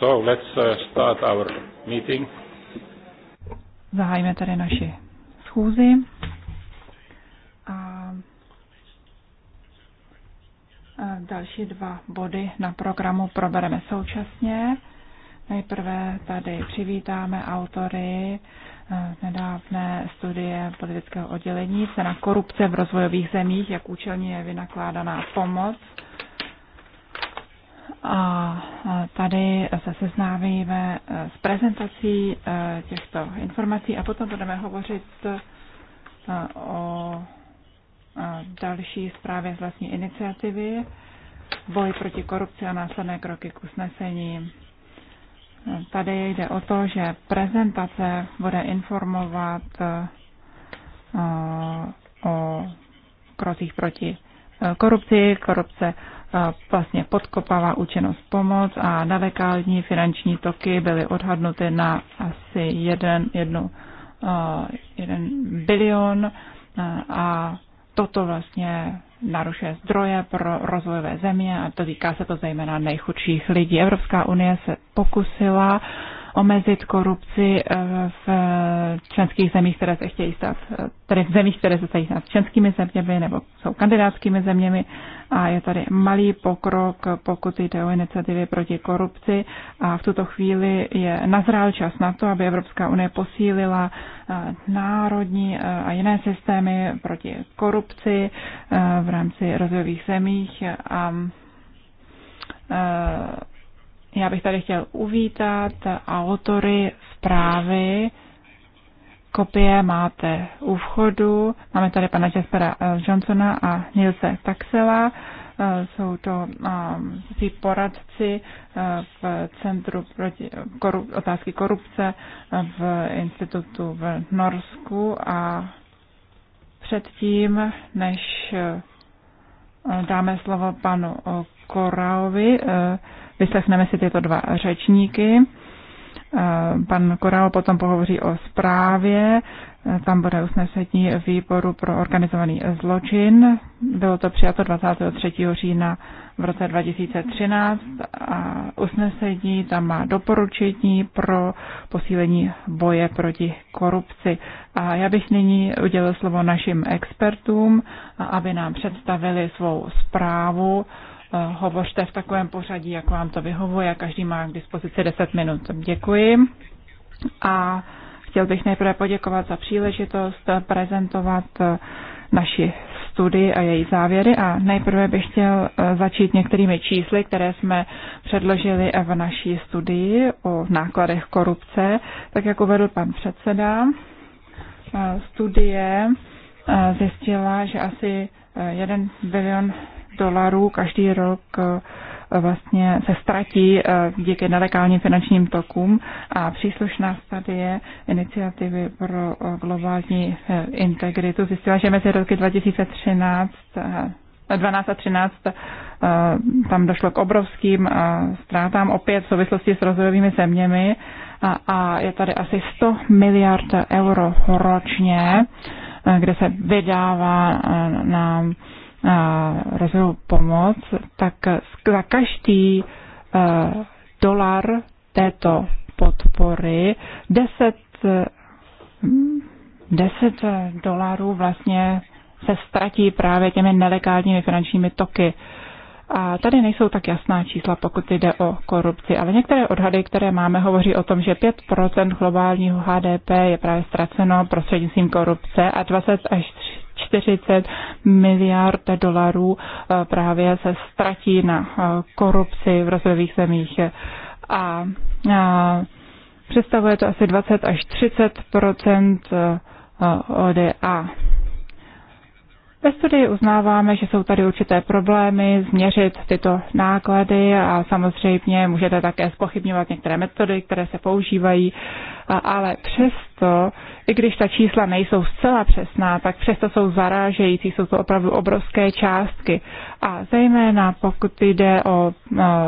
So let's uh, start our meeting. Zahajme tady naši schůzi. A další dva body na programu probereme současně. Nejprve tady přivítáme autory Eh, nedávné studie politického oddělení Cena korupce v rozvojových zemích, jak účelně je vynakládaná pomoc. A eh, tady se seznámíme eh, s prezentací těchto informací a potom budeme hovořit o další zprávě z vlastní iniciativy, boj proti korupci a následné kroky k usnesení Tady jde o to, že prezentace bude informovat eh, o krocích proti eh, korupci. Korupce eh, vlastně podkopala účinnost pomoc a nalekální finanční toky byly odhadnuty na asi 1 jeden bilion a toto vlastně narušuje zdroje pro rozvojové země a to týká se to zejména nejchudších lidí. Evropská unie se pokusila omezit korupci eh, v eh, členských zemích, které se chtějí stát, eh, tedy v zemích, které se chtějí stát členskými zeměmi nebo jsou kandidátskými zeměmi. A je tady malý pokrok, pokud jde o iniciativy proti korupci. A v tuto chvíli je nazrál čas na to, aby Evropská unie posílila národní a jiné systémy proti korupci v rámci rozvojových zemích. A já bych tady chtěl uvítat autory zprávy. Kopie máte u vchodu. Máme tady pana Jaspera eh, Johnsona a Nilse Taxela. Eh, jsou to um, poradci eh, v Centru proti koru, otázky korupce v institutu v Norsku a předtím, než dáme slovo panu Koraovi, Vyslechneme si tyto dva řečníky. Eh, pan Koral potom pohovoří o zprávě, eh, tam bude usnesení výboru pro organizovaný zločin. Bylo to přijato 23. října v roce 2013 a usnesení tam má doporučení pro posílení boje proti korupci. A já bych nyní udělil slovo našim expertům, aby nám představili svou zprávu Eh, hovořte v takovém pořadí, jak vám to vyhovuje. Každý má k dispozici 10 minut. Děkuji. A chtěl bych nejprve poděkovat za příležitost prezentovat eh, naši studii a její závěry a nejprve bych chtěl eh, začít některými čísly, které jsme předložili v naší studii o nákladech korupce, tak jak uvedl pan předseda. Studie zjistila, že asi 1 bilion dolarů každý rok eh, vlastně se ztratí eh, díky nelegálním finančním tokům a příslušná studie iniciativy pro eh, globální integritu zjistila, že mezi roky 2013 12 a 13 tam došlo k obrovským ztrátám opět v souvislosti s rozvojovými zeměmi a, a je tady asi 100 miliard euro ročně, kde se vydává na rozvojovou pomoc, tak za každý e, dolar této podpory 10, 10 mm, dolarů vlastně se ztratí právě těmi nelegálními finančními toky. A tady nejsou tak jasná čísla, pokud jde o korupci, ale některé odhady, které máme, hovoří o tom, že 5% globálního HDP je právě ztraceno prostřednictvím korupce a 20 až 40 miliard dolarů eh, právě se ztratí na eh, korupci v rozvojových zemích. A eh, představuje to asi 20 až 30 ODA. Ve studii uznáváme, že jsou tady určité problémy změřit tyto náklady a samozřejmě můžete také spochybňovat některé metody, které se používají, ale přesto, i když ta čísla nejsou zcela přesná, tak přesto jsou zarážející, jsou to opravdu obrovské částky. A zejména pokud jde o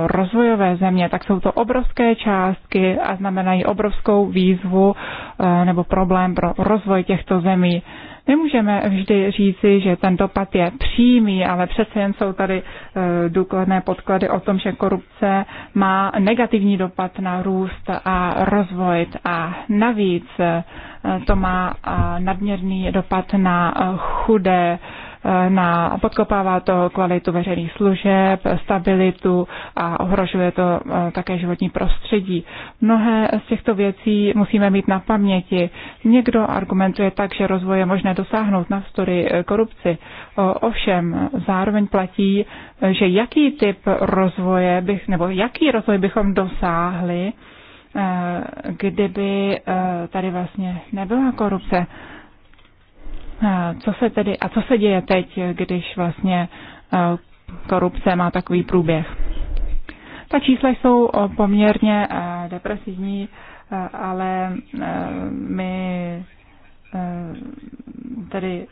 rozvojové země, tak jsou to obrovské částky a znamenají obrovskou výzvu e, nebo problém pro rozvoj těchto zemí. Nemůžeme vždy říci, že ten dopad je přímý, ale přece jen jsou tady e, důkladné podklady o tom, že korupce má negativní dopad na růst a rozvoj a navíc e, to má e, nadměrný dopad na chudé Eh, na, podkopává to kvalitu veřejných služeb, stabilitu a ohrožuje to eh, také životní prostředí. Mnohé z těchto věcí musíme mít na paměti. Někdo argumentuje tak, že rozvoj je možné dosáhnout na vstory eh, korupci. Ovšem, zároveň platí, že jaký typ rozvoje bych, nebo jaký rozvoj bychom dosáhli, kdyby tady vlastně nebyla korupce co se tedy, a co se děje teď, když vlastně e, korupce má takový průběh? Ta čísla jsou e, poměrně e, depresivní, ale my tedy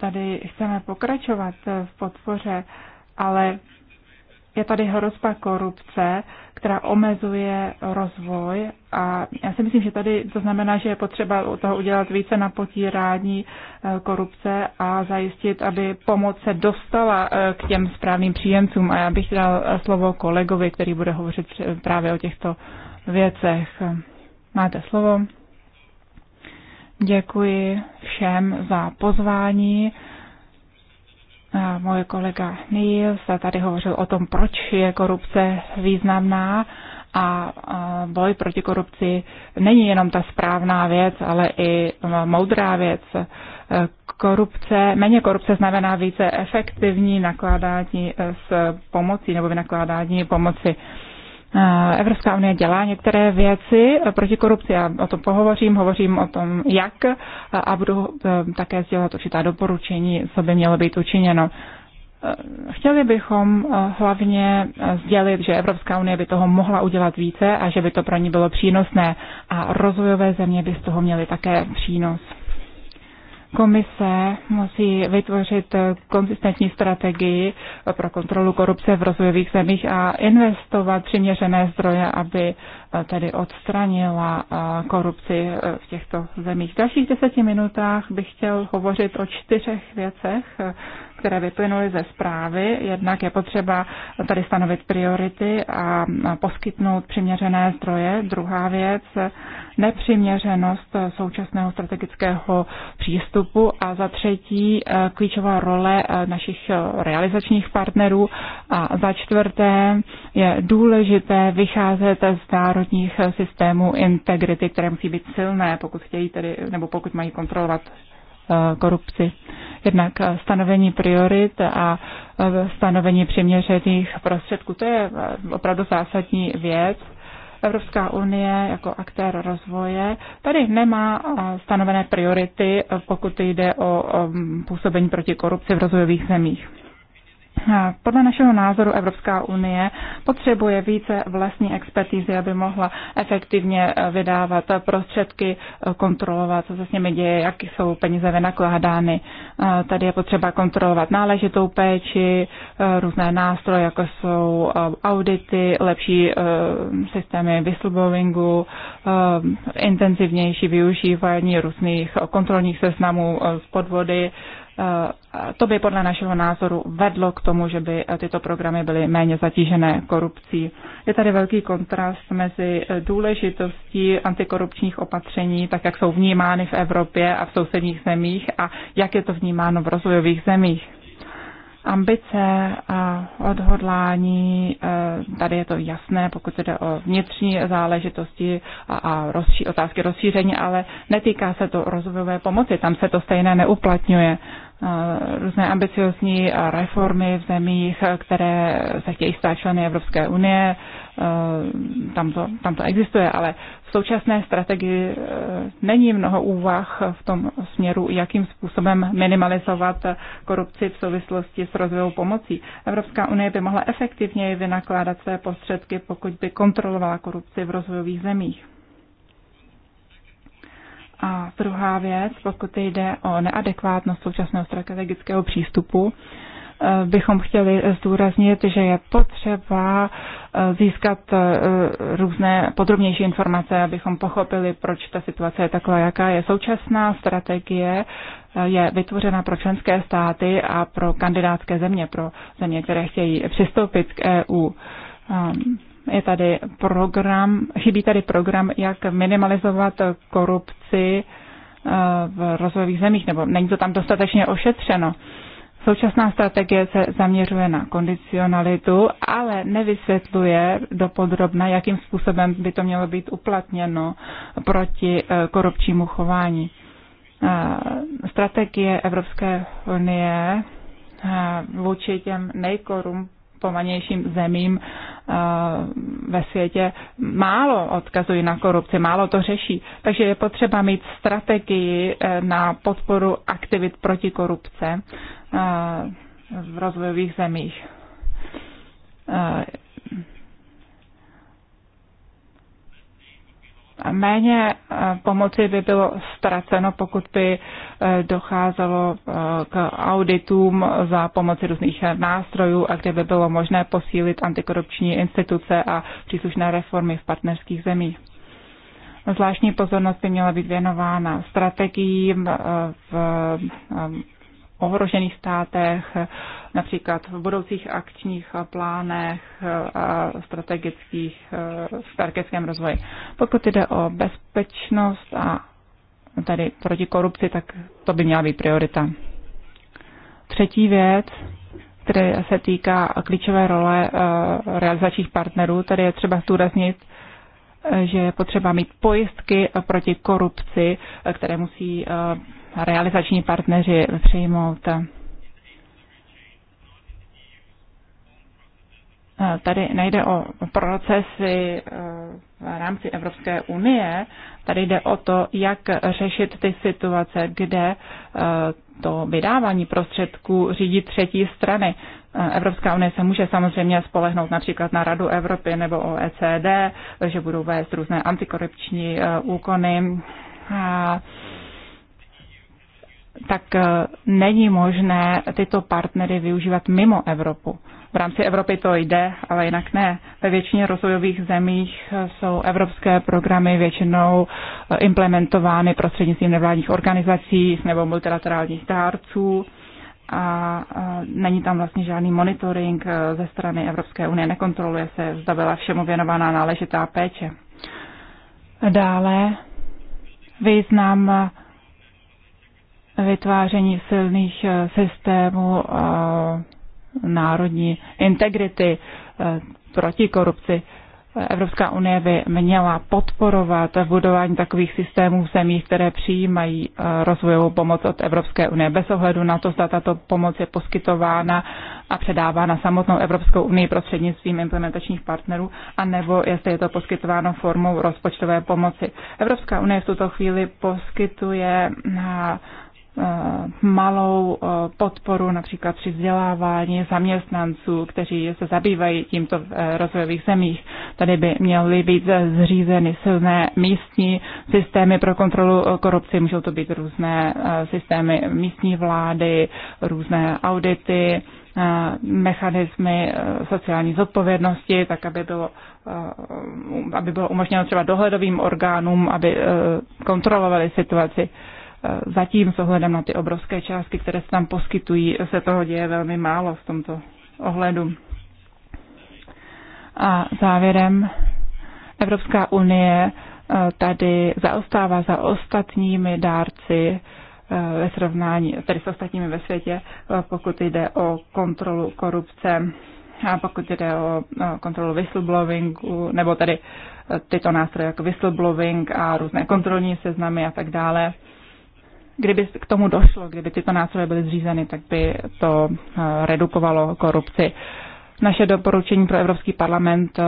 tady chceme pokračovat v podpoře, ale je tady hrozba korupce která omezuje rozvoj a já si myslím, že tady to znamená, že je potřeba u toho udělat více na potírání e, korupce a zajistit, aby pomoc se dostala e, k těm správným příjemcům. A já bych dal e, slovo kolegovi, který bude hovořit právě o těchto věcech. Máte slovo. Děkuji všem za pozvání. Můj kolega Niels tady hovořil o tom, proč je korupce významná a boj proti korupci není jenom ta správná věc, ale i moudrá věc. E, korupce, méně korupce znamená více efektivní nakládání e, s pomocí nebo vynakládání pomoci. Eh, Evropská unie dělá některé věci proti korupci a o tom pohovořím, hovořím o tom, jak eh, a budu eh, také sdělat určitá doporučení, co by mělo být učiněno. Chtěli bychom hlavně sdělit, že Evropská unie by toho mohla udělat více a že by to pro ní bylo přínosné a rozvojové země by z toho měly také přínos. Komise musí vytvořit konzistentní strategii pro kontrolu korupce v rozvojových zemích a investovat přiměřené zdroje, aby tedy odstranila eh, korupci eh, v těchto zemích. V dalších deseti minutách bych chtěl hovořit o čtyřech věcech, které vyplynuly ze zprávy. Jednak je potřeba tady stanovit priority a poskytnout přiměřené zdroje. Druhá věc, nepřiměřenost současného strategického přístupu. A za třetí, klíčová role našich realizačních partnerů. A za čtvrté, je důležité vycházet z národních systémů integrity, které musí být silné, pokud chtějí tedy, nebo pokud mají kontrolovat Eh, korupci. Jednak stanovení priorit a eh, stanovení přiměřených prostředků. To je eh, opravdu zásadní věc. Evropská unie jako aktér rozvoje tady nemá stanovené priority, pokud jde o mm, působení proti korupci v rozvojových zemích. Podle našeho názoru Evropská unie potřebuje více vlastní expertízy, aby mohla efektivně eh, vydávat prostředky, eh, kontrolovat, co se s nimi děje, jak jsou peníze vynakládány. Tady je potřeba kontrolovat náležitou péči, eh, různé nástroje, jako jsou audity, lepší systémy whistleblowingu, intenzivnější využívání různých kontrolních seznamů z podvody, Eh, to by podle našeho názoru vedlo k tomu, že by eh, tyto programy byly méně zatížené korupcí. Je tady velký kontrast mezi eh, důležitostí antikorupčních opatření, tak jak jsou vnímány v Evropě a v sousedních zemích a jak je to vnímáno v rozvojových zemích ambice a odhodlání, eh, tady je to jasné, pokud jde o vnitřní záležitosti a, a rozší, otázky rozšíření, ale netýká se to rozvojové pomoci, tam se to stejné neuplatňuje. Eh, různé ambiciozní reformy v zemích, které se chtějí stát členy Evropské unie. Eh, tam to, tam to existuje, ale v současné strategii eh, není mnoho úvah v tom směru, jakým způsobem minimalizovat korupci v souvislosti s rozvojovou pomocí. Evropská unie by mohla efektivněji vynakládat své prostředky, pokud by kontrolovala korupci v rozvojových zemích. A druhá věc, pokud jde o neadekvátnost současného strategického přístupu, eh, bychom chtěli zdůraznit, že je potřeba eh, získat eh, různé podrobnější informace, abychom pochopili, proč ta situace je taková, jaká je. Současná strategie je vytvořena pro členské státy a pro kandidátské země, pro země, které chtějí přistoupit k EU. Ehm, je tady program, chybí tady program, jak minimalizovat korupci eh, v rozvojových zemích, nebo není to tam dostatečně ošetřeno. Současná strategie se zaměřuje na kondicionalitu, ale nevysvětluje dopodrobna, jakým způsobem by to mělo být uplatněno proti eh, korupčnímu chování. Eh, strategie Evropské unie vůči těm nejkorump nejkoruptovanějším zemím eh, ve světě málo odkazují na korupci, málo to řeší. Takže je potřeba mít strategii eh, na podporu aktivit proti korupce eh, v rozvojových zemích. Méně eh, pomoci by bylo ztraceno, pokud by eh, docházelo eh, k auditům za pomoci různých nástrojů a kde by bylo možné posílit antikorupční instituce a příslušné reformy v partnerských zemích. Zvláštní pozornost by měla být věnována strategiím v ohrožených státech, například v budoucích akčních plánech a strategických v e, arktickém rozvoji. Pokud jde o bezpečnost a tady proti korupci, tak to by měla být priorita. Třetí věc, která se týká klíčové role e, realizačních partnerů, tady je třeba zdůraznit, e, že je potřeba mít pojistky proti korupci, které musí realizační partneři přijmout. Tady nejde o procesy e, v rámci Evropské unie, tady jde o to, jak řešit ty situace, kde e, to vydávání prostředků řídí třetí strany. E, Evropská unie se může samozřejmě spolehnout například na Radu Evropy nebo OECD, že budou vést různé antikorupční úkony. A tak eh, není možné tyto partnery využívat mimo Evropu. V rámci Evropy to jde, ale jinak ne. Ve většině rozvojových zemích eh, jsou evropské programy většinou eh, implementovány prostřednictvím nevládních organizací nebo multilaterálních dárců a není tam vlastně žádný monitoring ze strany Evropské unie, nekontroluje se, zda byla všemu věnovaná náležitá péče. Dále význam vytváření silných eh, systémů eh, národní integrity eh, proti korupci. Evropská unie by měla podporovat budování takových systémů v zemích, které přijímají rozvojovou pomoc od Evropské unie bez ohledu na to, zda tato pomoc je poskytována a předávána samotnou Evropskou unii prostřednictvím implementačních partnerů, anebo jestli je to poskytováno formou rozpočtové pomoci. Evropská unie v tuto chvíli poskytuje Eh, malou eh, podporu například při vzdělávání zaměstnanců, kteří se zabývají tímto v eh, rozvojových zemích. Tady by měly být zřízeny silné místní systémy pro kontrolu korupce. Můžou to být různé systémy místní vlády, různé audity, mechanismy sociální zodpovědnosti, tak aby bylo, aby bylo umožněno třeba dohledovým orgánům, aby kontrolovali situaci zatím s ohledem na ty obrovské částky, které se tam poskytují, se toho děje velmi málo v tomto ohledu. A závěrem, Evropská unie eh, tady zaostává za ostatními dárci eh, ve srovnání, tedy s ostatními ve světě, eh, pokud jde o kontrolu korupce a pokud jde o kontrolu whistleblowingu, nebo tedy tyto nástroje jako whistleblowing a různé kontrolní seznamy a tak dále kdyby k tomu došlo, kdyby tyto nástroje byly zřízeny, tak by to eh, redukovalo korupci. Naše doporučení pro Evropský parlament eh,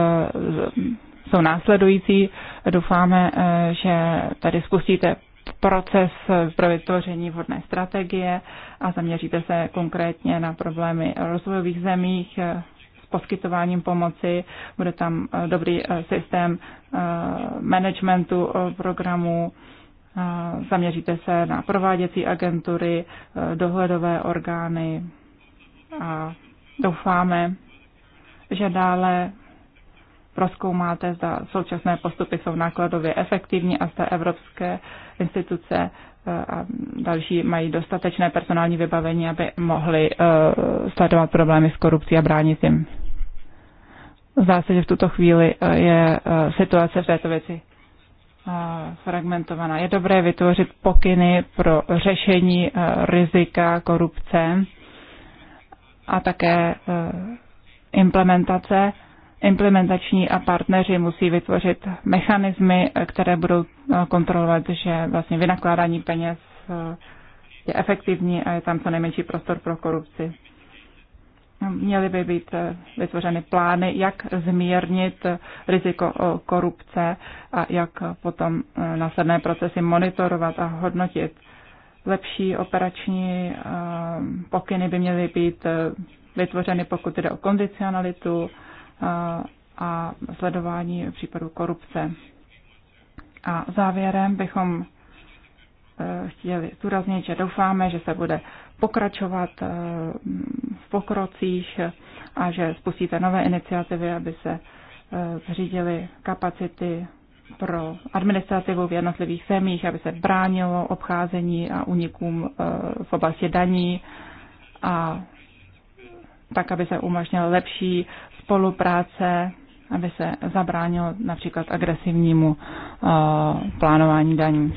jsou následující. Doufáme, eh, že tady spustíte proces pro vytvoření vhodné strategie a zaměříte se konkrétně na problémy rozvojových zemích s poskytováním pomoci. Bude tam dobrý systém managementu programů Zaměříte se na prováděcí agentury, e, dohledové orgány a doufáme, že dále proskoumáte, zda současné postupy jsou nákladově efektivní a zda evropské instituce e, a další mají dostatečné personální vybavení, aby mohli e, sledovat problémy s korupcí a bránit jim. Zdá se, že v tuto chvíli je situace v této věci Eh, fragmentovaná. Je dobré vytvořit pokyny pro řešení eh, rizika korupce a také eh, implementace. Implementační a partneři musí vytvořit mechanismy, které budou kontrolovat, že vlastně vynakládání peněz je efektivní a je tam co nejmenší prostor pro korupci. Měly by být eh, vytvořeny plány, jak zmírnit eh, riziko eh, korupce a jak potom následné procesy monitorovat a hodnotit. Lepší operační pokyny by měly být vytvořeny, pokud jde o kondicionalitu a sledování případů korupce. A závěrem bychom Eh, chtěli zdůraznit, že doufáme, že se bude pokračovat eh, v pokrocích a že spustíte nové iniciativy, aby se eh, zřídily kapacity pro administrativu v jednotlivých zemích, aby se bránilo obcházení a unikům v oblasti daní a tak, aby se umožnila lepší spolupráce, aby se zabránilo například agresivnímu plánování daní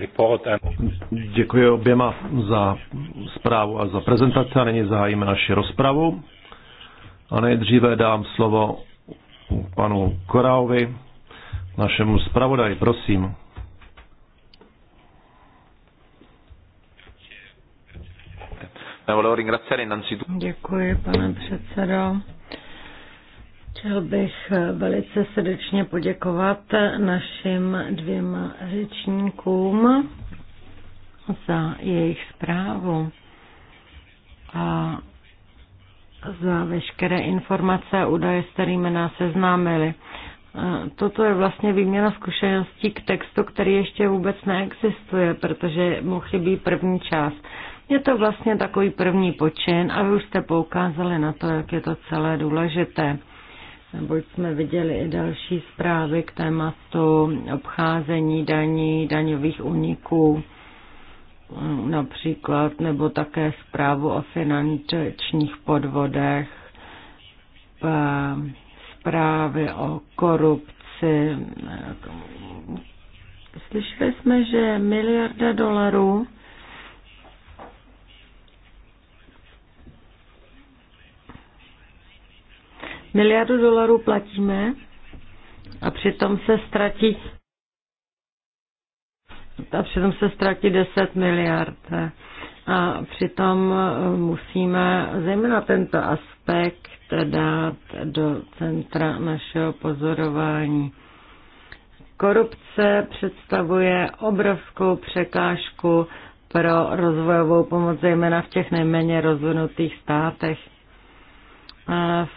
report. And... Děkuji oběma za zprávu a za prezentaci a nyní zahájíme naši rozpravu. A nejdříve dám slovo panu Koráovi, našemu zpravodaji, prosím. Děkuji, pane předsedo. Chtěl bych eh, velice srdečně poděkovat našim dvěma řečníkům za jejich zprávu a za veškeré informace a údaje, s kterými nás seznámili. Eh, Toto je vlastně výměna zkušeností k textu, který ještě vůbec neexistuje, protože mu chybí první část. Je to vlastně takový první počin a vy už jste poukázali na to, jak je to celé důležité neboť jsme viděli i další zprávy k tématu obcházení daní, daňových úniků například, nebo také zprávu o finančních podvodech, zprávy o korupci. Slyšeli jsme, že miliarda dolarů Miliardu dolarů platíme a přitom se ztratí a přitom se ztratí 10 miliard. A přitom eh, musíme zejména tento aspekt dát do centra našeho pozorování. Korupce představuje obrovskou překážku pro rozvojovou pomoc, zejména v těch nejméně rozvinutých státech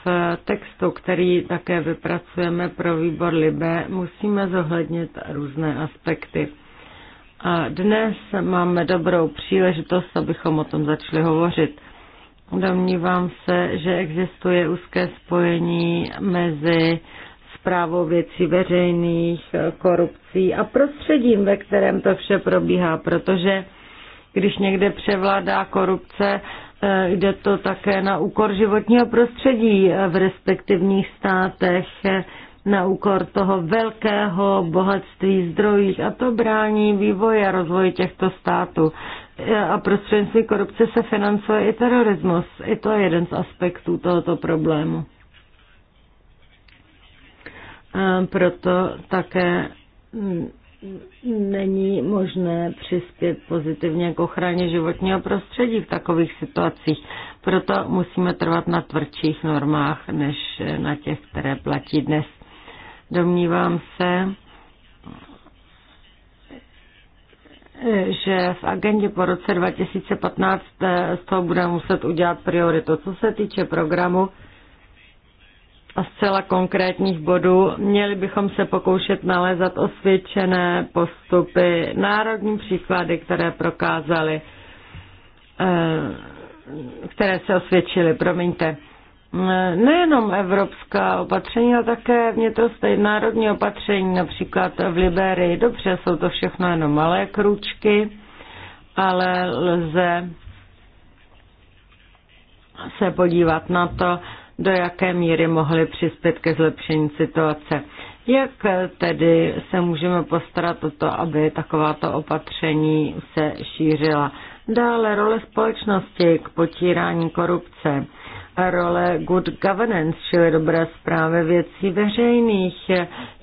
v textu, který také vypracujeme pro výbor Libe, musíme zohlednit různé aspekty. A dnes máme dobrou příležitost, abychom o tom začali hovořit. Domnívám se, že existuje úzké spojení mezi zprávou věcí veřejných, korupcí a prostředím, ve kterém to vše probíhá, protože když někde převládá korupce, Jde to také na úkor životního prostředí v respektivních státech, na úkor toho velkého bohatství zdrojů a to brání vývoje a rozvoji těchto států. A prostřednictvím korupce se financuje i terorismus. I to je jeden z aspektů tohoto problému. proto také není možné přispět pozitivně k ochraně životního prostředí v takových situacích. Proto musíme trvat na tvrdších normách, než na těch, které platí dnes. Domnívám se, že v agendě po roce 2015 z toho budeme muset udělat prioritu. Co se týče programu, a zcela konkrétních bodů, měli bychom se pokoušet nalézat osvědčené postupy, národní příklady, které prokázaly, eh, které se osvědčily, promiňte. Eh, nejenom evropská opatření, ale také vnitrostejné národní opatření, například v Liberii. Dobře, jsou to všechno jenom malé kručky, ale lze se podívat na to, do jaké míry mohly přispět ke zlepšení situace. Jak tedy se můžeme postarat o to, aby takováto opatření se šířila? Dále role společnosti k potírání korupce, role good governance, čili dobré zprávy věcí veřejných,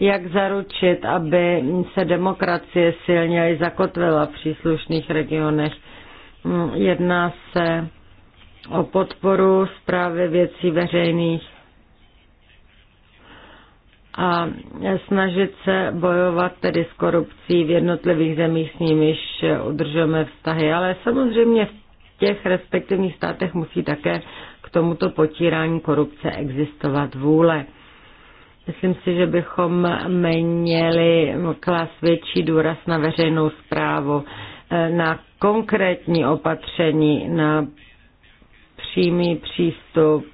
jak zaručit, aby se demokracie silněji zakotvila v příslušných regionech. Hm, jedná se o podporu zprávy věcí veřejných a snažit se bojovat tedy s korupcí v jednotlivých zemích, s nimiž udržujeme vztahy. Ale samozřejmě v těch respektivních státech musí také k tomuto potírání korupce existovat vůle. Myslím si, že bychom měli klas větší důraz na veřejnou zprávu, na konkrétní opatření, na přímý přístup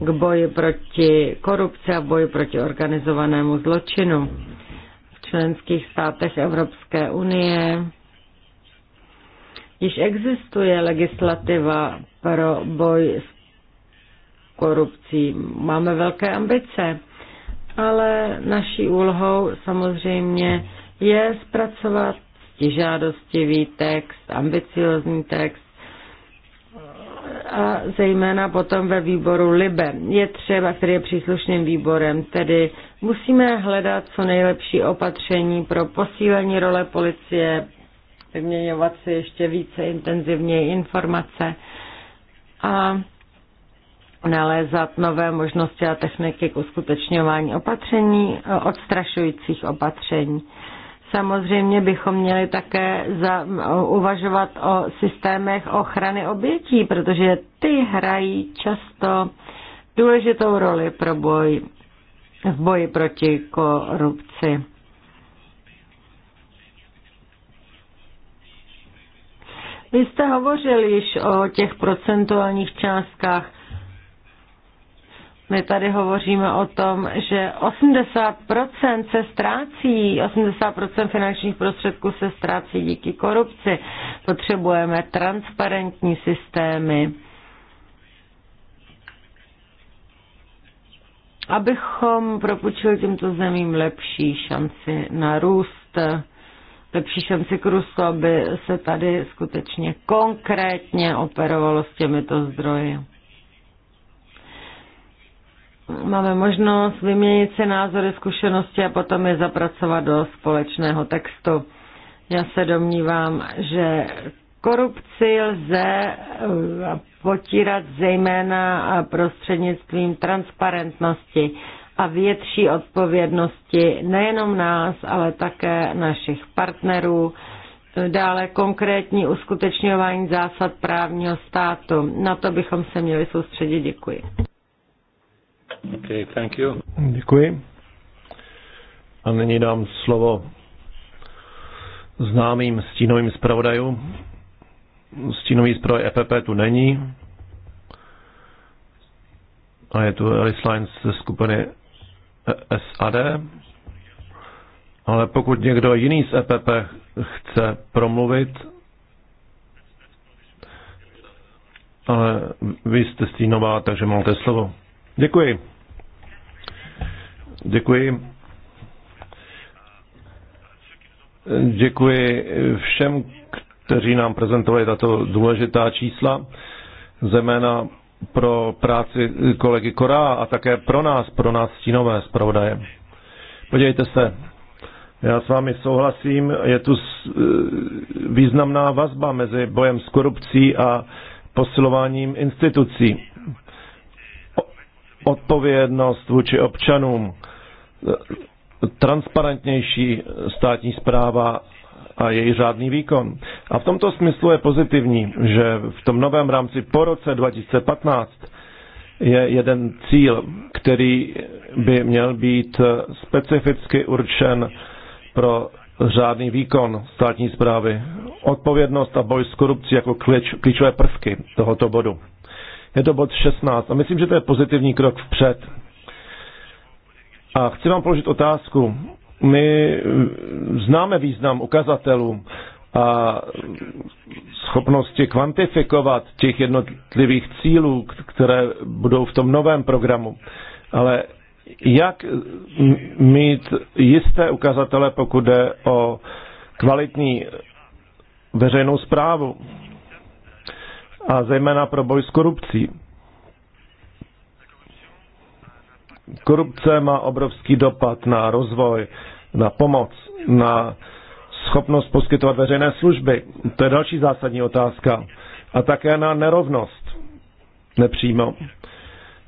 k boji proti korupci a boji proti organizovanému zločinu v členských státech Evropské unie. Již existuje legislativa pro boj s korupcí. Máme velké ambice, ale naší úlohou samozřejmě je zpracovat žádostivý text, ambiciozní text, a zejména potom ve výboru LIBE, je třeba, který je příslušným výborem, tedy musíme hledat co nejlepší opatření pro posílení role policie, vyměňovat si ještě více intenzivněji informace a nalézat nové možnosti a techniky k uskutečňování opatření, odstrašujících opatření. Samozřejmě bychom měli také za, uvažovat o systémech ochrany obětí, protože ty hrají často důležitou roli pro boj, v boji proti korupci. Vy jste hovořili již o těch procentuálních částkách. My tady hovoříme o tom, že 80% se ztrácí, 80% finančních prostředků se ztrácí díky korupci. Potřebujeme transparentní systémy. abychom propučili těmto zemím lepší šanci na růst, lepší šanci k růstu, aby se tady skutečně konkrétně operovalo s těmito zdroji máme možnost vyměnit se názory, zkušenosti a potom je zapracovat do společného textu. Já se domnívám, že korupci lze eh, potírat zejména prostřednictvím transparentnosti a větší odpovědnosti nejenom nás, ale také našich partnerů, dále konkrétní uskutečňování zásad právního státu. Na to bychom se měli soustředit. Děkuji. Okay, thank you. Děkuji. A nyní dám slovo známým stínovým zpravodajům. Stínový zpravodaj EPP tu není. A je tu Alice Lines ze skupiny SAD. Ale pokud někdo jiný z EPP chce promluvit, ale vy jste stínová, takže máte slovo. Děkuji. Děkuji. Děkuji všem, kteří nám prezentovali tato důležitá čísla, zejména pro práci kolegy Korá a také pro nás, pro nás stínové zpravodaje. Podívejte se, já s vámi souhlasím, je tu e, významná vazba mezi bojem s korupcí a posilováním institucí odpovědnost vůči občanům, transparentnější státní zpráva a její řádný výkon. A v tomto smyslu je pozitivní, že v tom novém rámci po roce 2015 je jeden cíl, který by měl být specificky určen pro řádný výkon státní zprávy, odpovědnost a boj s korupcí jako klíč, klíčové prvky tohoto bodu. Je to bod 16 a myslím, že to je pozitivní krok vpřed. A chci vám položit otázku. My známe význam ukazatelů a schopnosti kvantifikovat těch jednotlivých cílů, které budou v tom novém programu. Ale jak mít jisté ukazatele, pokud jde o kvalitní veřejnou zprávu? a zejména pro boj s korupcí. Korupce má obrovský dopad na rozvoj, na pomoc, na schopnost poskytovat veřejné služby. To je další zásadní otázka. A také na nerovnost nepřímo.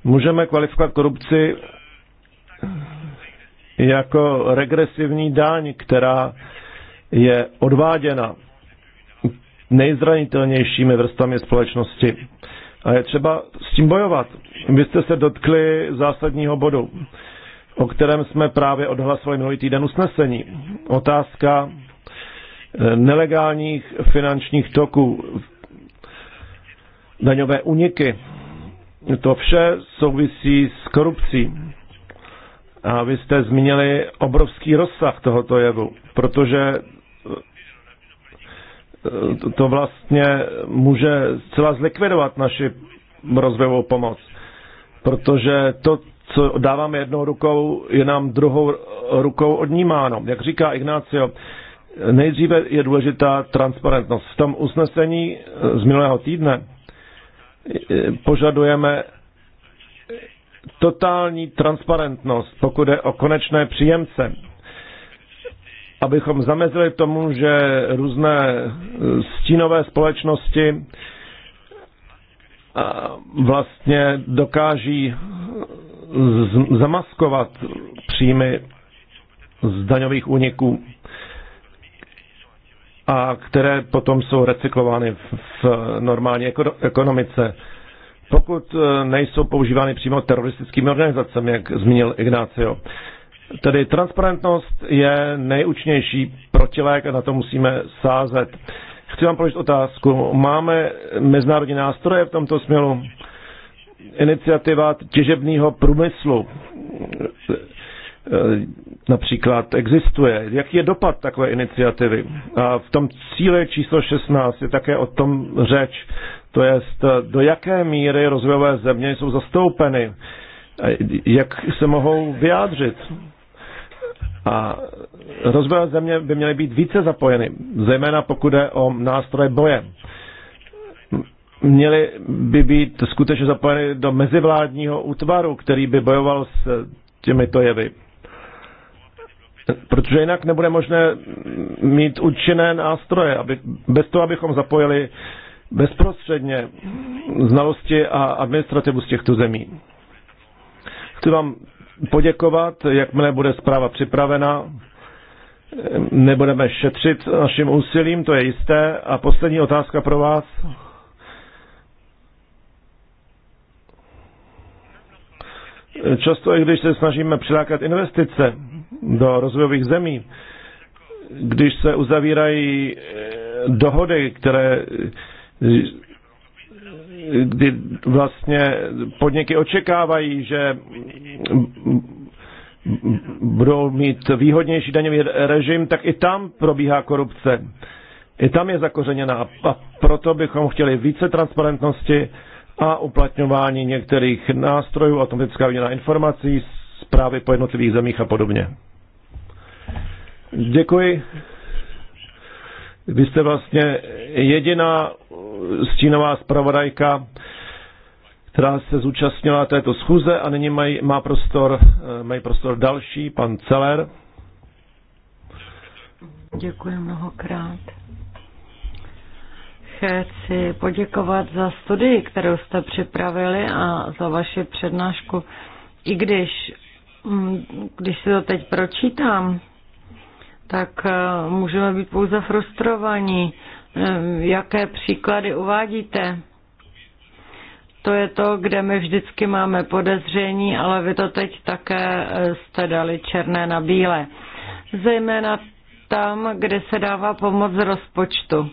Můžeme kvalifikovat korupci jako regresivní daň, která je odváděna nejzranitelnějšími vrstami společnosti. A je třeba s tím bojovat. Vy jste se dotkli zásadního bodu, o kterém jsme právě odhlasovali minulý týden usnesení. Otázka eh, nelegálních finančních toků, daňové uniky. To vše souvisí s korupcí. A vy jste zmínili obrovský rozsah tohoto jevu, protože Eh, to vlastně může celá zlikvidovat naši rozvojovou pomoc. Protože to, co dáváme jednou rukou, je nám druhou rukou odnímáno. Jak říká Ignácio, nejdříve je důležitá transparentnost. V tom usnesení eh, z minulého týdne eh, požadujeme totální transparentnost, pokud je o konečné příjemce abychom zamezili tomu, že různé eh, stínové společnosti eh, vlastně dokáží eh, zamaskovat příjmy z daňových úniků a které potom jsou recyklovány v normální ekonomice. Pokud nejsou používány přímo teroristickými organizacemi, jak zmínil Ignácio. Tedy transparentnost je nejúčnější protilék a na to musíme sázet. Chci vám položit otázku. Máme mezinárodní nástroje v tomto směru? Iniciativa těžebního průmyslu eh, například existuje. Jaký je dopad takové iniciativy? A v tom cíle číslo 16 je také o tom řeč, to je do jaké míry rozvojové země jsou zastoupeny, jak se mohou vyjádřit. A rozvojové země by měly být více zapojeny, zejména pokud jde o nástroje boje. Měly by být skutečně zapojeny do mezivládního útvaru, který by bojoval s těmito jevy. Protože jinak nebude možné mít účinné nástroje, aby, bez toho, abychom zapojili bezprostředně znalosti a administrativu z těchto zemí. Chci vám poděkovat, jakmile bude zpráva připravena. Nebudeme šetřit naším úsilím, to je jisté. A poslední otázka pro vás. Často, i když se snažíme přilákat investice do rozvojových zemí, když se uzavírají eh, dohody, které kdy vlastně podniky očekávají, že budou mít výhodnější daňový režim, tak i tam probíhá korupce. I tam je zakořeněná. A proto bychom chtěli více transparentnosti a uplatňování některých nástrojů, automatická výměna informací, zprávy po jednotlivých zemích a podobně. Děkuji. Vy jste vlastně jediná stínová zpravodajka, která se zúčastnila této schůze a nyní mají, má prostor, eh, mají prostor další, pan Celer. Děkuji mnohokrát. Chci poděkovat za studii, kterou jste připravili a za vaši přednášku. I když, mm, když si to teď pročítám, tak eh, můžeme být pouze frustrovaní, Ehm, jaké příklady uvádíte? To je to, kde my vždycky máme podezření, ale vy to teď také eh, jste dali černé na bílé. Zejména tam, kde se dává pomoc z rozpočtu.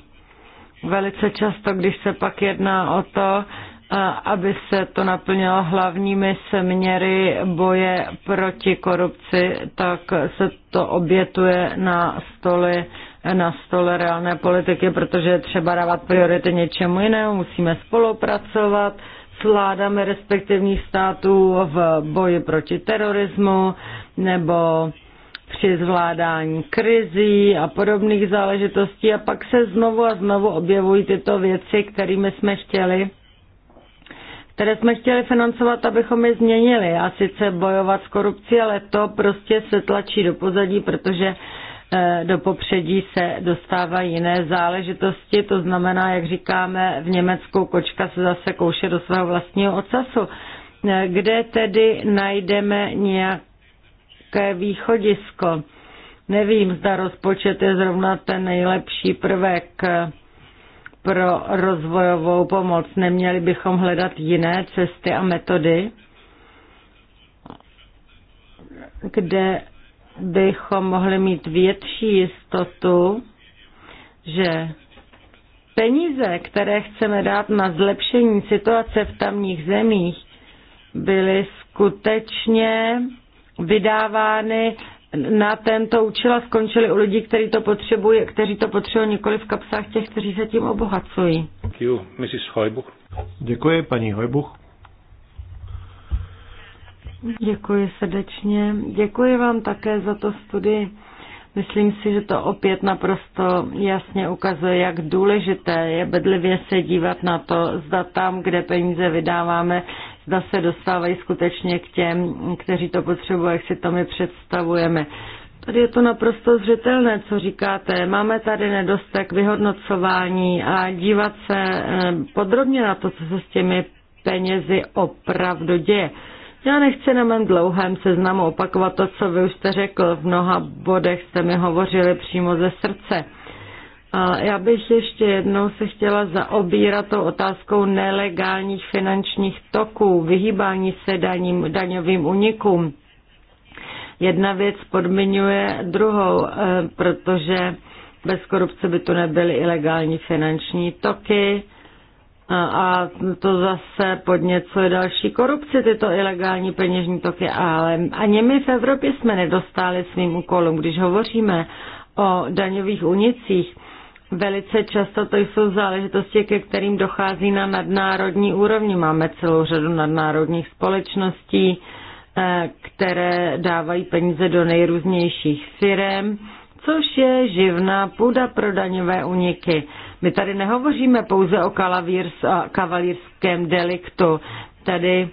Velice často, když se pak jedná o to, eh, aby se to naplnilo hlavními směry boje proti korupci, tak se to obětuje na stoly na stole reálné politiky, protože je třeba dávat priority něčemu jinému, musíme spolupracovat s vládami respektivních států v boji proti terorismu nebo při zvládání krizí a podobných záležitostí a pak se znovu a znovu objevují tyto věci, kterými jsme chtěli které jsme chtěli financovat, abychom je změnili. A sice bojovat s korupcí, ale to prostě se tlačí do pozadí, protože Eh, do popředí se dostávají jiné záležitosti, to znamená, jak říkáme, v Německu kočka se zase kouše do svého vlastního ocasu. Eh, kde tedy najdeme nějaké východisko? Nevím, zda rozpočet je zrovna ten nejlepší prvek eh, pro rozvojovou pomoc. Neměli bychom hledat jiné cesty a metody, kde bychom mohli mít větší jistotu, že peníze, které chceme dát na zlepšení situace v tamních zemích, byly skutečně vydávány na tento účel a skončili u lidí, kteří to potřebují, kteří to potřebují nikoli v kapsách těch, kteří se tím obohacují. Děkuji, paní Hojbuch. Děkuji srdečně. Děkuji vám také za to studii. Myslím si, že to opět naprosto jasně ukazuje, jak důležité je bedlivě se dívat na to, zda tam, kde peníze vydáváme, zda se dostávají skutečně k těm, kteří to potřebují, jak si to my představujeme. Tady je to naprosto zřetelné, co říkáte. Máme tady nedostek vyhodnocování a dívat se eh, podrobně na to, co se s těmi penězi opravdu děje. Já nechci na mém dlouhém seznamu opakovat to, co vy už jste řekl. V mnoha bodech jste mi hovořili přímo ze srdce. A já bych ještě jednou se chtěla zaobírat tou otázkou nelegálních finančních toků, vyhýbání se daním, daňovým unikům. Jedna věc podmiňuje druhou, eh, protože bez korupce by tu nebyly ilegální finanční toky a to zase podněcuje další korupci, tyto ilegální peněžní toky, ale ani my v Evropě jsme nedostali svým úkolům. Když hovoříme o daňových unicích, velice často to jsou záležitosti, ke kterým dochází na nadnárodní úrovni. Máme celou řadu nadnárodních společností, eh, které dávají peníze do nejrůznějších firm, což je živná půda pro daňové uniky. My tady nehovoříme pouze o kavalírském deliktu. Tady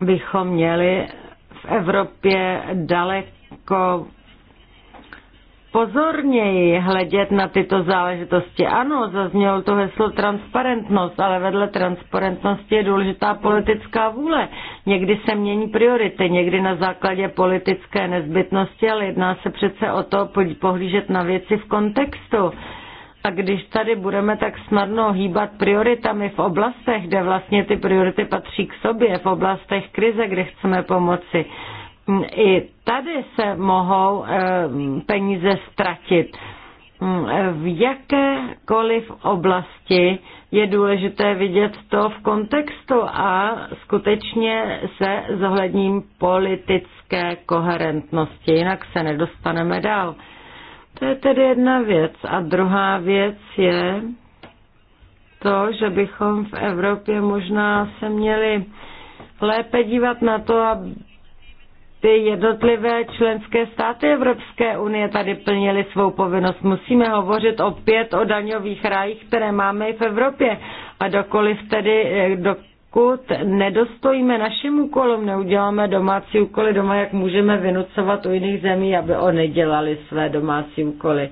bychom měli v Evropě daleko pozorněji hledět na tyto záležitosti. Ano, zaznělo to heslo transparentnost, ale vedle transparentnosti je důležitá politická vůle. Někdy se mění priority, někdy na základě politické nezbytnosti, ale jedná se přece o to pohlížet na věci v kontextu. A když tady budeme tak snadno hýbat prioritami v oblastech, kde vlastně ty priority patří k sobě, v oblastech krize, kde chceme pomoci, i tady se mohou eh, peníze ztratit. V jakékoliv oblasti je důležité vidět to v kontextu a skutečně se zohledním politické koherentnosti, jinak se nedostaneme dál. To je tedy jedna věc. A druhá věc je to, že bychom v Evropě možná se měli lépe dívat na to, ty jednotlivé členské státy Evropské unie tady plnily svou povinnost. Musíme hovořit opět o daňových rájích, které máme i v Evropě. A dokoliv tedy, eh, dokud nedostojíme našim úkolům, neuděláme domácí úkoly doma, jak můžeme vynucovat u jiných zemí, aby oni dělali své domácí úkoly.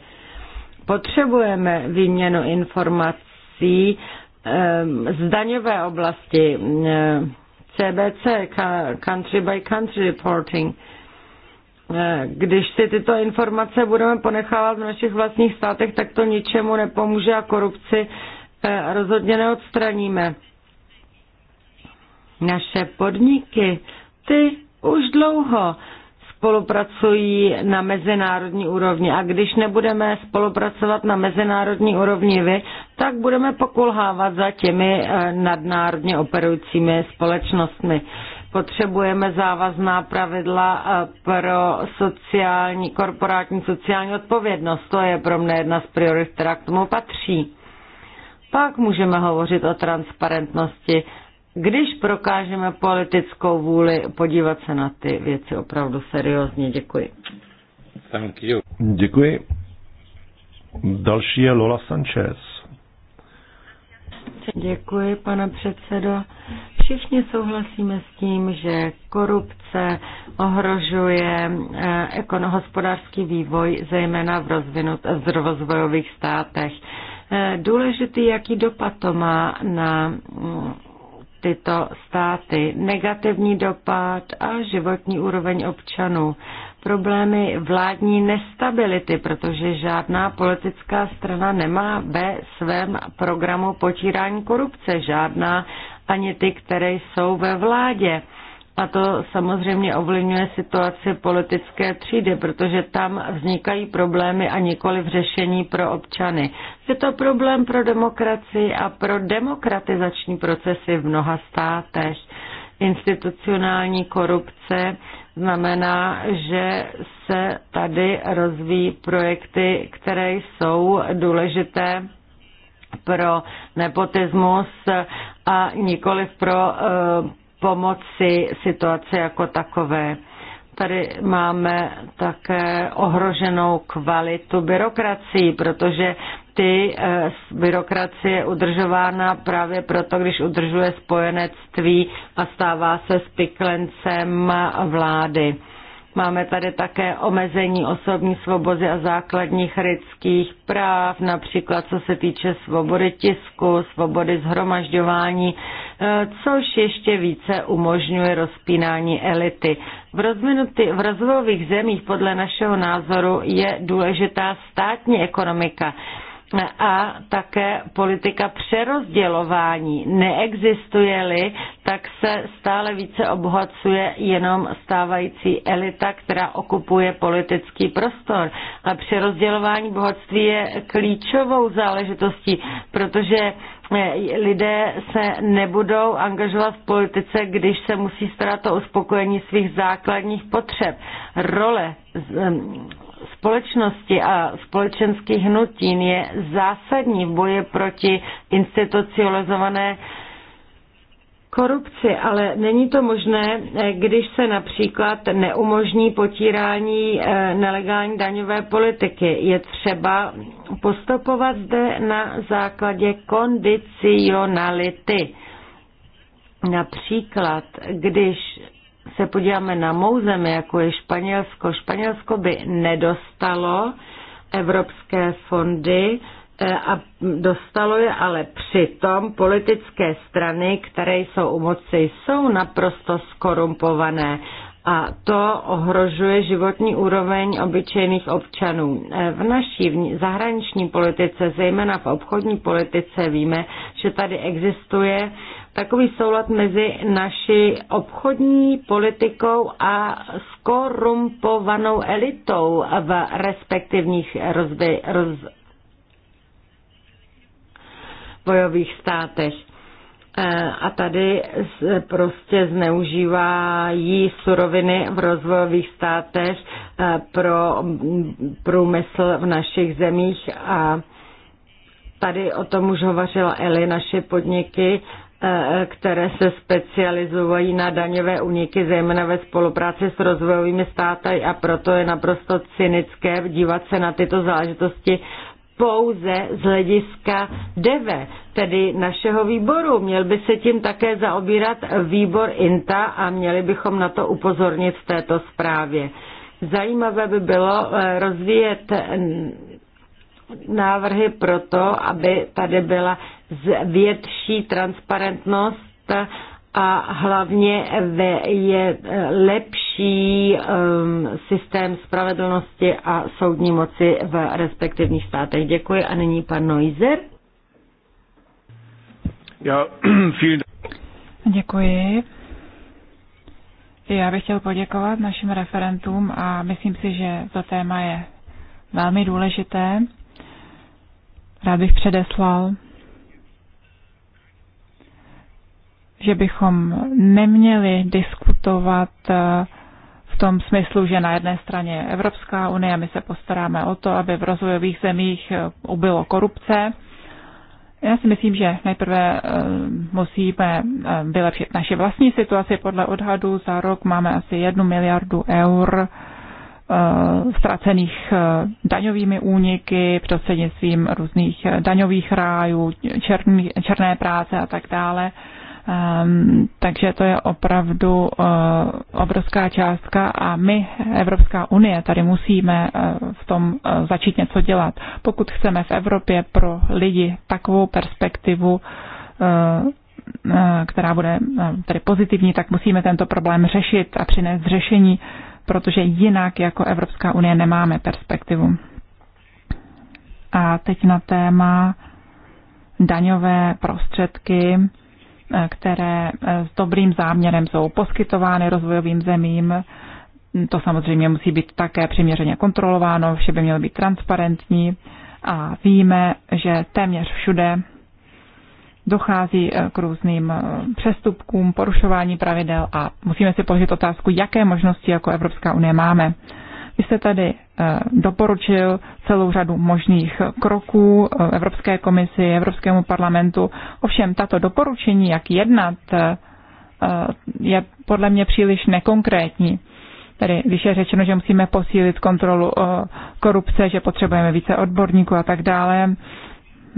Potřebujeme výměnu informací eh, z daňové oblasti eh, CBC, Country by Country Reporting. Eh, když si tyto informace budeme ponechávat v našich vlastních státech, tak to ničemu nepomůže a korupci eh, rozhodně neodstraníme. Naše podniky, ty už dlouho spolupracují na mezinárodní úrovni. A když nebudeme spolupracovat na mezinárodní úrovni vy, tak budeme pokulhávat za těmi eh, nadnárodně operujícími společnostmi. Potřebujeme závazná pravidla eh, pro sociální, korporátní sociální odpovědnost. To je pro mě jedna z priorit, která k tomu patří. Pak můžeme hovořit o transparentnosti když prokážeme politickou vůli podívat se na ty věci opravdu seriózně. Děkuji. Thank you. Děkuji. Další je Lola Sanchez. Děkuji, pane předsedo. Všichni souhlasíme s tím, že korupce ohrožuje eh, ekonohospodářský vývoj, zejména v, rozvinut, v rozvojových státech. Eh, důležitý, jaký dopad to má na mm, tyto státy, negativní dopad a životní úroveň občanů, problémy vládní nestability, protože žádná politická strana nemá ve svém programu potírání korupce, žádná ani ty, které jsou ve vládě a to samozřejmě ovlivňuje situaci politické třídy, protože tam vznikají problémy a nikoli v řešení pro občany. Je to problém pro demokracii a pro demokratizační procesy v mnoha státech. Institucionální korupce znamená, že se tady rozvíjí projekty, které jsou důležité pro nepotismus a nikoli pro eh, pomoci situace jako takové. Tady máme také ohroženou kvalitu byrokracií, protože ty eh, byrokracie je udržována právě proto, když udržuje spojenectví a stává se spiklencem vlády. Máme tady také omezení osobní svobody a základních lidských práv, například co se týče svobody tisku, svobody zhromažďování což ještě více umožňuje rozpínání elity. V, v rozvojových zemích podle našeho názoru je důležitá státní ekonomika a také politika přerozdělování. Neexistuje-li, tak se stále více obohacuje jenom stávající elita, která okupuje politický prostor. A přerozdělování bohatství je klíčovou záležitostí, protože eh, lidé se nebudou angažovat v politice, když se musí starat o uspokojení svých základních potřeb. Role společnosti a společenských hnutí je zásadní v boji proti institucionalizované korupci, ale není to možné, když se například neumožní potírání eh, nelegální daňové politiky. Je třeba postupovat zde na základě kondicionality. Například, když se podíváme na mou zemi, jako je Španělsko, Španělsko by nedostalo evropské fondy eh, a dostalo je ale přitom politické strany, které jsou u moci, jsou naprosto skorumpované a to ohrožuje životní úroveň obyčejných občanů. Eh, v naší zahraniční politice, zejména v obchodní politice, víme, že tady existuje takový soulad mezi naší obchodní politikou a skorumpovanou elitou v respektivních rozby, roz, bojových státech. E, a tady prostě zneužívají suroviny v rozvojových státech e, pro průmysl v našich zemích a tady o tom už hovořila Eli, naše podniky Eh, které se specializují na daňové úniky, zejména ve spolupráci s rozvojovými státy a proto je naprosto cynické dívat se na tyto záležitosti pouze z hlediska DEVE, tedy našeho výboru. Měl by se tím také zaobírat výbor INTA a měli bychom na to upozornit v této zprávě. Zajímavé by bylo eh, rozvíjet návrhy pro to, aby tady byla větší transparentnost a hlavně je eh, lepší ehm, systém spravedlnosti a soudní moci v respektivních státech. Děkuji a nyní pan Noizer. Já, Děkuji. Já bych chtěl poděkovat našim referentům a myslím si, že to téma je velmi důležité. Rád bych předeslal, že bychom neměli diskutovat eh, v tom smyslu, že na jedné straně Evropská unie, my se postaráme o to, aby v rozvojových zemích eh, ubylo korupce. Já si myslím, že nejprve eh, musíme vylepšit naši vlastní situaci. Podle odhadu za rok máme asi jednu miliardu eur ztracených daňovými úniky, prostřednictvím různých daňových rájů, černý, černé práce a tak dále. Ehm, takže to je opravdu eh, obrovská částka a my, Evropská unie, tady musíme eh, v tom eh, začít něco dělat. Pokud chceme v Evropě pro lidi takovou perspektivu, která bude tedy pozitivní, tak musíme tento problém řešit a přinést řešení, protože jinak jako Evropská unie nemáme perspektivu. A teď na téma daňové prostředky které eh, s dobrým záměrem jsou poskytovány rozvojovým zemím. To samozřejmě musí být také přiměřeně kontrolováno, vše by mělo být transparentní a víme, že téměř všude dochází eh, k různým eh, přestupkům, porušování pravidel a musíme si položit otázku, jaké možnosti jako Evropská unie máme. Vy jste tady Eh, doporučil celou řadu možných kroků eh, Evropské komisi, Evropskému parlamentu. Ovšem tato doporučení, jak jednat, eh, je podle mě příliš nekonkrétní. Tedy když je řečeno, že musíme posílit kontrolu korupce, že potřebujeme více odborníků a tak dále.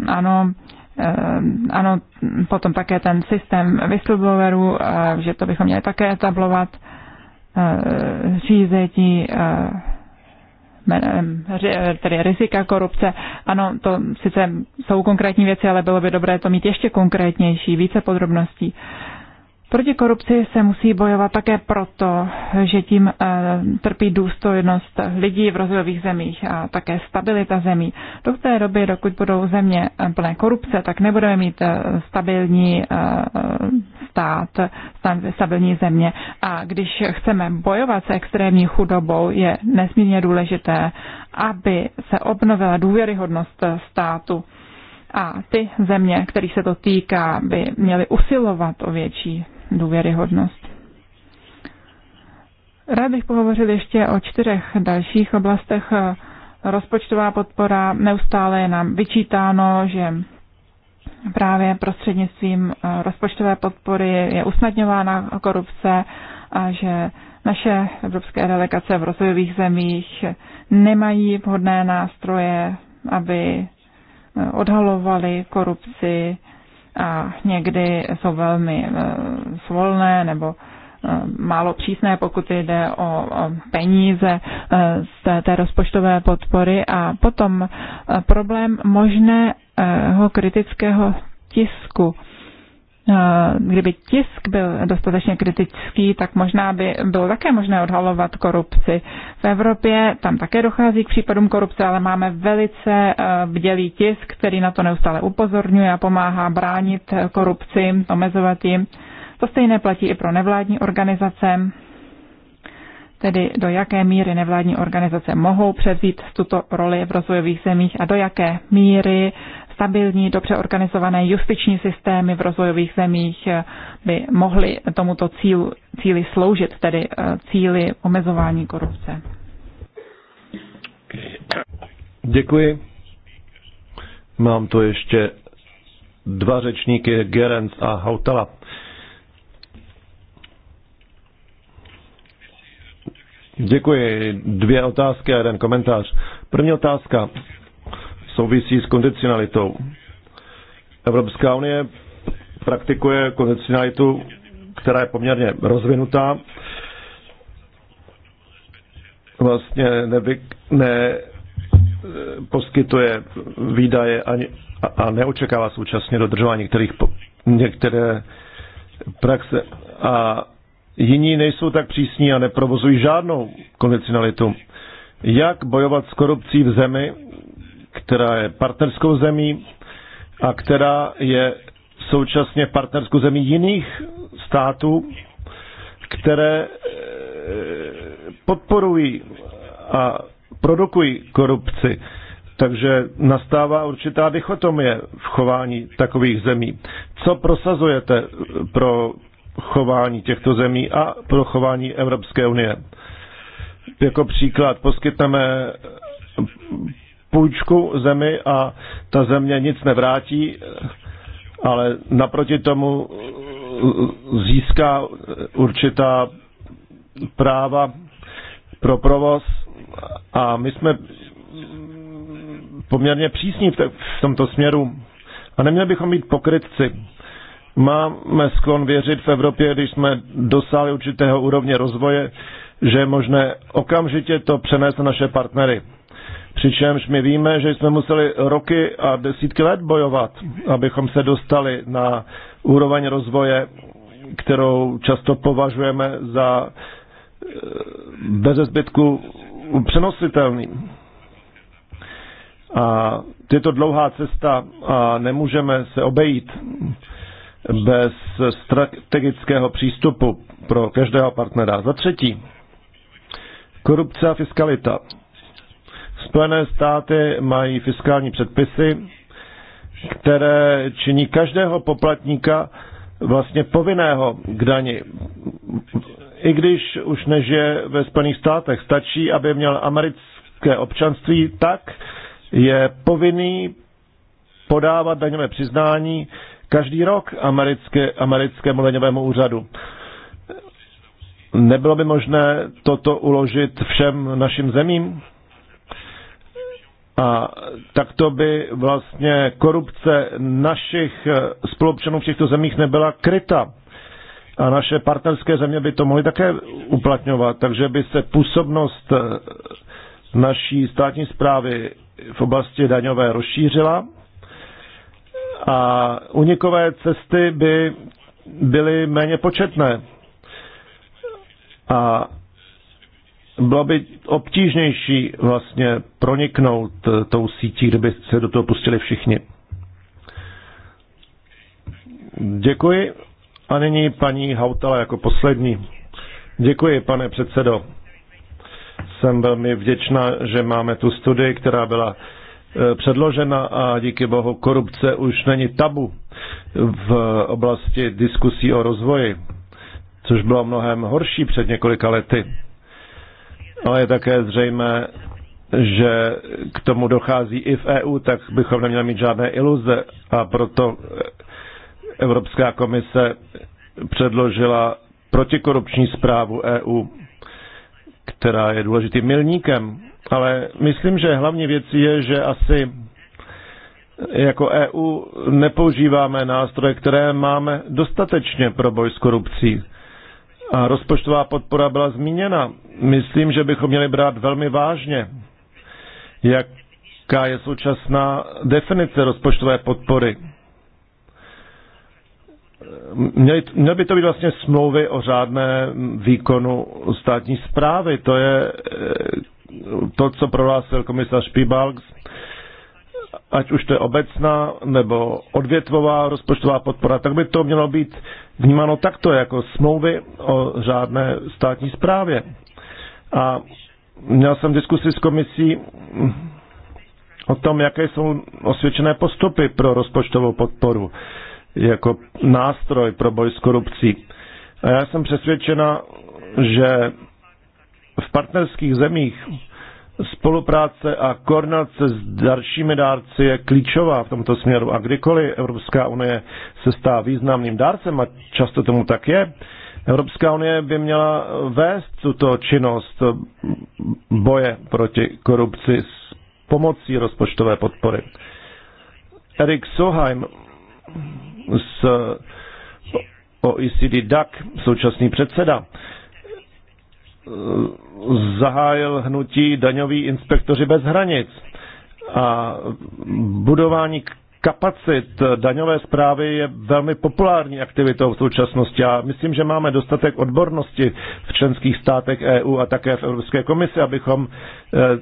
Ano, ano, potom také ten systém whistleblowerů, že to bychom měli také etablovat, řízení tedy rizika korupce. Ano, to sice jsou konkrétní věci, ale bylo by dobré to mít ještě konkrétnější, více podrobností. Proti korupci se musí bojovat také proto, že tím eh, trpí důstojnost lidí v rozvojových zemích a také stabilita zemí. Do té doby, dokud budou země eh, plné korupce, tak nebudeme mít eh, stabilní stát, stabilní země. A když chceme bojovat s extrémní chudobou, je nesmírně důležité, aby se obnovila důvěryhodnost státu. A ty země, kterých se to týká, by měly usilovat o větší důvěryhodnost. Rád bych pohovořil ještě o čtyřech dalších oblastech. Rozpočtová podpora neustále je nám vyčítáno, že právě prostřednictvím eh, rozpočtové podpory je usnadňována korupce a že naše evropské delegace v rozvojových zemích nemají vhodné nástroje, aby eh, odhalovali korupci a někdy jsou velmi eh, svolné nebo Eh, málo přísné, pokud jde o peníze eh, z té rozpočtové podpory. A potom eh, problém možného kritického tisku kdyby tisk byl dostatečně kritický, tak možná by bylo také možné odhalovat korupci. V Evropě tam také dochází k případům korupce, ale máme velice bdělý tisk, který na to neustále upozorňuje a pomáhá bránit korupci, omezovat ji. Jim to stejné platí i pro nevládní organizace, tedy do jaké míry nevládní organizace mohou převzít tuto roli v rozvojových zemích a do jaké míry stabilní, dobře organizované justiční systémy v rozvojových zemích by mohly tomuto cílu, cíli sloužit, tedy eh, cíli omezování korupce. Děkuji. Mám tu ještě dva řečníky, Gerenc a Hautala. Děkuji. Dvě otázky a jeden komentář. První otázka souvisí s kondicionalitou. Evropská unie praktikuje kondicionalitu, která je poměrně rozvinutá. Vlastně neby ne, poskytuje výdaje ani, a, a neočekává současně dodržování některých, některé praxe a jiní nejsou tak přísní a neprovozují žádnou kondicionalitu. Jak bojovat s korupcí v zemi, která je partnerskou zemí a která je současně partnerskou zemí jiných států, které eh, podporují a produkují korupci. Takže nastává určitá dichotomie v chování takových zemí. Co prosazujete pro chování těchto zemí a pro chování Evropské unie. Jako příklad poskytneme půjčku zemi a ta země nic nevrátí, ale naproti tomu získá určitá práva pro provoz a my jsme poměrně přísní v, tomto směru a neměli bychom být pokrytci. Máme sklon věřit v Evropě, když jsme dosáhli určitého úrovně rozvoje, že je možné okamžitě to přenést na naše partnery. Přičemž my víme, že jsme museli roky a desítky let bojovat, abychom se dostali na úroveň rozvoje, kterou často považujeme za eh, bez zbytku přenositelný. A je to dlouhá cesta a nemůžeme se obejít bez strategického přístupu pro každého partnera. Za třetí, korupce a fiskalita. Spojené státy mají fiskální předpisy, které činí každého poplatníka vlastně povinného k dani. I když už nežije ve Spojených státech, stačí, aby měl americké občanství, tak je povinný podávat daňové přiznání každý rok americké, americkému leňovému úřadu. Nebylo by možné toto uložit všem našim zemím? A tak to by vlastně korupce našich spolupčanů v těchto zemích nebyla kryta. A naše partnerské země by to mohly také uplatňovat, takže by se působnost naší státní zprávy v oblasti daňové rozšířila a unikové cesty by byly méně početné. A bylo by obtížnější vlastně proniknout eh, tou sítí, kdyby se do toho pustili všichni. Děkuji. A nyní paní Hautala jako poslední. Děkuji, pane předsedo. Jsem velmi vděčná, že máme tu studii, která byla Eh, předložena a díky bohu korupce už není tabu v oblasti diskusí o rozvoji, což bylo mnohem horší před několika lety. Ale je také zřejmé, že k tomu dochází i v EU, tak bychom neměli mít žádné iluze a proto Evropská komise předložila protikorupční zprávu EU, která je důležitým milníkem ale myslím, že hlavní věcí je, že asi jako EU nepoužíváme nástroje, které máme dostatečně pro boj s korupcí. A rozpočtová podpora byla zmíněna. Myslím, že bychom měli brát velmi vážně, jaká je současná definice rozpočtové podpory. Měly, měly by to být vlastně smlouvy o řádné výkonu státní zprávy. To je to, co prohlásil komisař Pibalks, ať už to je obecná nebo odvětvová rozpočtová podpora, tak by to mělo být vnímáno takto, jako smlouvy o řádné státní správě. A měl jsem diskusi s komisí o tom, jaké jsou osvědčené postupy pro rozpočtovou podporu jako nástroj pro boj s korupcí. A já jsem přesvědčena, že v partnerských zemích spolupráce a koordinace s dalšími dárci je klíčová v tomto směru. A kdykoliv Evropská unie se stává významným dárcem, a často tomu tak je, Evropská unie by měla vést tuto činnost boje proti korupci s pomocí rozpočtové podpory. Erik Soheim z OECD DAC, současný předseda, Eh, zahájil hnutí daňový inspektoři bez hranic a budování kapacit daňové zprávy je velmi populární aktivitou v současnosti a myslím, že máme dostatek odbornosti v členských státech EU a také v Evropské komisi, abychom eh,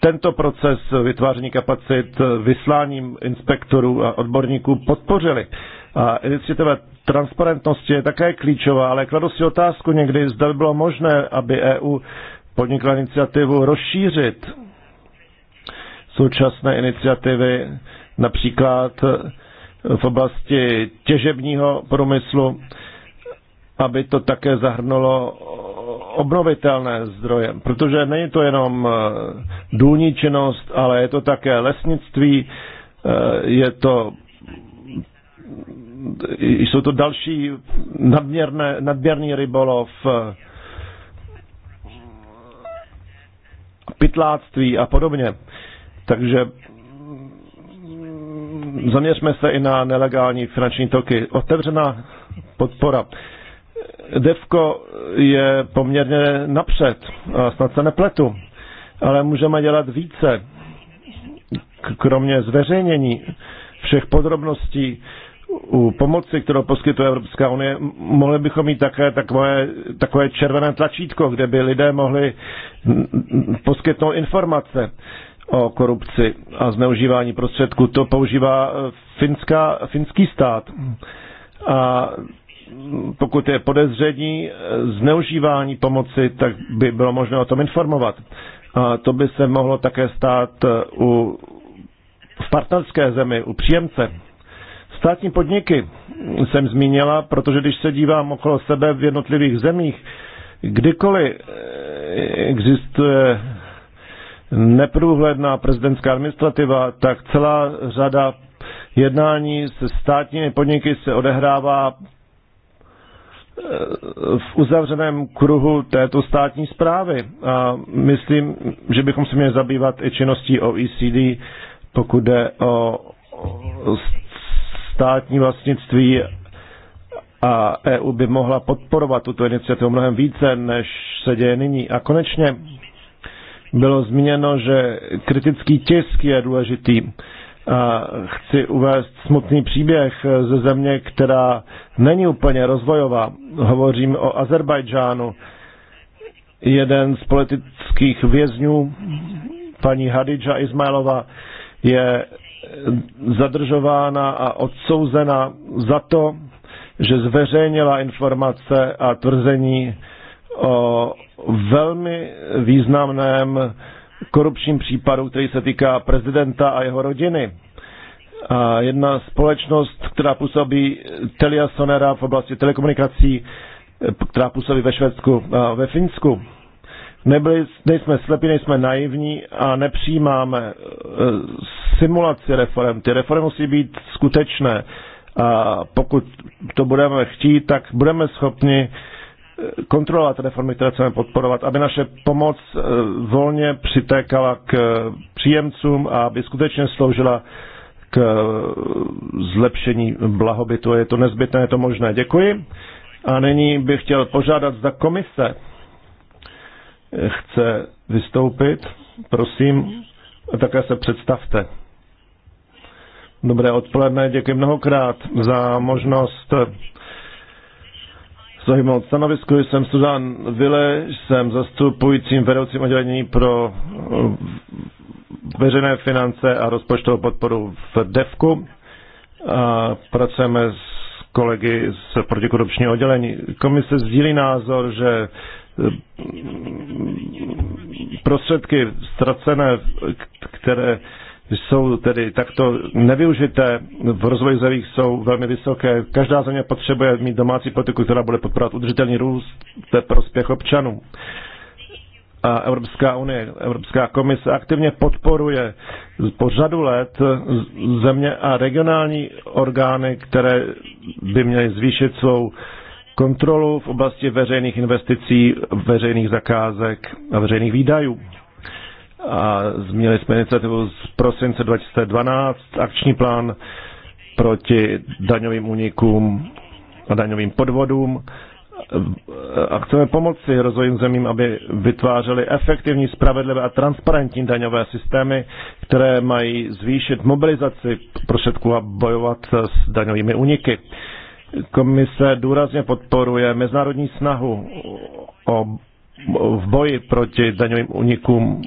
tento proces vytváření kapacit eh, vysláním inspektorů a odborníků podpořili. A iniciativa transparentnosti je také klíčová, ale kladu si otázku někdy, zda by bylo možné, aby EU podnikla iniciativu rozšířit současné iniciativy, například v oblasti těžebního průmyslu, aby to také zahrnulo obnovitelné zdroje, protože není to jenom eh, důlní činnost, ale je to také lesnictví, eh, je to jsou to další nadměrné, nadměrný rybolov, eh, pytláctví a podobně. Takže zaměřme se i na nelegální finanční toky. Otevřená podpora. Devko je poměrně napřed, a snad se nepletu, ale můžeme dělat více, kromě zveřejnění všech podrobností u pomoci, kterou poskytuje Evropská unie, mohli bychom mít také takové, takové červené tlačítko, kde by lidé mohli poskytnout informace o korupci a zneužívání prostředků. To používá e, finská, finský stát. A pokud je podezření e, zneužívání pomoci, tak by bylo možné o tom informovat. A to by se mohlo také stát e, u, v partnerské zemi, u příjemce. Státní podniky jsem zmínila, protože když se dívám okolo sebe v jednotlivých zemích, kdykoliv eh, existuje neprůhledná prezidentská administrativa, tak celá řada jednání se státními podniky se odehrává eh, v uzavřeném kruhu této státní zprávy. A myslím, že bychom se měli zabývat i činností OECD, pokud jde o státní vlastnictví a EU by mohla podporovat tuto iniciativu mnohem více, než se děje nyní. A konečně bylo zmíněno, že kritický tisk je důležitý. A chci uvést smutný příběh ze země, která není úplně rozvojová. Hovořím o Azerbajdžánu. Jeden z politických vězňů, paní Hadidža Izmailova, je zadržována a odsouzena za to, že zveřejnila informace a tvrzení o velmi významném korupčním případu, který se týká prezidenta a jeho rodiny. A jedna společnost, která působí Telia Sonera v oblasti telekomunikací, která působí ve Švédsku a ve Finsku, nebyli, nejsme slepí, nejsme naivní a nepřijímáme eh, simulaci reform. Ty reformy musí být skutečné a pokud to budeme chtít, tak budeme schopni eh, kontrolovat reformy, které chceme podporovat, aby naše pomoc eh, volně přitékala k příjemcům a aby skutečně sloužila k zlepšení blahobytu. Je to nezbytné, je to možné. Děkuji. A nyní bych chtěl požádat za komise, chce vystoupit. Prosím, také se představte. Dobré odpoledne, děkuji mnohokrát za možnost zahymnout stanovisku. Jsem Suzan Vile, jsem zastupujícím vedoucím oddělení pro veřejné finance a rozpočtovou podporu v DEVKu. A pracujeme s kolegy z protikorupčního oddělení. Komise sdílí názor, že prostředky ztracené, které jsou tedy takto nevyužité v rozvoji zemích, jsou velmi vysoké. Každá země potřebuje mít domácí politiku, která bude podporovat udržitelný růst ve prospěch občanů. A Evropská unie, Evropská komise aktivně podporuje po řadu let země a regionální orgány, které by měly zvýšit svou kontrolu v oblasti veřejných investicí, veřejných zakázek a veřejných výdajů. A změnili jsme iniciativu z prosince 2012, akční plán proti daňovým únikům a daňovým podvodům a chceme pomoci rozvojovým zemím, aby vytvářely efektivní, spravedlivé a transparentní daňové systémy, které mají zvýšit mobilizaci prostředků a bojovat s daňovými úniky. Komise důrazně podporuje mezinárodní snahu o, v boji proti daňovým unikům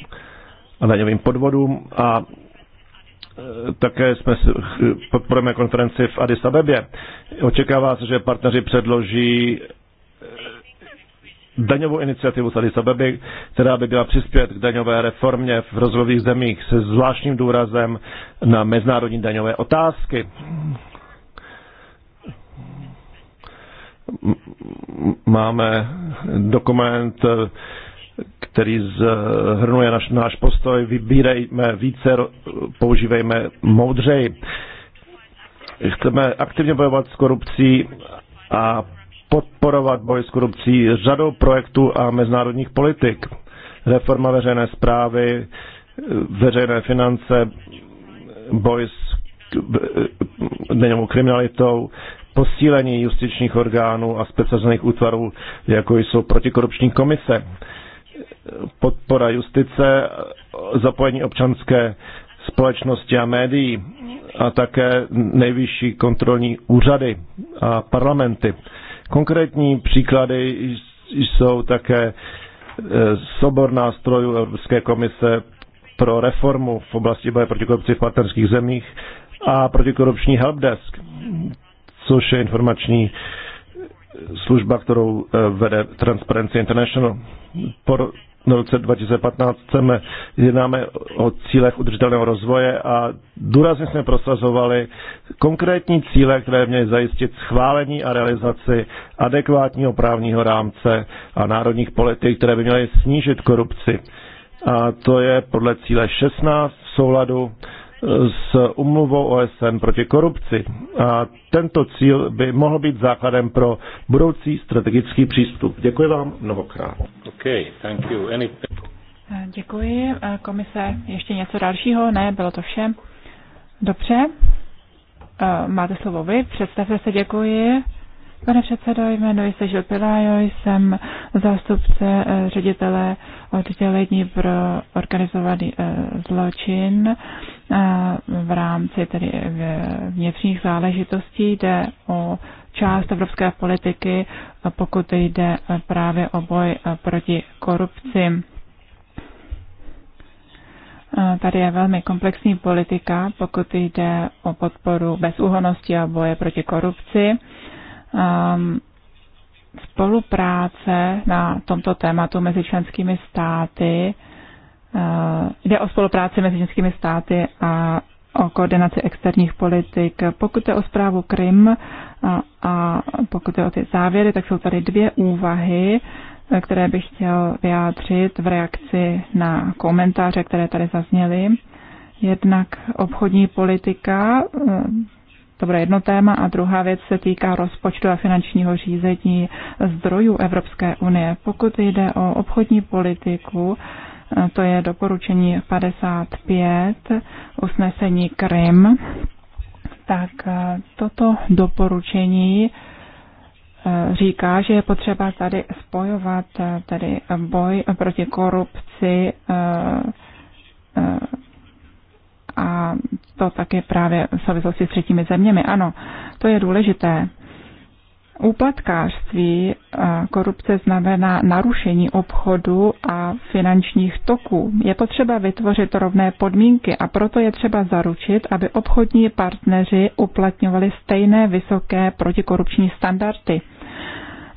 a daňovým podvodům a e, také jsme podporujeme konferenci v Addis Abebě. Očekává se, že partneři předloží e, daňovou iniciativu z Addis Abeby, která by byla přispět k daňové reformě v rozvojových zemích se zvláštním důrazem na mezinárodní daňové otázky. máme dokument, který zhrnuje naš, náš postoj, vybírejme více, používejme moudřej. Chceme aktivně bojovat s korupcí a podporovat boj s korupcí řadou projektů a mezinárodních politik. Reforma veřejné zprávy, veřejné finance, boj s daňovou kriminalitou, posílení justičních orgánů a specializovaných útvarů, jako jsou protikorupční komise, podpora justice, zapojení občanské společnosti a médií a také nejvyšší kontrolní úřady a parlamenty. Konkrétní příklady jsou také e, sobor nástrojů Evropské komise pro reformu v oblasti boje proti korupci v partnerských zemích a protikorupční helpdesk což je informační služba, kterou eh, vede Transparency International. Po roce 2015 chceme, jednáme o cílech udržitelného rozvoje a důrazně jsme prosazovali konkrétní cíle, které měly zajistit schválení a realizaci adekvátního právního rámce a národních politik, které by měly snížit korupci. A to je podle cíle 16 v souladu s umluvou OSN proti korupci. A tento cíl by mohl být základem pro budoucí strategický přístup. Děkuji vám mnohokrát. Okay, thank you. Any... Eh, děkuji. Eh, komise, ještě něco dalšího? Ne, bylo to vše. Dobře. Eh, máte slovo vy. Představte se, děkuji. Pane předsedo, jmenuji se Žil Pilájo, jsem zástupce ředitele oddělení pro organizovaný zločin v rámci tedy vnitřních záležitostí jde o část evropské politiky, pokud jde právě o boj proti korupci. Tady je velmi komplexní politika, pokud jde o podporu bezúhonosti a boje proti korupci. Spolupráce na tomto tématu mezi členskými státy Eh, jde o spolupráci mezi ženskými státy a o koordinaci externích politik. Pokud je o zprávu Krym a, a pokud je o ty závěry, tak jsou tady dvě úvahy, eh, které bych chtěl vyjádřit v reakci na komentáře, které tady zazněly. Jednak obchodní politika, eh, to bude jedno téma, a druhá věc se týká rozpočtu a finančního řízení zdrojů Evropské unie. Pokud jde o obchodní politiku, Eh, to je doporučení 55, usnesení Krym, tak eh, toto doporučení eh, říká, že je potřeba tady spojovat tady boj proti korupci a to také právě v souvislosti s třetími zeměmi. Ano, to je důležité. Úplatkářství eh, korupce znamená narušení obchodu a finančních toků. Je potřeba vytvořit rovné podmínky a proto je třeba zaručit, aby obchodní partneři uplatňovali stejné vysoké protikorupční standardy.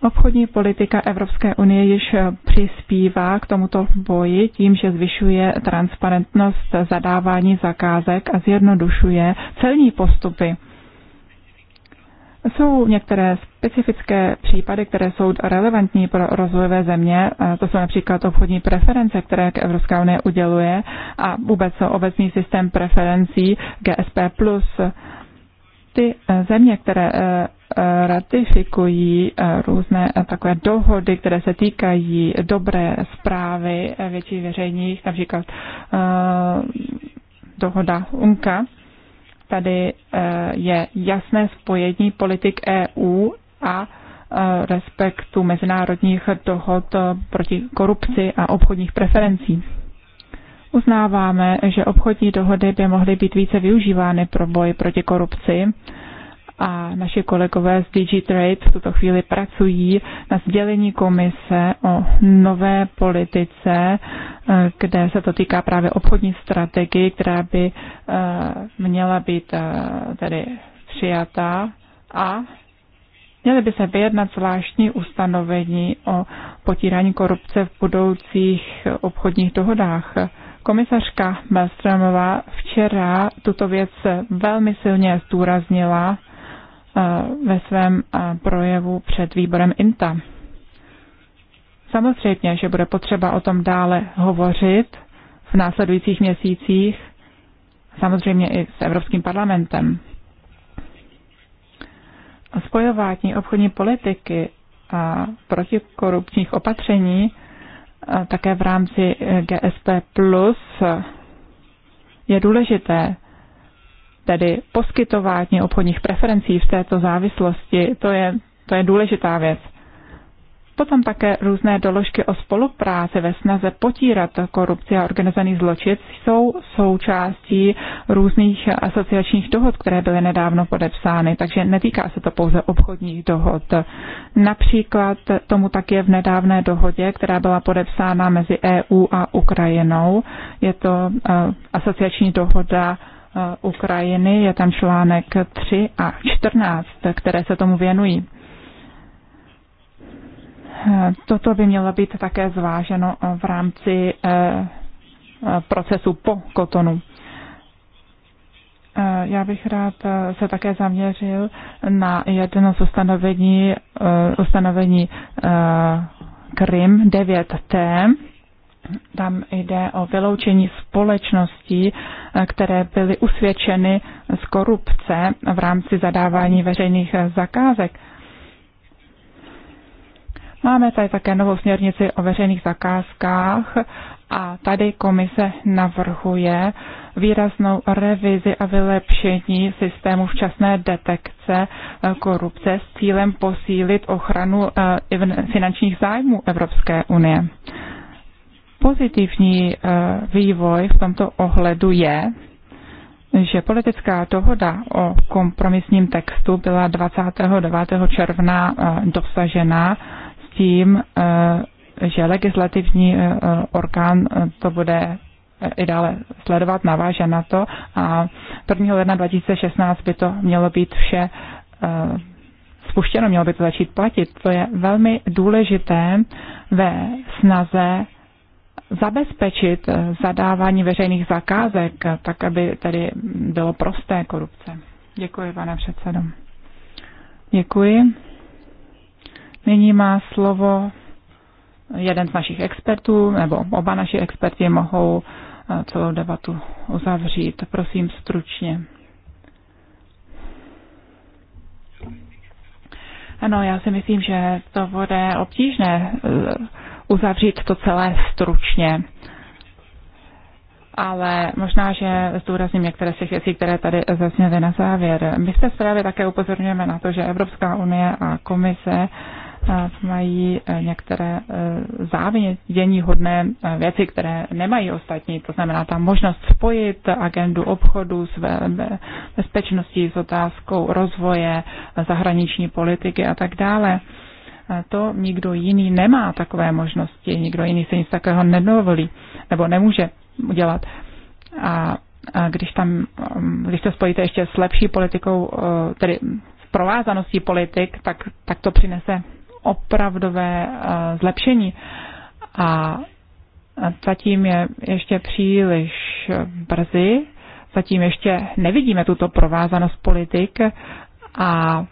Obchodní politika Evropské unie již eh, přispívá k tomuto boji tím, že zvyšuje transparentnost zadávání zakázek a zjednodušuje celní postupy. Jsou některé specifické případy, které jsou relevantní pro rozvojové země. To jsou například obchodní preference, které k Evropská unie uděluje a vůbec obecný systém preferencí GSP+. Ty e, země, které e, e, ratifikují různé takové dohody, které se týkají dobré zprávy větší veřejných, například dohoda UNCA, tady eh, je jasné spojení politik EU a eh, respektu mezinárodních dohod eh, proti korupci a obchodních preferencí. Uznáváme, že obchodní dohody by mohly být více využívány pro boj proti korupci a naši kolegové z DIGITRADE v tuto chvíli pracují na sdělení komise o nové politice, eh, kde se to týká právě obchodní strategii, která by eh, měla být eh, tedy přijatá a Měly by se vyjednat zvláštní ustanovení o potírání korupce v budoucích obchodních dohodách. Komisařka Malmströmová včera tuto věc velmi silně zdůraznila Eh, ve svém eh, projevu před výborem INTA. Samozřejmě, že bude potřeba o tom dále hovořit v následujících měsících, samozřejmě i s Evropským parlamentem. Spojování obchodní politiky a protikorupčních opatření eh, také v rámci GSP Plus je důležité tedy poskytování obchodních preferencí v této závislosti, to je, to je důležitá věc. Potom také různé doložky o spolupráci ve snaze potírat korupci a organizovaný zločin jsou součástí různých asociačních dohod, které byly nedávno podepsány, takže netýká se to pouze obchodních dohod. Například tomu tak je v nedávné dohodě, která byla podepsána mezi EU a Ukrajinou. Je to eh, asociační dohoda Eh, Ukrajiny, je tam článek 3 a 14, které se tomu věnují. Eh, toto by mělo být také zváženo eh, v rámci procesu po Kotonu. Já bych rád se také zaměřil na jedno z ustanovení, ustanovení Krim 9T, tam jde o vyloučení společností, eh, které byly usvědčeny z korupce v rámci zadávání veřejných eh, zakázek. Máme tady také novou směrnici o veřejných zakázkách a tady komise navrhuje výraznou revizi a vylepšení systému včasné detekce eh, korupce s cílem posílit ochranu finančních zájmů Evropské unie. Pozitivní eh, vývoj v tomto ohledu je, že politická dohoda o kompromisním textu byla 29. června eh, dosažena s tím, eh, že legislativní orgán to bude i dále sledovat, naváže na to a 1. ledna 2016 by to mělo být vše spuštěno, mělo by to začít platit. To je velmi důležité ve snaze zabezpečit eh, zadávání veřejných zakázek, eh, tak aby tady bylo prosté korupce. Děkuji, pane předsedo. Děkuji. Nyní má slovo jeden z našich expertů, nebo oba naši experti mohou eh, celou debatu uzavřít. Prosím stručně. Ano, já si myslím, že to bude obtížné uzavřít to celé stručně. Ale možná, že zdůrazním některé z těch věcí, které tady zazněly na závěr. My se zprávě také upozorňujeme na to, že Evropská unie a komise eh, mají eh, některé eh, závědění hodné věci, které nemají ostatní. To znamená ta možnost spojit agendu obchodu s bezpečností, s otázkou rozvoje, zahraniční politiky a tak dále to nikdo jiný nemá takové možnosti, nikdo jiný se nic takového nedovolí nebo nemůže udělat. A, a když, tam, um, když to spojíte ještě s lepší politikou, uh, tedy s provázaností politik, tak, tak to přinese opravdové uh, zlepšení. A zatím je ještě příliš brzy, zatím ještě nevidíme tuto provázanost politik a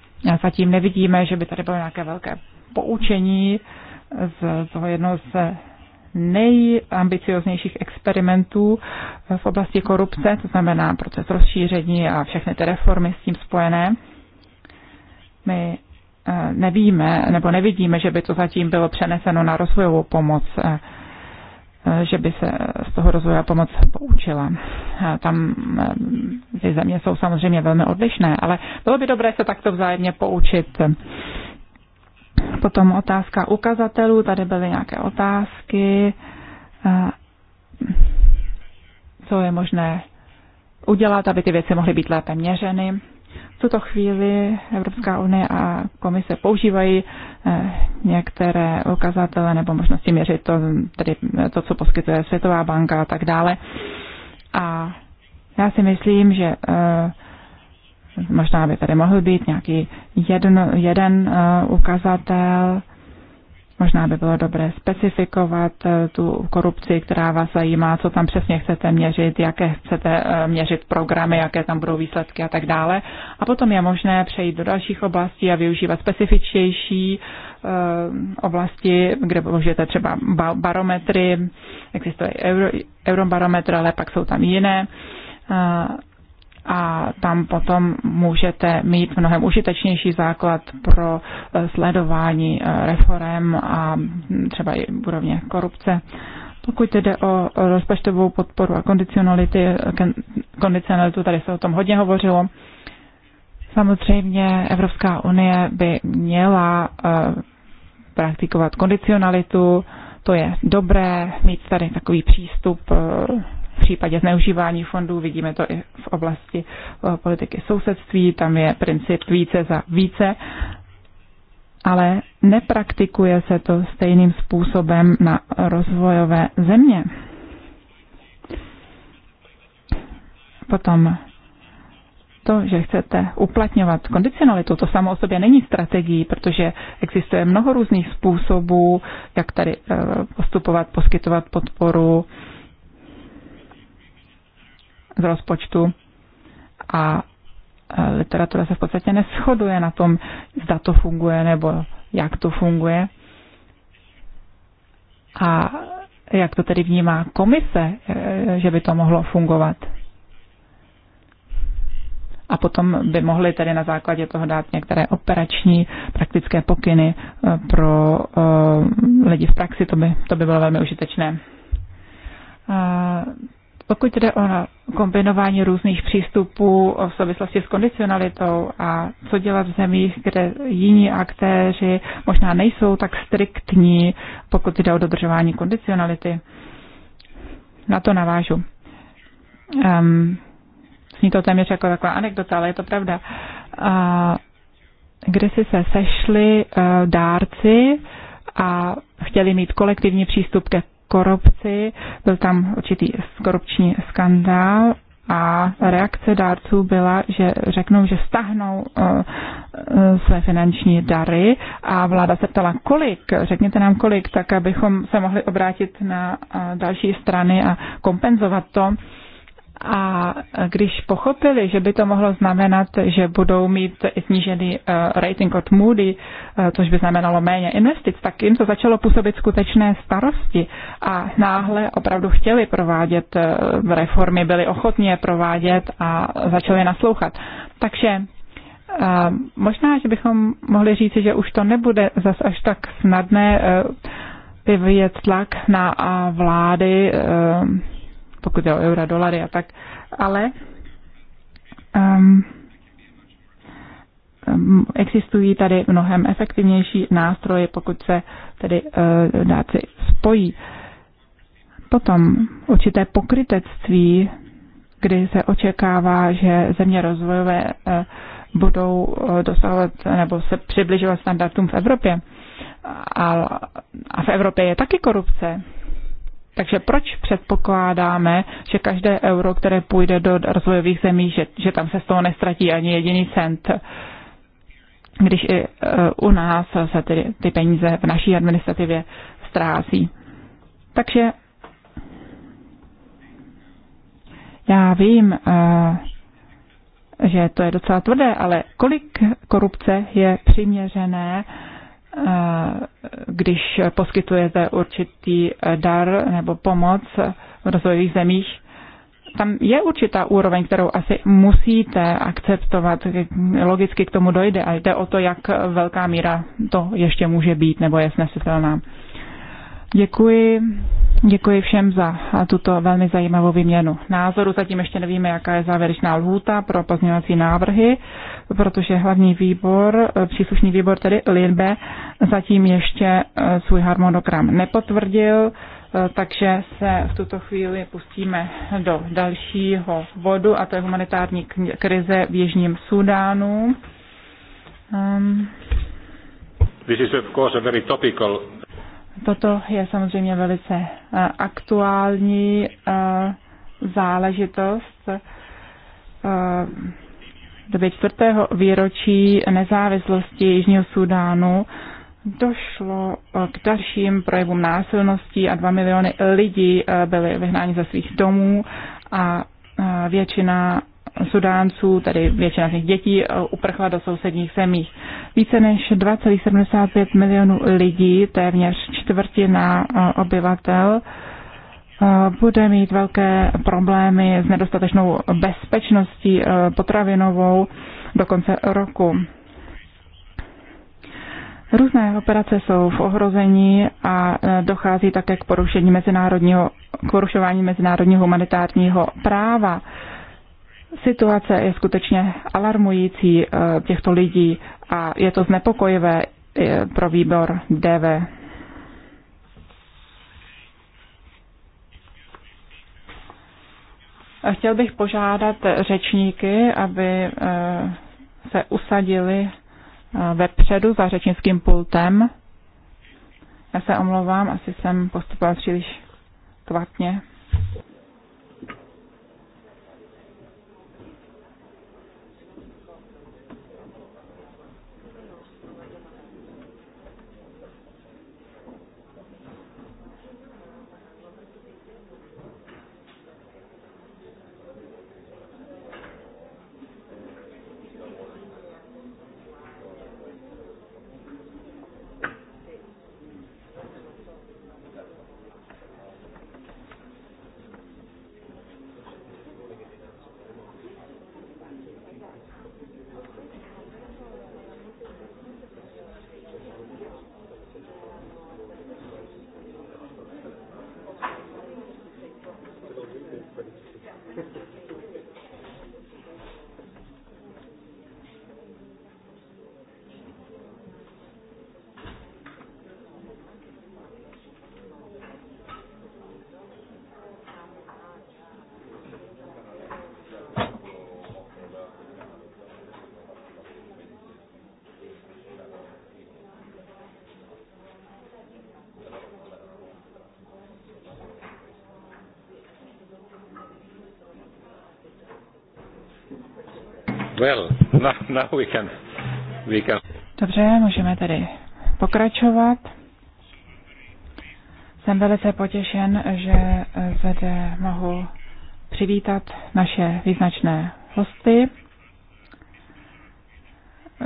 zatím nevidíme, že by tady bylo nějaké velké poučení z toho jednoho z nejambicioznějších experimentů v oblasti korupce, to znamená proces rozšíření a všechny ty reformy s tím spojené. My eh, nevíme nebo nevidíme, že by to zatím bylo přeneseno na rozvojovou pomoc, eh, eh, že by se z toho rozvojová pomoc poučila. Tam ty země jsou samozřejmě velmi odlišné, ale bylo by dobré se takto vzájemně poučit. Potom otázka ukazatelů, tady byly nějaké otázky, eh, co je možné udělat, aby ty věci mohly být lépe měřeny. V tuto chvíli Evropská unie a komise používají eh, některé ukazatele nebo možnosti měřit to, tedy eh, to, co poskytuje Světová banka a tak dále. A já si myslím, že Možná by tady mohl být nějaký jeden jeden uh, ukazatel. Možná by bylo dobré specifikovat eh, tu korupci, která vás zajímá, co tam přesně chcete měřit, jaké chcete eh, měřit programy, jaké tam budou výsledky a tak dále. A potom je možné přejít do dalších oblastí a využívat specifičtější eh, oblasti, kde použijete třeba barometry, existuje euro, eurobarometr, ale pak jsou tam jiné a tam potom můžete mít mnohem užitečnější základ pro eh, sledování eh, reform a třeba i úrovně korupce. Pokud jde o rozpočtovou podporu a kondicionality, kondicionalitu, tady se o tom hodně hovořilo, Samozřejmě Evropská unie by měla eh, praktikovat kondicionalitu, to je dobré mít tady takový přístup v případě zneužívání fondů, vidíme to i v oblasti eh, politiky sousedství, tam je princip více za více, ale nepraktikuje se to stejným způsobem na rozvojové země. Potom to, že chcete uplatňovat kondicionalitu, to samo o sobě není strategií, protože existuje mnoho různých způsobů, jak tady eh, postupovat, poskytovat podporu, z rozpočtu a e, literatura se v podstatě neschoduje na tom, zda to funguje nebo jak to funguje. A jak to tedy vnímá komise, e, že by to mohlo fungovat? A potom by mohli tedy na základě toho dát některé operační praktické pokyny e, pro lidi v praxi, to by, to by bylo velmi užitečné. Pokud jde o kombinování různých přístupů v souvislosti s kondicionalitou a co dělat v zemích, kde jiní aktéři možná nejsou tak striktní, pokud jde o dodržování kondicionality, na to navážu. Um, zní to téměř jako taková anekdota, ale je to pravda. Uh, kde si se sešli uh, dárci a chtěli mít kolektivní přístup ke korupci, byl tam určitý korupční skandál a reakce dárců byla, že řeknou, že stahnou eh, eh, své finanční dary a vláda se ptala, kolik, řekněte nám kolik, tak abychom se mohli obrátit na eh, další strany a kompenzovat to. A když pochopili, že by to mohlo znamenat, že budou mít snížený eh, rating od Moody, eh, což by znamenalo méně investic, tak jim to začalo působit skutečné starosti a náhle opravdu chtěli provádět eh, reformy, byli ochotní je provádět a začali naslouchat. Takže možná, že bychom mohli říci, že už to nebude zas až tak snadné vyvíjet tlak na vlády pokud je o eura, dolary a tak. Ale um, um, existují tady mnohem efektivnější nástroje, pokud se tedy uh, dáci spojí. Potom určité pokrytectví, kdy se očekává, že země rozvojové uh, budou uh, dosahovat nebo se přibližovat standardům v Evropě. A, a v Evropě je taky korupce. Takže proč předpokládáme, že každé euro, které půjde do rozvojových zemí, že, že tam se z toho nestratí ani jediný cent? když i e, u nás se ty, ty peníze v naší administrativě ztrácí. Takže já vím, e, že to je docela tvrdé, ale kolik korupce je přiměřené Eh, když poskytujete určitý eh, dar nebo pomoc v rozvojových zemích, tam je určitá úroveň, kterou asi musíte akceptovat. Logicky k tomu dojde a jde o to, jak velká míra to ještě může být nebo je snesitelná. Děkuji. Děkuji všem za tuto velmi zajímavou výměnu názoru. Zatím ještě nevíme, jaká je závěrečná lhůta pro pozměňovací návrhy, protože hlavní výbor, příslušný výbor tedy LIRBE, zatím ještě eh, svůj harmonogram nepotvrdil, eh, takže se v tuto chvíli pustíme do dalšího bodu, a to je humanitární krize v Jižním Sudánu. Um, ehm. This is of course a very topical. Toto je samozřejmě velice eh, aktuální záležitost době čtvrtého výročí nezávislosti Jižního Sudánu došlo eh, k dalším projevům násilností a dva miliony lidí eh, byly vyhnáni ze svých domů a eh, většina Sudánců, tedy většina z nich dětí, uprchla do sousedních zemích. Více než 2,75 milionů lidí, téměř čtvrtina obyvatel, bude mít velké problémy s nedostatečnou bezpečností potravinovou do konce roku. Různé operace jsou v ohrození a e, dochází také k porušení mezinárodního, k porušování mezinárodního humanitárního práva. Situace je skutečně alarmující e, těchto lidí a je to znepokojivé e, pro výbor DV. Chtěl bych požádat řečníky, aby se usadili Eh, vepředu za řečnickým pultem. Já se omlouvám, asi jsem postupoval příliš kvatně. now we can, we can. Dobře, můžeme tedy pokračovat. Jsem velice potěšen, že zde mohu přivítat naše význačné hosty.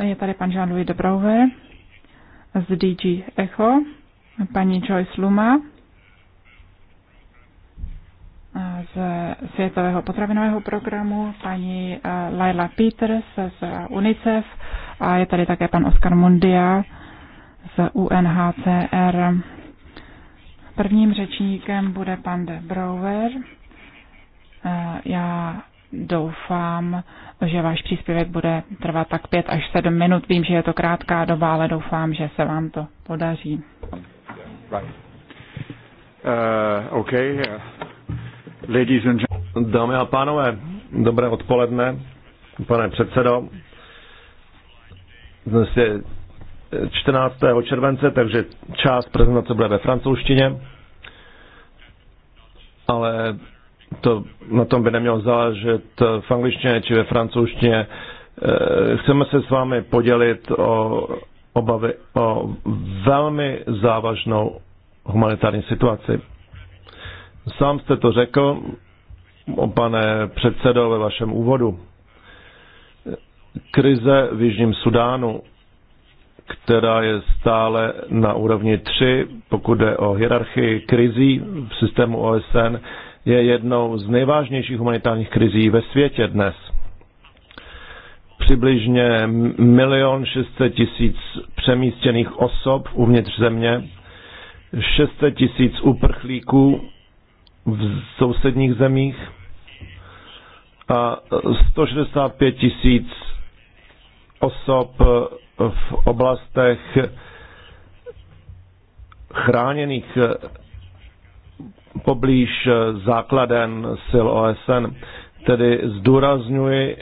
Je tady pan Jean-Louis Dobrouver z DG Echo, paní Joyce Luma, z Světového potravinového programu, paní eh, Laila Peters z UNICEF a je tady také pan Oskar Mundia z UNHCR. Prvním řečníkem bude pan de Brouwer. Eh, já doufám, že váš příspěvek bude trvat tak pět až sedm minut. Vím, že je to krátká doba, ale doufám, že se vám to podaří. Right. Uh, okay. Uh, Ladies and Dámy a pánové, dobré odpoledne, pane předsedo. Dnes je 14. července, takže část prezentace bude ve francouzštině, ale to, na tom by nemělo záležet v angličtině či ve francouzštině. Eh, chceme se s vámi podělit o obavy o velmi závažnou humanitární situaci. Sám jste to řekl, pane předsedo, ve vašem úvodu. Krize v Jižním Sudánu, která je stále na úrovni 3, pokud jde o hierarchii krizí v systému OSN, je jednou z nejvážnějších humanitárních krizí ve světě dnes. Přibližně milion 600 tisíc přemístěných osob uvnitř země, 600 tisíc uprchlíků v sousedních zemích a 165 tisíc osob v oblastech chráněných poblíž základen sil OSN. Tedy zdůrazňuji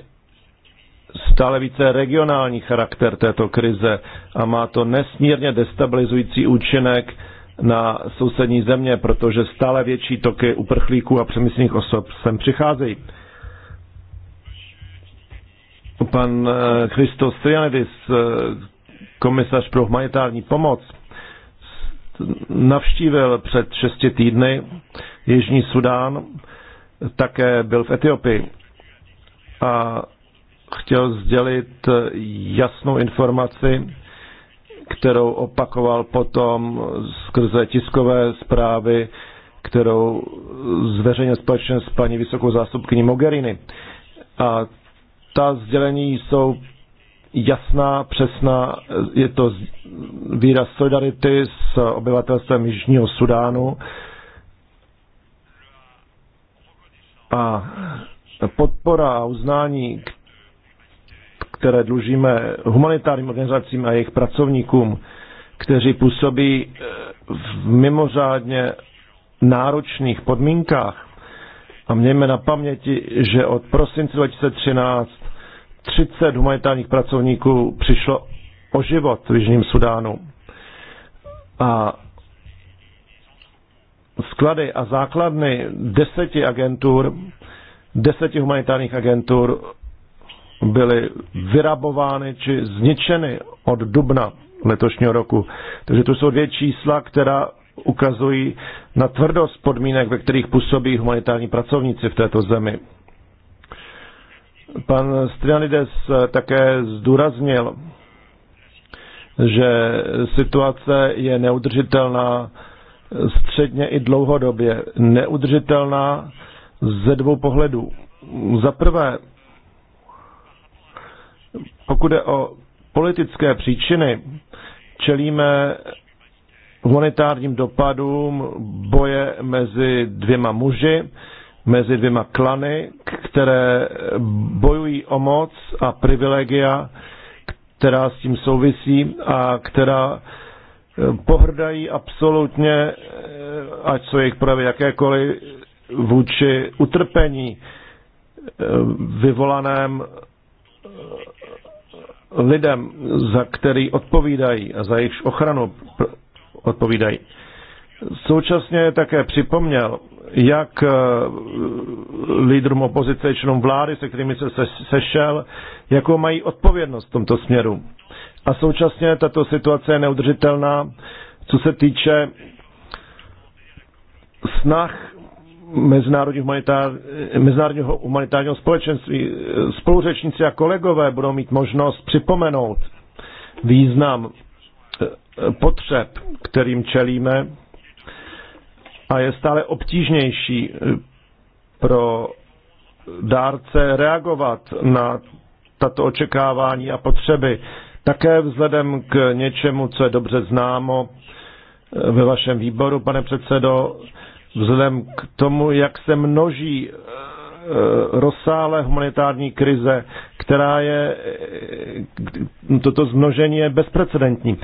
stále více regionální charakter této krize a má to nesmírně destabilizující účinek na sousední země, protože stále větší toky uprchlíků a přemyslných osob sem přicházejí. Pan eh, Christos Trianidis, eh, komisař pro humanitární pomoc, navštívil před šesti týdny Jižní Sudán, také byl v Etiopii a chtěl sdělit eh, jasnou informaci kterou opakoval potom skrze tiskové zprávy, kterou zveřejnil společně s paní vysokou zástupkyní Mogherini. A ta sdělení jsou jasná, přesná, je to výraz solidarity s obyvatelstvem Jižního Sudánu a podpora a uznání, které dlužíme humanitárním organizacím a jejich pracovníkům, kteří působí eh, v mimořádně náročných podmínkách. A mějme na paměti, že od prosince 2013 30 humanitárních pracovníků přišlo o život v Jižním Sudánu. A sklady a základny deseti agentur, deseti humanitárních agentur byly vyrabovány či zničeny od dubna letošního roku. Takže to jsou dvě čísla, která ukazují na tvrdost podmínek, ve kterých působí humanitární pracovníci v této zemi. Pan Strianides také zdůraznil, že situace je neudržitelná středně i dlouhodobě. Neudržitelná ze dvou pohledů. Za prvé, pokud je o politické příčiny, čelíme humanitárním dopadům boje mezi dvěma muži, mezi dvěma klany, které bojují o moc a privilegia, která s tím souvisí a která pohrdají absolutně, ať jsou jejich projevy jakékoliv, vůči utrpení eh, vyvolaném lidem, za který odpovídají a za jejich ochranu odpovídají. Současně také připomněl, jak eh, lídrům opozice, členům vlády, se kterými se sešel, jakou mají odpovědnost v tomto směru. A současně tato situace je neudržitelná, co se týče snah mezinárodního humanitár, mezinárodního humanitárního společenství. Spoluřečníci a kolegové budou mít možnost připomenout význam eh, potřeb, kterým čelíme a je stále obtížnější eh, pro dárce reagovat na tato očekávání a potřeby. Také vzhledem k něčemu, co je dobře známo eh, ve vašem výboru, pane předsedo, vzhledem k tomu, jak se množí eh, rozsáhlé humanitární krize, která je, eh, toto zmnožení je bezprecedentní.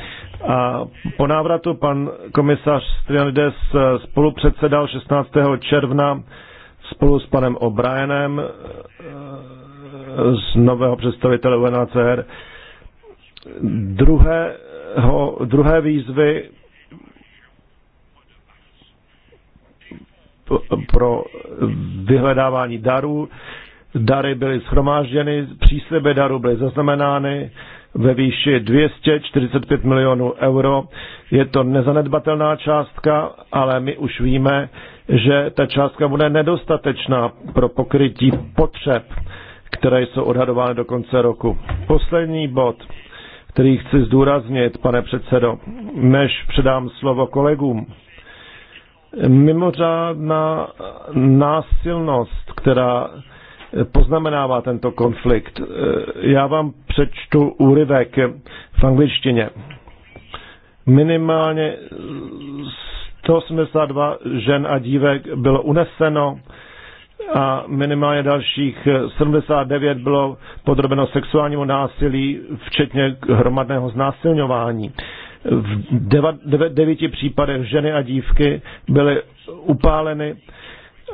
A po návratu pan komisař Strianides eh, spolupředsedal 16. června spolu s panem O'Brienem z nového představitele UNHCR druhé, druhé výzvy pro vyhledávání darů. Dary byly schromážděny, přísliby darů byly zaznamenány ve výši 245 milionů euro. Je to nezanedbatelná částka, ale my už víme, že ta částka bude nedostatečná pro pokrytí potřeb, které jsou odhadovány do konce roku. Poslední bod, který chci zdůraznit, pane předsedo, než předám slovo kolegům mimořádná násilnost, která poznamenává tento konflikt. Já vám přečtu úryvek v angličtině. Minimálně 182 žen a dívek bylo uneseno a minimálně dalších 79 bylo podrobeno sexuálnímu násilí, včetně hromadného znásilňování. V deva, deve, případech ženy a dívky byly upáleny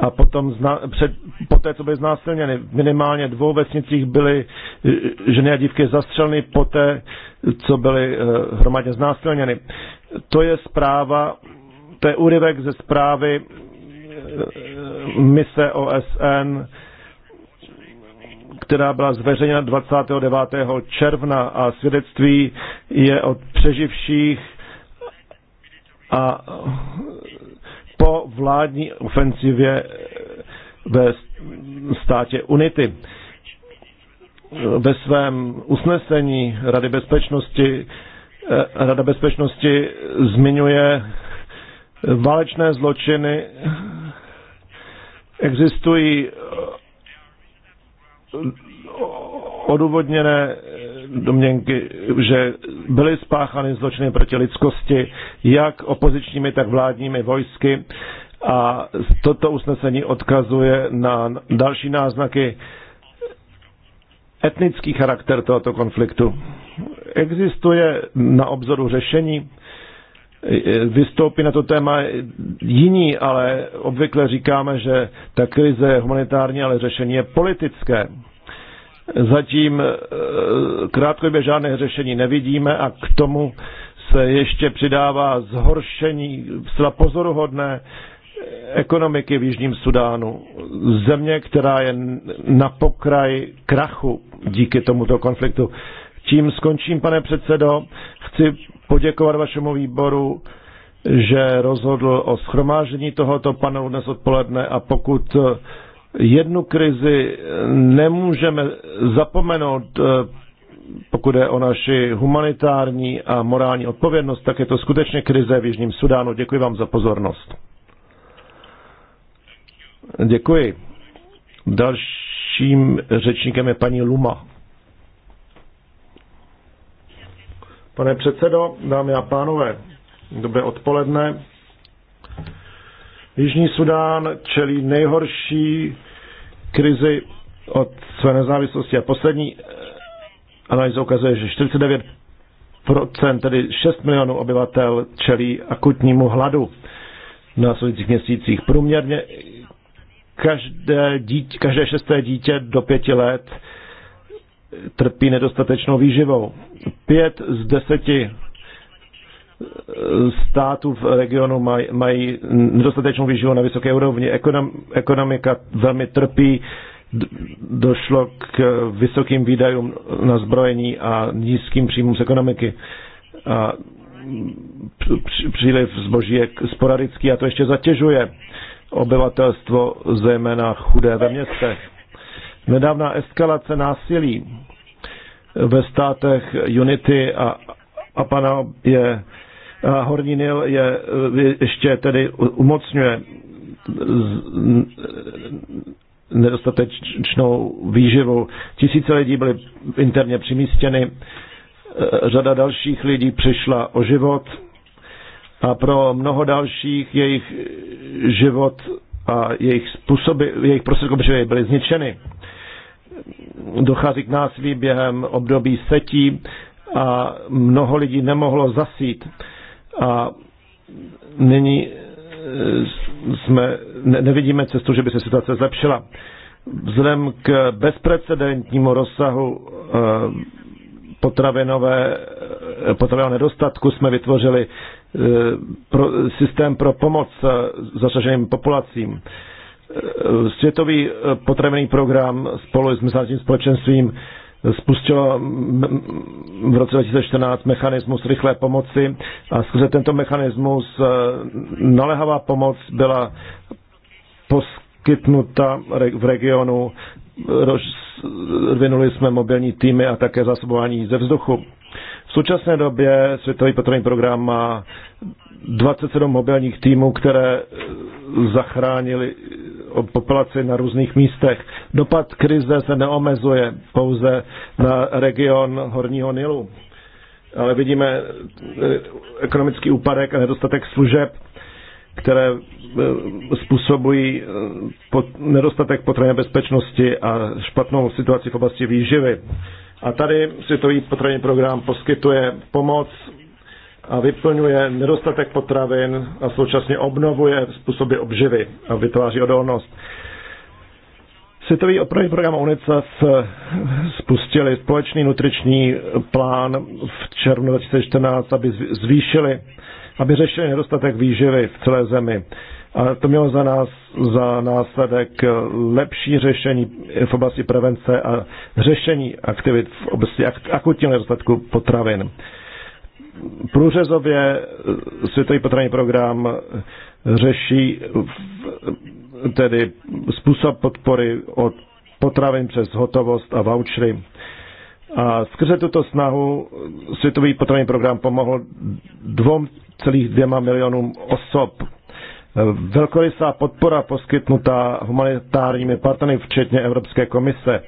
a potom zna, před, poté, co byly znásilněny, minimálně dvou vesnicích byly eh, ženy a dívky zastřeleny poté, co byly eh, hromadně znásilněny. To je zpráva, to je úryvek ze zprávy eh, mise OSN která byla zveřejněna 29. června a svědectví je od přeživších a po vládní ofensivě ve státě Unity. Ve svém usnesení Rady bezpečnosti eh, Rada bezpečnosti zmiňuje válečné zločiny. Existují odůvodněné eh, domněnky, že byly spáchány zločiny proti lidskosti, jak opozičními, tak vládními vojsky. A toto usnesení odkazuje na další náznaky etnický charakter tohoto konfliktu. Existuje na obzoru řešení, vystoupí na to téma jiní, ale obvykle říkáme, že ta krize je humanitární, ale řešení je politické. Zatím eh, krátkodobě žádné řešení nevidíme a k tomu se ještě přidává zhoršení zcela pozoruhodné ekonomiky v Jižním Sudánu. Země, která je na pokraji krachu díky tomuto konfliktu. Tím skončím, pane předsedo. Chci poděkovat vašemu výboru, že rozhodl o schromáždění tohoto panelu dnes odpoledne a pokud jednu krizi nemůžeme zapomenout, eh, pokud je o naši humanitární a morální odpovědnost, tak je to skutečně krize v Jižním Sudánu. Děkuji vám za pozornost. Děkuji. Dalším řečníkem je paní Luma. Pane předsedo, dámy a pánové, dobré odpoledne. Jižní Sudán čelí nejhorší krizi od své nezávislosti a poslední eh, analýza ukazuje, že 49 tedy 6 milionů obyvatel čelí akutnímu hladu v následujících měsících. Průměrně každé, dítě, každé šesté dítě do pěti let trpí nedostatečnou výživou. Pět z deseti eh, států v regionu maj, mají nedostatečnou výživu na vysoké úrovni. Ekonom, ekonomika velmi trpí, došlo k vysokým výdajům na zbrojení a nízkým příjmům z ekonomiky. A příliv zboží je sporadický a to ještě zatěžuje obyvatelstvo, zejména chudé ve městech Nedávná eskalace násilí ve státech Unity a, a pana je a Horní Nil je ještě tedy umocňuje z, nedostatečnou výživou. Tisíce lidí byly interně přimístěny, e, řada dalších lidí přišla o život a pro mnoho dalších jejich život a jejich způsoby, jejich prostředky byly zničeny dochází k násilí během období setí a mnoho lidí nemohlo zasít. A nyní e, jsme, ne, nevidíme cestu, že by se situace zlepšila. Vzhledem k bezprecedentnímu rozsahu e, potravinové, e, potravinového nedostatku jsme vytvořili systém pro pomoc zasaženým populacím. Světový eh, potravený program spolu s mezinárodním společenstvím spustilo v roce 2014 mechanismus rychlé pomoci a skrze tento mechanismus eh, nalehavá pomoc byla poskytnuta v regionu. Vynuli jsme mobilní týmy a také zásobování ze vzduchu. V současné době Světový potravní program má 27 mobilních týmů, které zachránili populaci na různých místech. Dopad krize se neomezuje pouze na region Horního Nilu, ale vidíme eh, ekonomický úpadek a nedostatek služeb, které eh, způsobují eh, nedostatek potravinové bezpečnosti a špatnou situaci v oblasti výživy. A tady Světový potravinový program poskytuje pomoc a vyplňuje nedostatek potravin a současně obnovuje způsoby obživy a vytváří odolnost. Světový opravy program UNICEF spustili společný nutriční plán v červnu 2014, aby zvýšili, aby řešili nedostatek výživy v celé zemi. A to mělo za nás za následek lepší řešení v oblasti prevence a řešení aktivit v oblasti akutního nedostatku potravin průřezově Světový potravní program řeší tedy způsob podpory od potravin přes hotovost a vouchery. A skrze tuto snahu Světový potravní program pomohl 2,2 milionům osob. Velkorysá podpora poskytnutá humanitárními partnery, včetně Evropské komise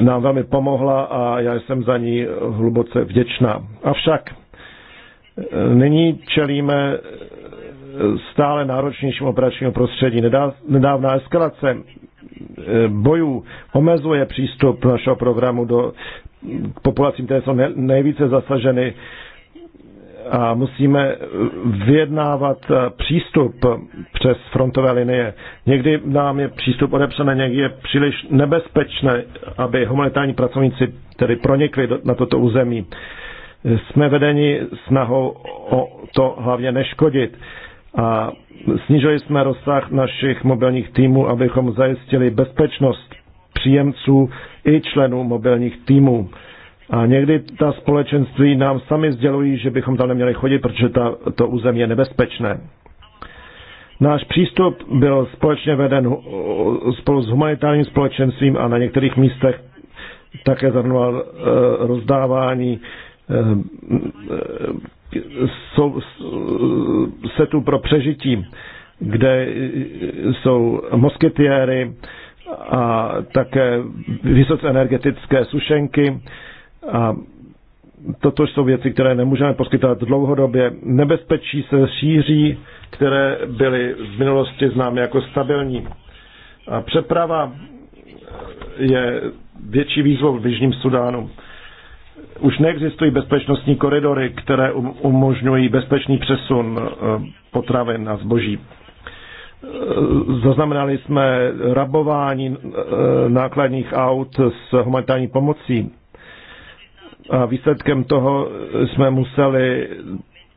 nám velmi pomohla a já jsem za ní hluboce vděčná. Avšak e, nyní čelíme stále náročnějším operačním prostředí. Nedávná eskalace e, bojů omezuje přístup našeho programu do populací, které jsou nejvíce zasaženy a musíme eh, vyjednávat eh, přístup přes frontové linie. Někdy nám je přístup odepřený, někdy je příliš nebezpečné, aby humanitární pracovníci tedy pronikli na toto území. Jsme vedeni snahou o to hlavně neškodit a snižili jsme rozsah našich mobilních týmů, abychom zajistili bezpečnost příjemců i členů mobilních týmů. A někdy ta společenství nám sami sdělují, že bychom tam neměli chodit, protože ta, to území je nebezpečné. Náš přístup byl společně veden spolu s humanitárním společenstvím a na některých místech také zahrnoval eh, rozdávání eh, eh, setů pro přežití, kde jsou moskytiéry a také vysoce energetické sušenky a toto jsou věci, které nemůžeme poskytovat dlouhodobě. Nebezpečí se šíří, které byly v minulosti známy jako stabilní. A přeprava je větší výzvou v Jižním Sudánu. Už neexistují bezpečnostní koridory, které um-, umožňují bezpečný přesun e, potravin a zboží. E, zaznamenali jsme rabování e, nákladních aut s humanitární pomocí a výsledkem toho jsme museli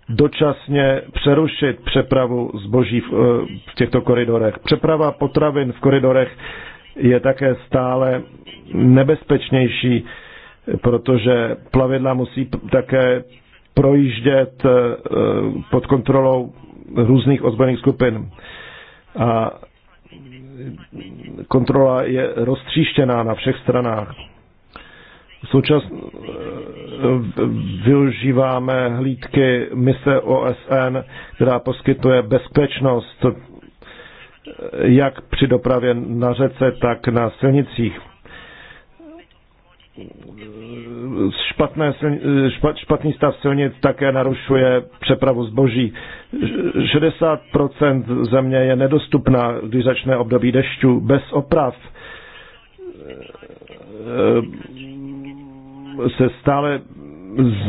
dočasně přerušit přepravu zboží v, eh, v těchto koridorech. Přeprava potravin v koridorech je také stále nebezpečnější, protože plavidla musí také projíždět eh, pod kontrolou různých ozbrojených skupin. A kontrola je roztříštěná na všech stranách. Součas využíváme hlídky mise OSN, která poskytuje bezpečnost jak při dopravě na řece, tak na silnicích. Špatné, špat, špatný stav silnic také narušuje přepravu zboží. 60% země je nedostupná, když začne období dešťů, bez oprav se stále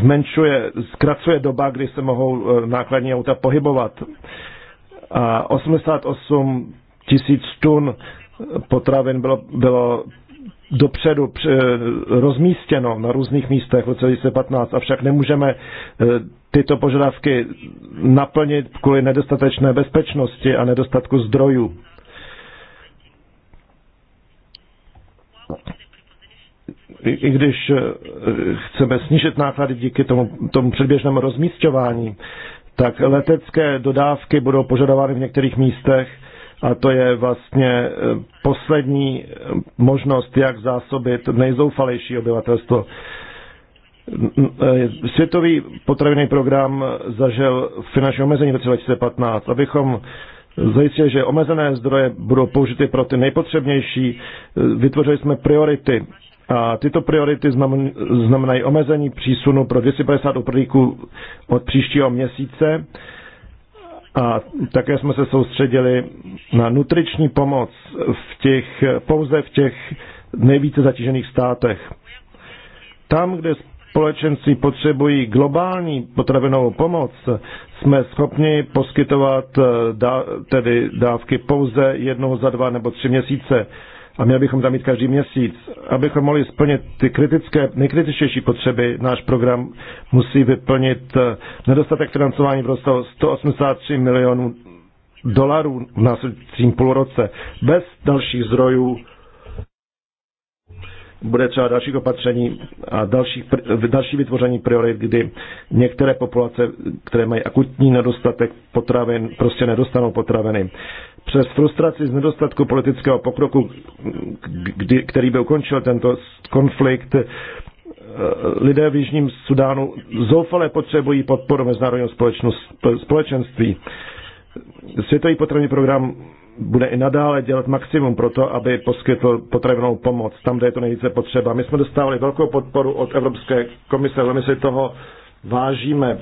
zmenšuje, zkracuje doba, kdy se mohou eh, nákladní auta pohybovat. A 88 tisíc tun potravin bylo, bylo dopředu eh, rozmístěno na různých místech v roce 2015, avšak nemůžeme eh, tyto požadavky naplnit kvůli nedostatečné bezpečnosti a nedostatku zdrojů i, když eh, chceme snížit náklady díky tomu, tomu předběžnému rozmístování, tak letecké dodávky budou požadovány v některých místech a to je vlastně eh, poslední eh, možnost, jak zásobit nejzoufalejší obyvatelstvo. Světový potravinový program zažil finanční omezení v roce 2015. Abychom zajistili, že omezené zdroje budou použity pro ty nejpotřebnější, vytvořili jsme priority a tyto priority znamenají omezení přísunu pro 250 uprlíků od příštího měsíce. A také jsme se soustředili na nutriční pomoc v těch, pouze v těch nejvíce zatížených státech. Tam, kde společenství potřebují globální potravinovou pomoc, jsme schopni poskytovat eh, dá, tedy dávky pouze jednou za dva nebo tři měsíce a měli bychom tam mít každý měsíc. Abychom mohli splnit ty kritické, nejkritičtější potřeby, náš program musí vyplnit eh, nedostatek financování v rozsahu 183 milionů dolarů v následujícím půlroce. Bez dalších zdrojů bude třeba dalších opatření a další, další vytvoření priorit, kdy některé populace, které mají akutní nedostatek potravin, prostě nedostanou potraviny přes frustraci z nedostatku politického pokroku, kdy, který by ukončil tento konflikt, eh, lidé v Jižním Sudánu zoufale potřebují podporu mezinárodního společenství. Světový potravní program bude i nadále dělat maximum pro to, aby poskytl potravinou pomoc tam, kde je to nejvíce potřeba. My jsme dostávali velkou podporu od Evropské komise, velmi si toho vážíme.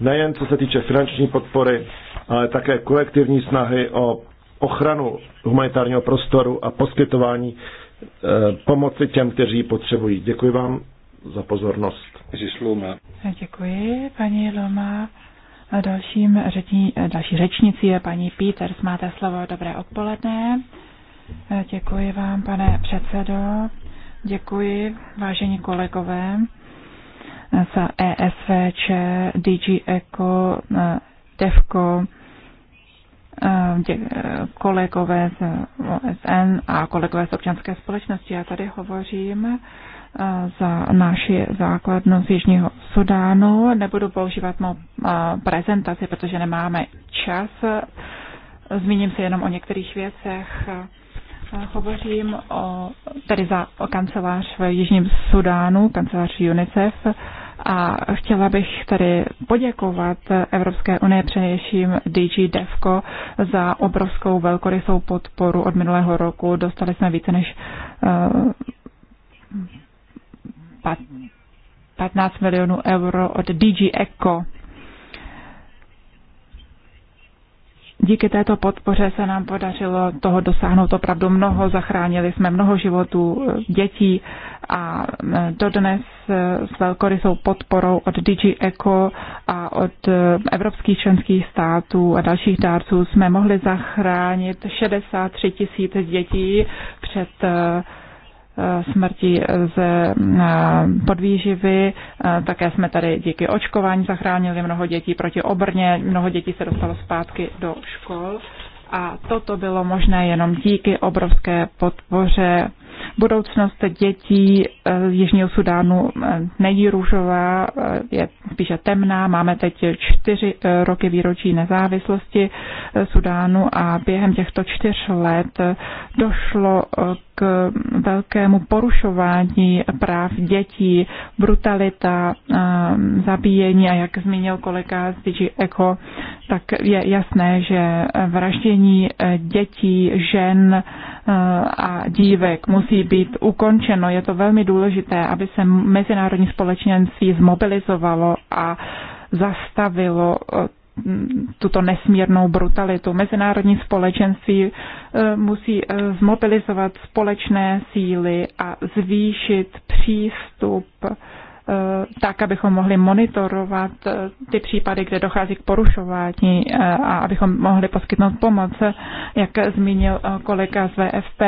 Nejen co se týče finanční podpory, ale také kolektivní snahy o ochranu humanitárního prostoru a poskytování eh, pomoci těm, kteří ji potřebují. Děkuji vám za pozornost. Děkuji, paní Loma. A dalším řeční, další řečnicí je paní Peters. Máte slovo. Dobré odpoledne. Eh, děkuji vám, pane předsedo. Děkuji, vážení kolegové, eh, za ESVČ, DG ECO, DEVKO, eh, eh, kolegové z OSN a kolegové z občanské společnosti. Já tady hovořím eh, za naši základnu z Jižního Sudánu. Nebudu používat mou prezentaci, protože nemáme čas. Zmíním se jenom o některých věcech. Hovořím o, tedy za o kancelář v Jižním Sudánu, kancelář UNICEF, a chtěla bych tady poděkovat Evropské unie především DG DEFCO za obrovskou velkorysou podporu od minulého roku. Dostali jsme více než uh, eh, 15 milionů euro od DG ECO Díky této podpoře se nám podařilo toho dosáhnout opravdu mnoho. Zachránili jsme mnoho životů eh, dětí a eh, dodnes eh, s velkorysou podporou od DG Eco a od evropských členských států a dalších dárců jsme mohli zachránit 63 tisíc dětí před Eh, smrti ze eh, podvýživy. Eh, také jsme tady díky očkování zachránili mnoho dětí proti obrně, mnoho dětí se dostalo zpátky do škol. A toto bylo možné jenom díky obrovské podpoře Budoucnost dětí eh, Jižního Sudánu eh, není růžová, eh, je spíše temná. Máme teď čtyři roky výročí nezávislosti Sudánu a během těchto čtyř let došlo k velkému porušování práv dětí, brutalita, zabíjení a jak zmínil kolega z DG Eco, tak je jasné, že vraždění dětí, žen, Eh, a dívek musí být ukončeno. Je to velmi důležité, aby se mezinárodní společenství zmobilizovalo a zastavilo eh, tuto nesmírnou brutalitu. Mezinárodní společenství eh, musí zmobilizovat společné síly a zvýšit přístup Eh, tak, abychom mohli monitorovat eh, ty případy, kde dochází k porušování eh, a abychom mohli poskytnout pomoc. Jak zmínil kolega z VFP,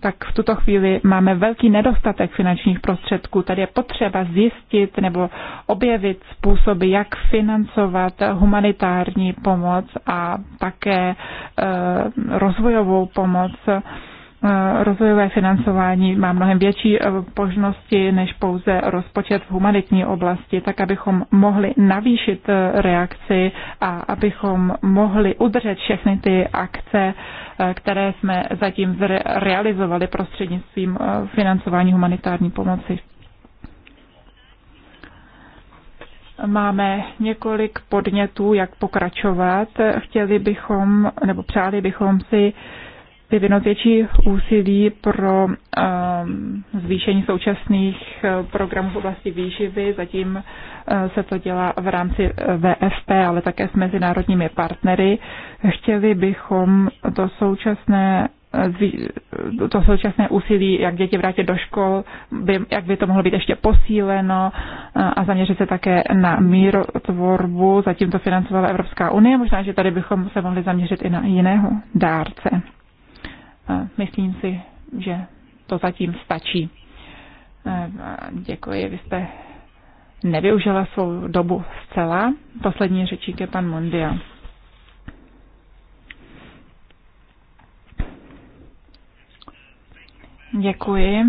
tak v tuto chvíli máme velký nedostatek finančních prostředků. Tady je potřeba zjistit nebo objevit způsoby, jak financovat humanitární pomoc a také rozvojovou pomoc Eh, rozvojové financování má mnohem větší eh, možnosti než pouze rozpočet v humanitní oblasti, tak abychom mohli navýšit eh, reakci a abychom mohli udržet všechny ty akce, které jsme zatím realizovali prostřednictvím financování humanitární pomoci. Máme několik podnětů, jak pokračovat. Chtěli bychom, nebo přáli bychom si uh, vyvinout větší úsilí pro ehm, zvýšení současných eh, programů v oblasti výživy. Zatím eh, se to dělá v rámci eh, VFP, ale také s mezinárodními partnery. Chtěli bychom to současné to současné úsilí, jak děti vrátit do škol, by, jak by to mohlo být ještě posíleno a zaměřit se také na mírotvorbu. Zatím to financovala Evropská unie, možná, že tady bychom se mohli zaměřit i na jiného dárce. Myslím si, že to zatím stačí. Děkuji, vy jste nevyužila svou dobu zcela. Poslední řečík je pan Mondia. Děkuji,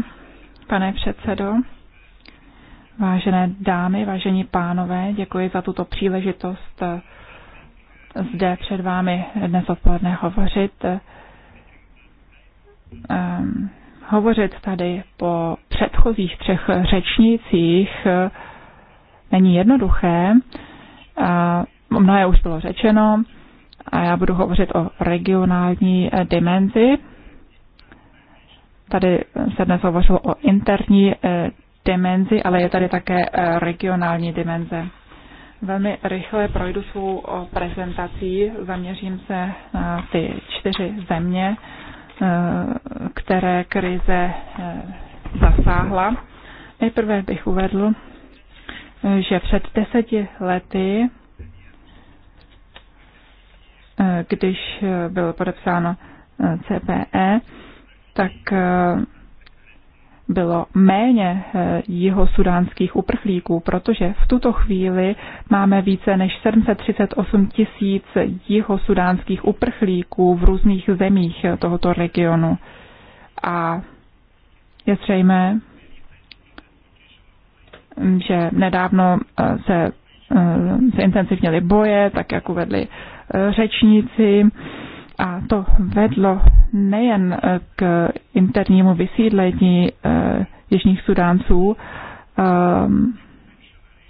pane předsedo. Vážené dámy, vážení pánové, děkuji za tuto příležitost eh, zde před vámi dnes odpoledne hovořit um, hovořit tady po předchozích třech řečnících eh, není jednoduché. O mnohé už bylo řečeno a já budu hovořit o regionální eh, dimenzi. Tady se dnes hovořilo o interní eh, dimenzi, ale je tady také regionální dimenze. Velmi rychle projdu svou prezentací, zaměřím se na ty čtyři země, které krize eh, zasáhla. Nejprve bych uvedl, že před deseti lety, eh, když eh, bylo podepsáno CPE, tak bylo méně eh, jihosudánských uprchlíků, protože v tuto chvíli máme více než 738 tisíc jihosudánských uprchlíků v různých zemích eh, tohoto regionu. A je zřejmé, mm, že nedávno eh, se zintenzivněly boje, tak jak uvedli řečníci a to vedlo nejen eh, k eh, internímu vysídlení eh, jižních sudánců, ehm,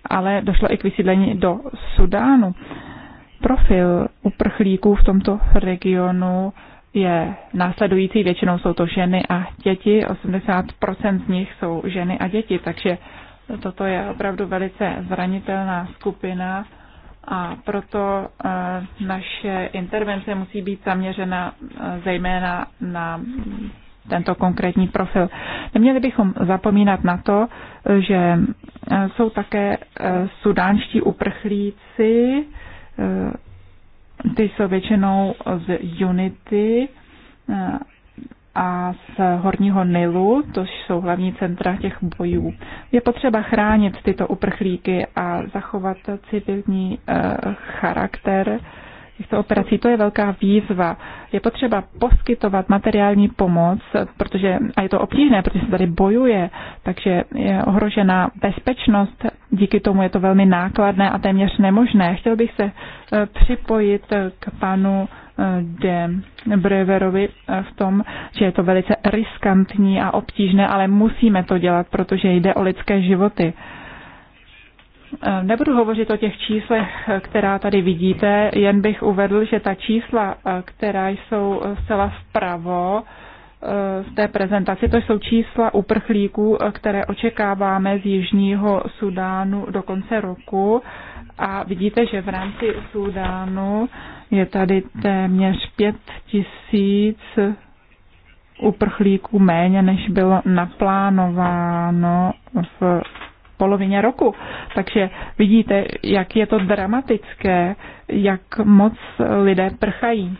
ale došlo i k vysídlení do Sudánu. Profil uprchlíků v tomto regionu je následující, většinou jsou to ženy a děti, 80% z nich jsou ženy a děti, takže toto je opravdu velice zranitelná skupina a proto eh, naše intervence musí být zaměřena eh, zejména na tento konkrétní profil. Neměli bychom zapomínat na to, že eh, jsou také sudánští uprchlíci, ty jsou většinou z Unity a z Horního Nilu, to jsou hlavní centra těch bojů. Je potřeba chránit tyto uprchlíky a zachovat civilní eh, charakter těchto operací. To je velká výzva. Je potřeba poskytovat materiální pomoc, protože, a je to obtížné, protože se tady bojuje, takže je ohrožena bezpečnost. Díky tomu je to velmi nákladné a téměř nemožné. Chtěl bych se eh, připojit eh, k panu eh, de Breverovi v tom, že je to velice riskantní a obtížné, ale musíme to dělat, protože jde o lidské životy. Eh, nebudu hovořit o těch číslech, eh, která tady vidíte, jen bych uvedl, že ta čísla, eh, která jsou zcela vpravo v té prezentaci, to jsou čísla uprchlíků, které očekáváme z Jižního Sudánu do konce roku. A vidíte, že v rámci Sudánu je tady téměř 5 tisíc uprchlíků méně, než bylo naplánováno v polovině roku. Takže vidíte, jak je to dramatické, jak moc lidé prchají.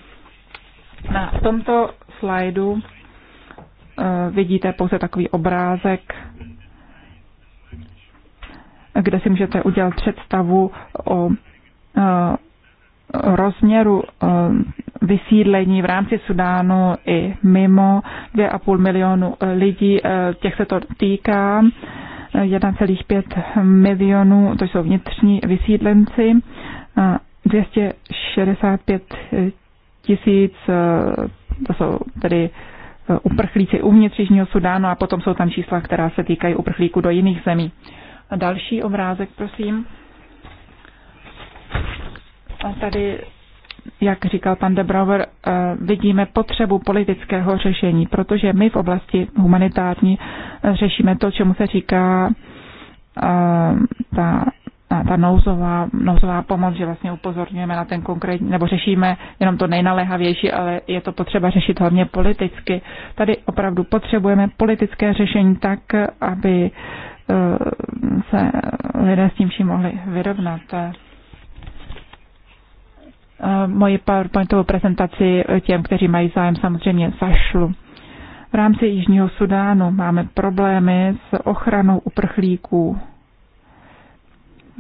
Na tomto slajdu eh, vidíte pouze takový obrázek, kde si můžete udělat představu o eh, rozměru eh, vysídlení v rámci Sudánu i mimo 2,5 milionu lidí, těch se to týká. 1,5 milionů, to jsou vnitřní vysídlenci, 265 tisíc, to jsou tedy e, uprchlíci uvnitř Jižního Sudánu a potom jsou tam čísla, která se týkají uprchlíků do jiných zemí. A další obrázek, prosím. A tady jak říkal pan de Brouwer, eh, vidíme potřebu politického řešení, protože my v oblasti humanitární eh, řešíme to, čemu se říká eh, ta, ta nouzová, nouzová pomoc, že vlastně upozorňujeme na ten konkrétní, nebo řešíme jenom to nejnaléhavější, ale je to potřeba řešit hlavně politicky. Tady opravdu potřebujeme politické řešení tak, aby se lidé s tím vším mohli vyrovnat. Eh, moji PowerPointovou prezentaci těm, kteří mají zájem, samozřejmě zašlu. V rámci Jižního Sudánu máme problémy s ochranou uprchlíků.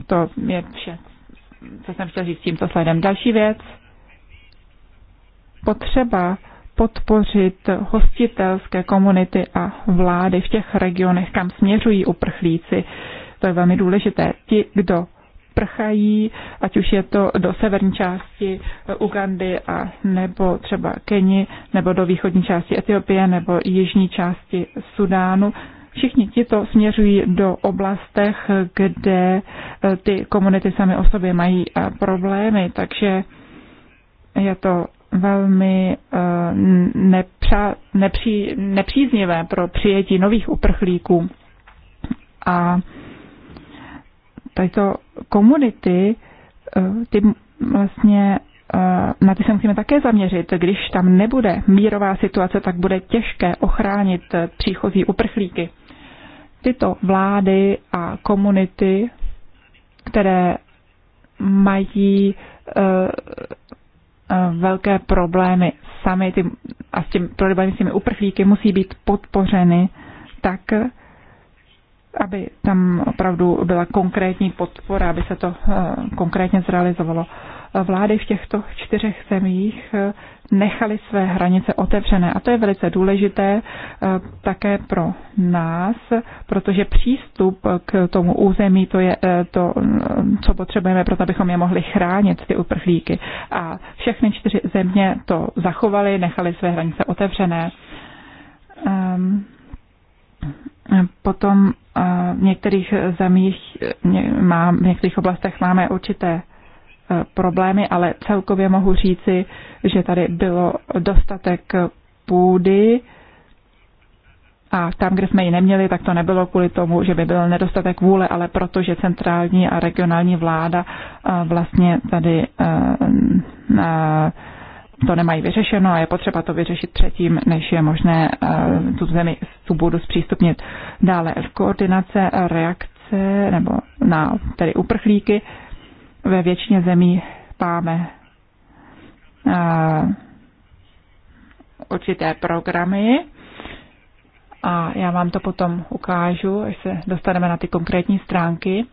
To je vše, co jsem chtěl říct s tímto sledem. Další věc. Potřeba podpořit hostitelské komunity a vlády v těch regionech, kam směřují uprchlíci. To je velmi důležité. Ti, kdo prchají, ať už je to do severní části eh, Ugandy a nebo třeba Keni, nebo do východní části Etiopie, nebo jižní části Sudánu. Všichni tito směřují do oblastech, kde eh, ty komunity sami o sobě mají eh, problémy, takže je to velmi nepřá, nepří, nepříznivé pro přijetí nových uprchlíků. A tyto komunity, eh, ty vlastně eh, na ty se musíme také zaměřit. Když tam nebude mírová situace, tak bude těžké ochránit eh, příchozí uprchlíky. Tyto vlády a komunity, které mají velké problémy sami ty, a s tím problémy s těmi uprchlíky musí být podpořeny tak, aby tam opravdu byla konkrétní podpora, aby se to eh, konkrétně zrealizovalo. Vlády v těchto čtyřech zemích eh, nechaly své hranice otevřené a to je velice důležité eh, také pro nás, protože přístup k tomu území, to je to, co potřebujeme, proto abychom je mohli chránit, ty uprchlíky. A všechny čtyři země to zachovaly, nechaly své hranice otevřené. Um, Potom eh, v některých zemích má, v některých oblastech máme určité eh, problémy, ale celkově mohu říci, že tady bylo dostatek půdy a tam, kde jsme ji neměli, tak to nebylo kvůli tomu, že by byl nedostatek vůle, ale protože centrální a regionální vláda eh, vlastně tady to nemají vyřešeno a je potřeba to vyřešit předtím, než je možné eh, tu zemi tu budu zpřístupnit dále. Koordinace reakce nebo na tedy uprchlíky ve většině zemí máme eh, určité programy a já vám to potom ukážu, až se dostaneme na ty konkrétní stránky.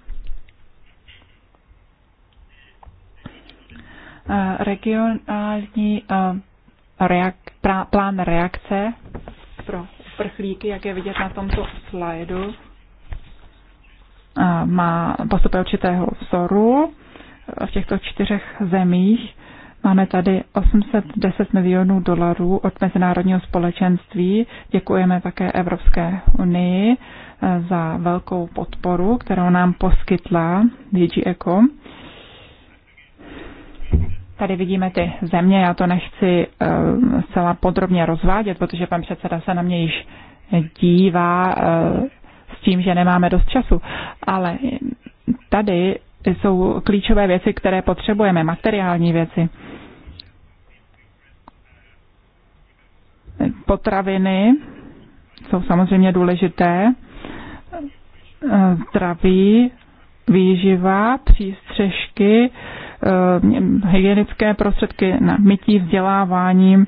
Eh, regionální eh, reak, plán reakce pro uprchlíky, jak je vidět na tomto slajdu, eh, má postupy určitého vzoru v těchto čtyřech zemích. Máme tady 810 milionů dolarů od mezinárodního společenství. Děkujeme také Evropské unii za velkou podporu, kterou nám poskytla DG Ecom. Tady vidíme ty země, já to nechci ehm, celá podrobně rozvádět, protože pan předseda se na mě již dívá eh, s tím, že nemáme dost času. Ale tady jsou klíčové věci, které potřebujeme, materiální věci. Potraviny jsou samozřejmě důležité, eh, zdraví, výživa, přístřežky, Eh, hygienické prostředky na mytí, vzdělávání,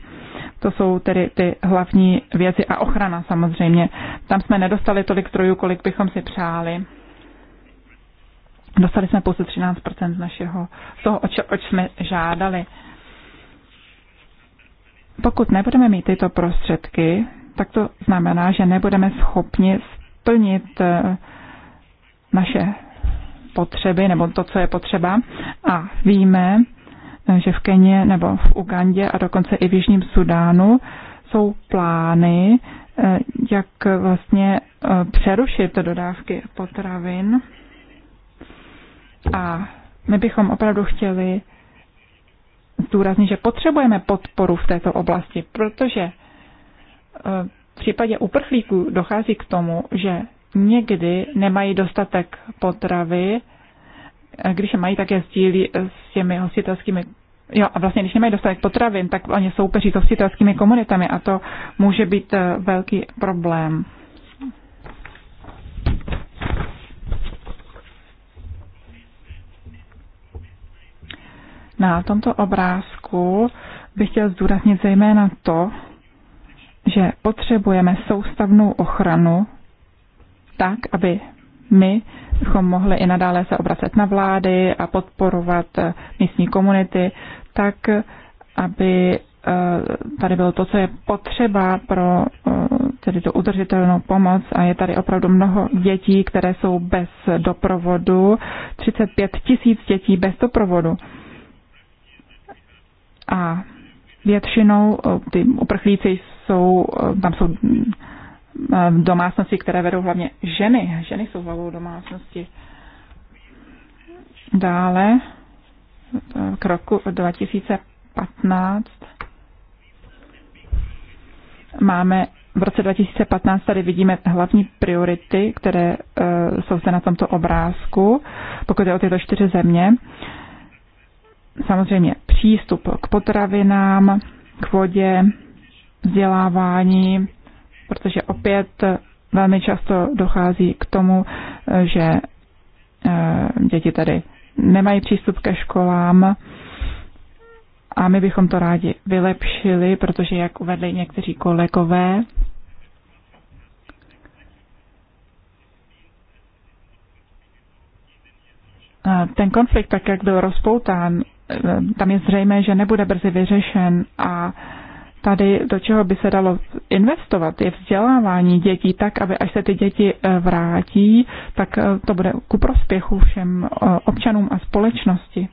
to jsou tedy ty hlavní věci a ochrana samozřejmě. Tam jsme nedostali tolik strojů, kolik bychom si přáli. Dostali jsme pouze 13% z našeho, z toho, oč, oč jsme žádali. Pokud nebudeme mít tyto prostředky, tak to znamená, že nebudeme schopni splnit eh, naše potřeby nebo to, co je potřeba. A víme, že v Keně nebo v Ugandě a dokonce i v Jižním Sudánu jsou plány, eh, jak vlastně eh, přerušit dodávky potravin. A my bychom opravdu chtěli zdůraznit, že potřebujeme podporu v této oblasti, protože eh, v případě uprchlíků dochází k tomu, že někdy nemají dostatek potravy, když je mají, tak je sdílí s těmi hostitelskými Jo, a vlastně, když nemají dostatek potravin, tak oni soupeří s hostitelskými komunitami a to může být eh, velký problém. Na tomto obrázku bych chtěl zdůraznit zejména to, že potřebujeme soustavnou ochranu tak, aby my bychom mohli i nadále se obracet na vlády a podporovat eh, místní komunity, tak, eh, aby eh, tady bylo to, co je potřeba pro tedy tu udržitelnou pomoc a je tady opravdu mnoho dětí, které jsou bez doprovodu, 35 tisíc dětí bez doprovodu. A většinou ty uprchlíci jsou, tam jsou Eh, domácnosti, které vedou hlavně ženy. Ženy jsou hlavou domácnosti. Dále eh, k roku 2015 máme v roce 2015 tady vidíme hlavní priority, které uh, jsou se na tomto obrázku, pokud je o tyto čtyři země. Samozřejmě přístup k potravinám, k vodě, vzdělávání, protože opět velmi často dochází k tomu, že eh, děti tady nemají přístup ke školám a my bychom to rádi vylepšili, protože, jak uvedli někteří kolegové, eh, ten konflikt, tak jak byl rozpoután, eh, tam je zřejmé, že nebude brzy vyřešen a tady, do čeho by se dalo investovat, je vzdělávání dětí tak, aby až se ty děti eh, vrátí, tak eh, to bude ku prospěchu všem eh, občanům a společnosti.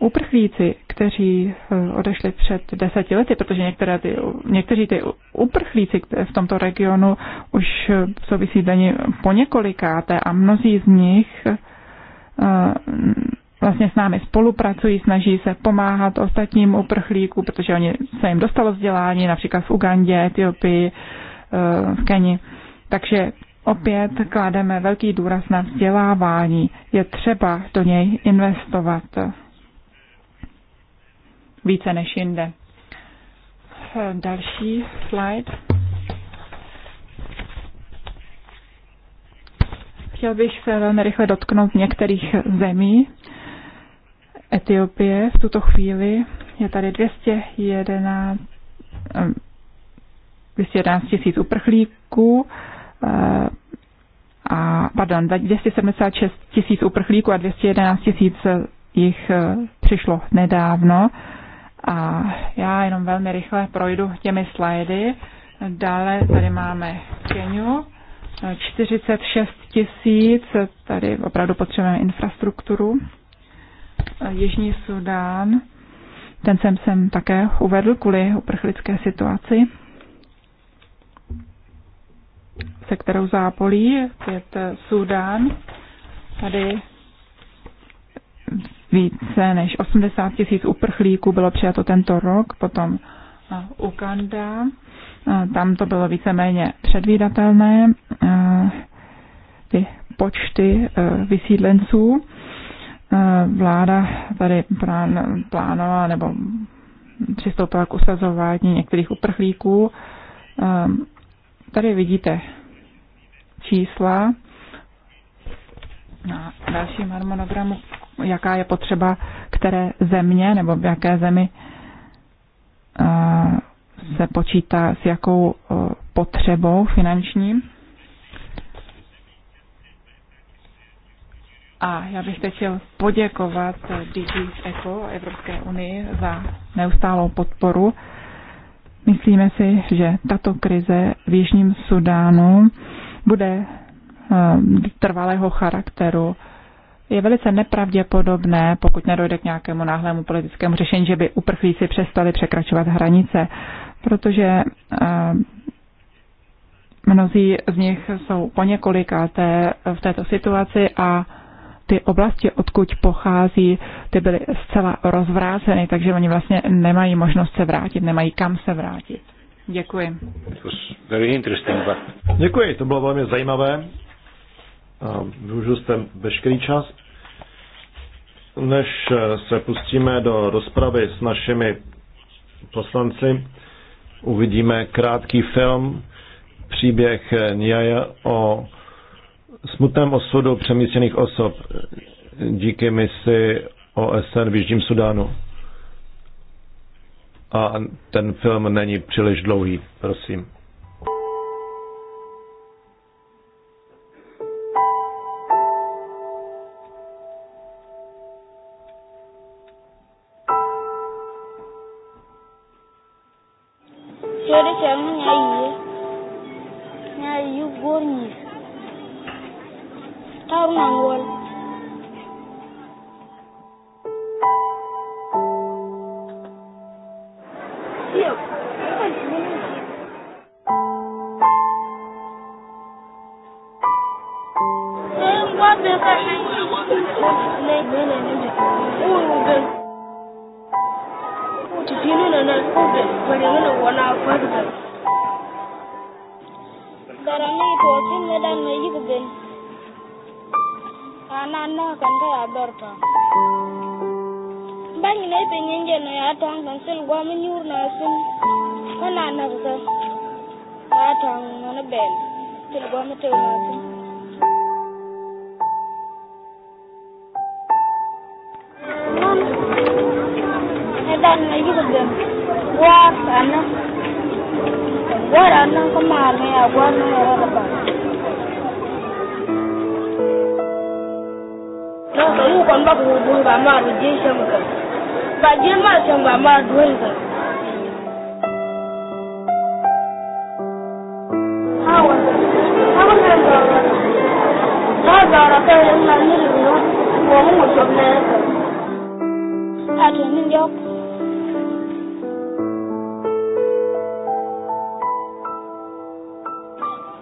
Uprchlíci, kteří odešli před deseti lety, protože některé ty, někteří ty uprchlíci v tomto regionu už jsou vysídleni po několikáté a mnozí z nich vlastně s námi spolupracují, snaží se pomáhat ostatním uprchlíkům, protože oni se jim dostalo vzdělání, například v Ugandě, Etiopii, eh, v Keni. Takže opět klademe velký důraz na vzdělávání. Je třeba do něj investovat více než jinde. Další slide. Chtěl bych se velmi rychle dotknout některých zemí, Etiopie v tuto chvíli je tady 211, 211 eh, eh, tisíc uprchlíků a pardon, 276 tisíc uprchlíků a 211 tisíc jich eh, přišlo nedávno. A já jenom velmi rychle projdu těmi slajdy. Dále tady máme Keniu, 46 tisíc, tady opravdu potřebujeme infrastrukturu. Jižní Sudán, ten jsem sem také uvedl kvůli uprchlické situaci, se kterou zápolí pět Sudán. Tady více než 80 tisíc uprchlíků bylo přijato tento rok, potom Uganda, tam to bylo víceméně předvídatelné, ty počty e, vysídlenců. Eh, vláda tady plán, plánovala nebo přistoupila k usazování některých uprchlíků. Eh, tady vidíte čísla na dalším harmonogramu, jaká je potřeba které země nebo v jaké zemi eh, se počítá s jakou potřebou finanční. A já bych teď chtěl poděkovat DG ECO Evropské unii za neustálou podporu. Myslíme si, že tato krize v Jižním Sudánu bude eh, trvalého charakteru. Je velice nepravděpodobné, pokud nedojde k nějakému náhlému politickému řešení, že by uprchlíci přestali překračovat hranice, protože eh, mnozí z nich jsou po několikáté v této situaci a ty oblasti, odkud pochází, ty byly zcela rozvráceny, takže oni vlastně nemají možnost se vrátit, nemají kam se vrátit. Děkuji. Děkuji, to bylo velmi zajímavé. využil jste veškerý čas. Než eh, se pustíme do rozpravy s našimi poslanci, uvidíme krátký film, příběh Niaje o smutném osudu přemístěných osob díky misi OSN v Jižním Sudánu. A ten film není příliš dlouhý, prosím. Sasa yuko ambako kugunga amaru jesha mukama bagiye mashyamba amaru duheza hawa hawa nzara nzara kaya na niliruno wa mungu chomneka hatu nindiyoka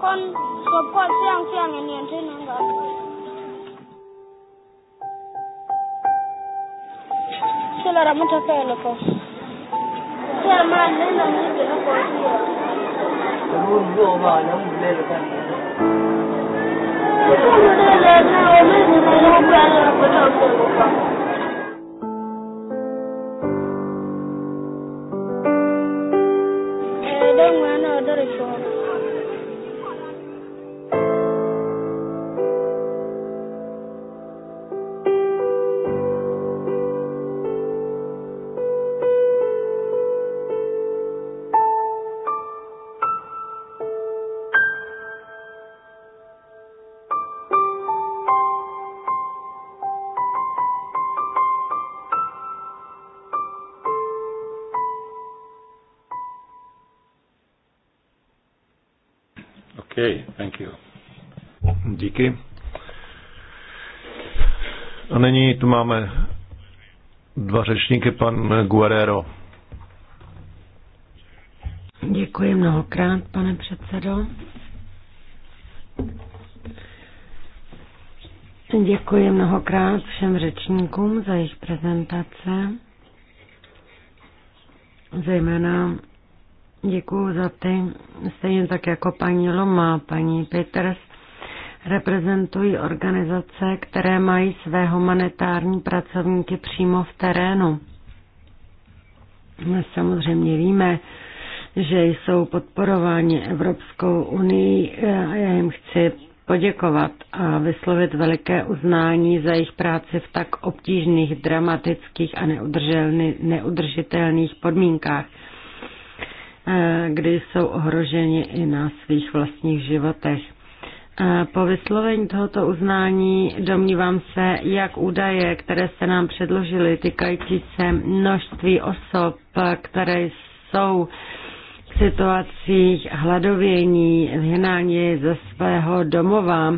kon sopo siang siang ini yang Allora, molto teloco. Sì, ma almeno no, devo così. Non no, va, non vedo tanto. no, lo vedo, non lo vedo, non no, vedo, non lo máme dva řečníky, pan Guerrero. Děkuji mnohokrát, pane předsedo. Děkuji mnohokrát všem řečníkům za jejich prezentace. Zejména děkuji za ty, stejně tak jako paní Loma, paní Peters, Reprezentují organizace, které mají své humanitární pracovníky přímo v terénu. My samozřejmě víme, že jsou podporováni Evropskou unii a já jim chci poděkovat a vyslovit veliké uznání za jejich práci v tak obtížných, dramatických a neudržitelných podmínkách, eh, kdy jsou ohroženi i na svých vlastních životech. Eh, po vyslovení tohoto uznání domnívám se, jak údaje, které se nám předložily, týkající se množství osob, které jsou v situacích hladovění, hnání ze svého domova,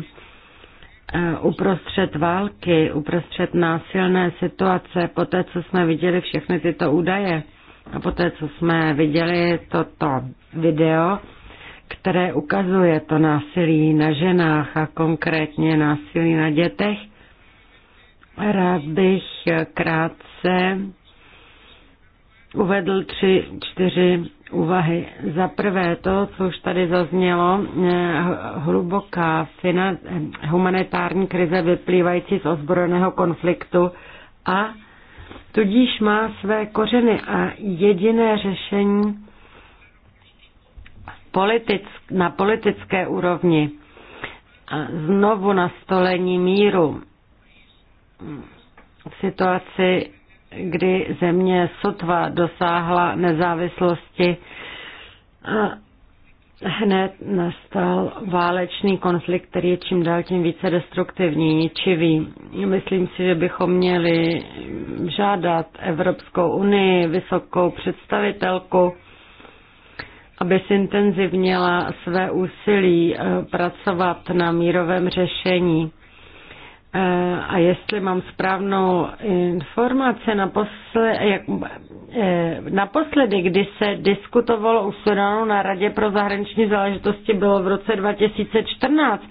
eh, uprostřed války, uprostřed násilné situace, po té, co jsme viděli všechny tyto údaje a po té, co jsme viděli toto video, které ukazuje to násilí na ženách a konkrétně násilí na dětech, rád bych krátce uvedl tři, čtyři úvahy. Za prvé to, co už tady zaznělo, eh, hluboká humanitární krize vyplývající z ozbrojeného konfliktu a tudíž má své kořeny a jediné řešení politick, na politické úrovni a znovu nastolení míru v situaci, kdy země sotva dosáhla nezávislosti a hned nastal válečný konflikt, který je čím dál tím více destruktivní, ničivý. Myslím si, že bychom měli žádat Evropskou unii, vysokou představitelku, aby zintenzivnila své úsilí eh, pracovat na mírovém řešení. Eh, a jestli mám správnou informaci, naposledy, eh, naposledy, kdy se diskutovalo u Sudanu na Radě pro zahraniční záležitosti, bylo v roce 2014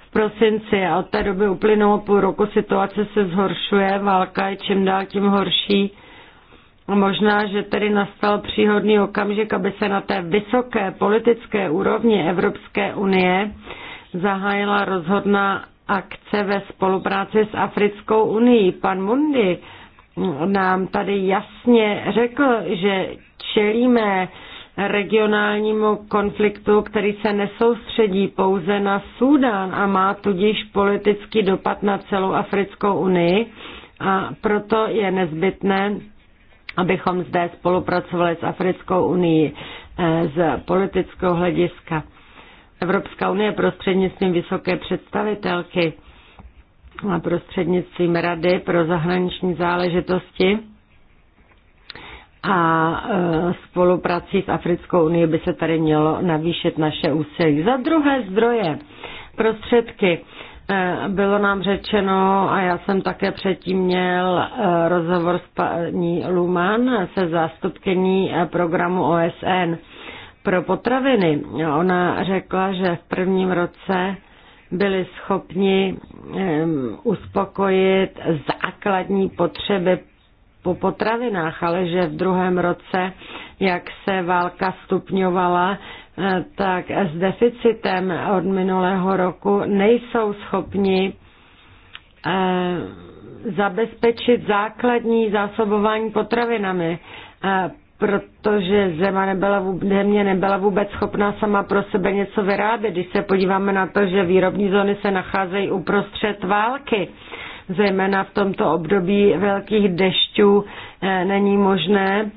v prosinci a od té doby uplynulo půl roku, situace se zhoršuje, válka je čím dál tím horší Možná, že tedy nastal příhodný okamžik, aby se na té vysoké politické úrovni Evropské unie zahájila rozhodná akce ve spolupráci s Africkou unii. Pan Mundi nám tady jasně řekl, že čelíme regionálnímu konfliktu, který se nesoustředí pouze na Súdán a má tudíž politický dopad na celou Africkou unii a proto je nezbytné abychom zde spolupracovali s Africkou unii eh, z politického hlediska. Evropská unie prostřednictvím vysoké představitelky a prostřednictvím Rady pro zahraniční záležitosti a eh, spoluprací s Africkou unii by se tady mělo navýšit naše úsilí. Za druhé zdroje, prostředky Eh, bylo nám řečeno, a já jsem také předtím měl eh, rozhovor s paní Luman se zástupkyní eh, programu OSN pro potraviny. Ona řekla, že v prvním roce byli schopni uspokojit základní potřeby po potravinách, ale že v druhém roce, jak se válka stupňovala, tak s deficitem od minulého roku nejsou schopni eh, zabezpečit základní zásobování potravinami, eh, protože země nebyla, země nebyla vůbec schopná sama pro sebe něco vyrábět. Když se podíváme na to, že výrobní zóny se nacházejí uprostřed války, zejména v tomto období velkých dešťů eh, není možné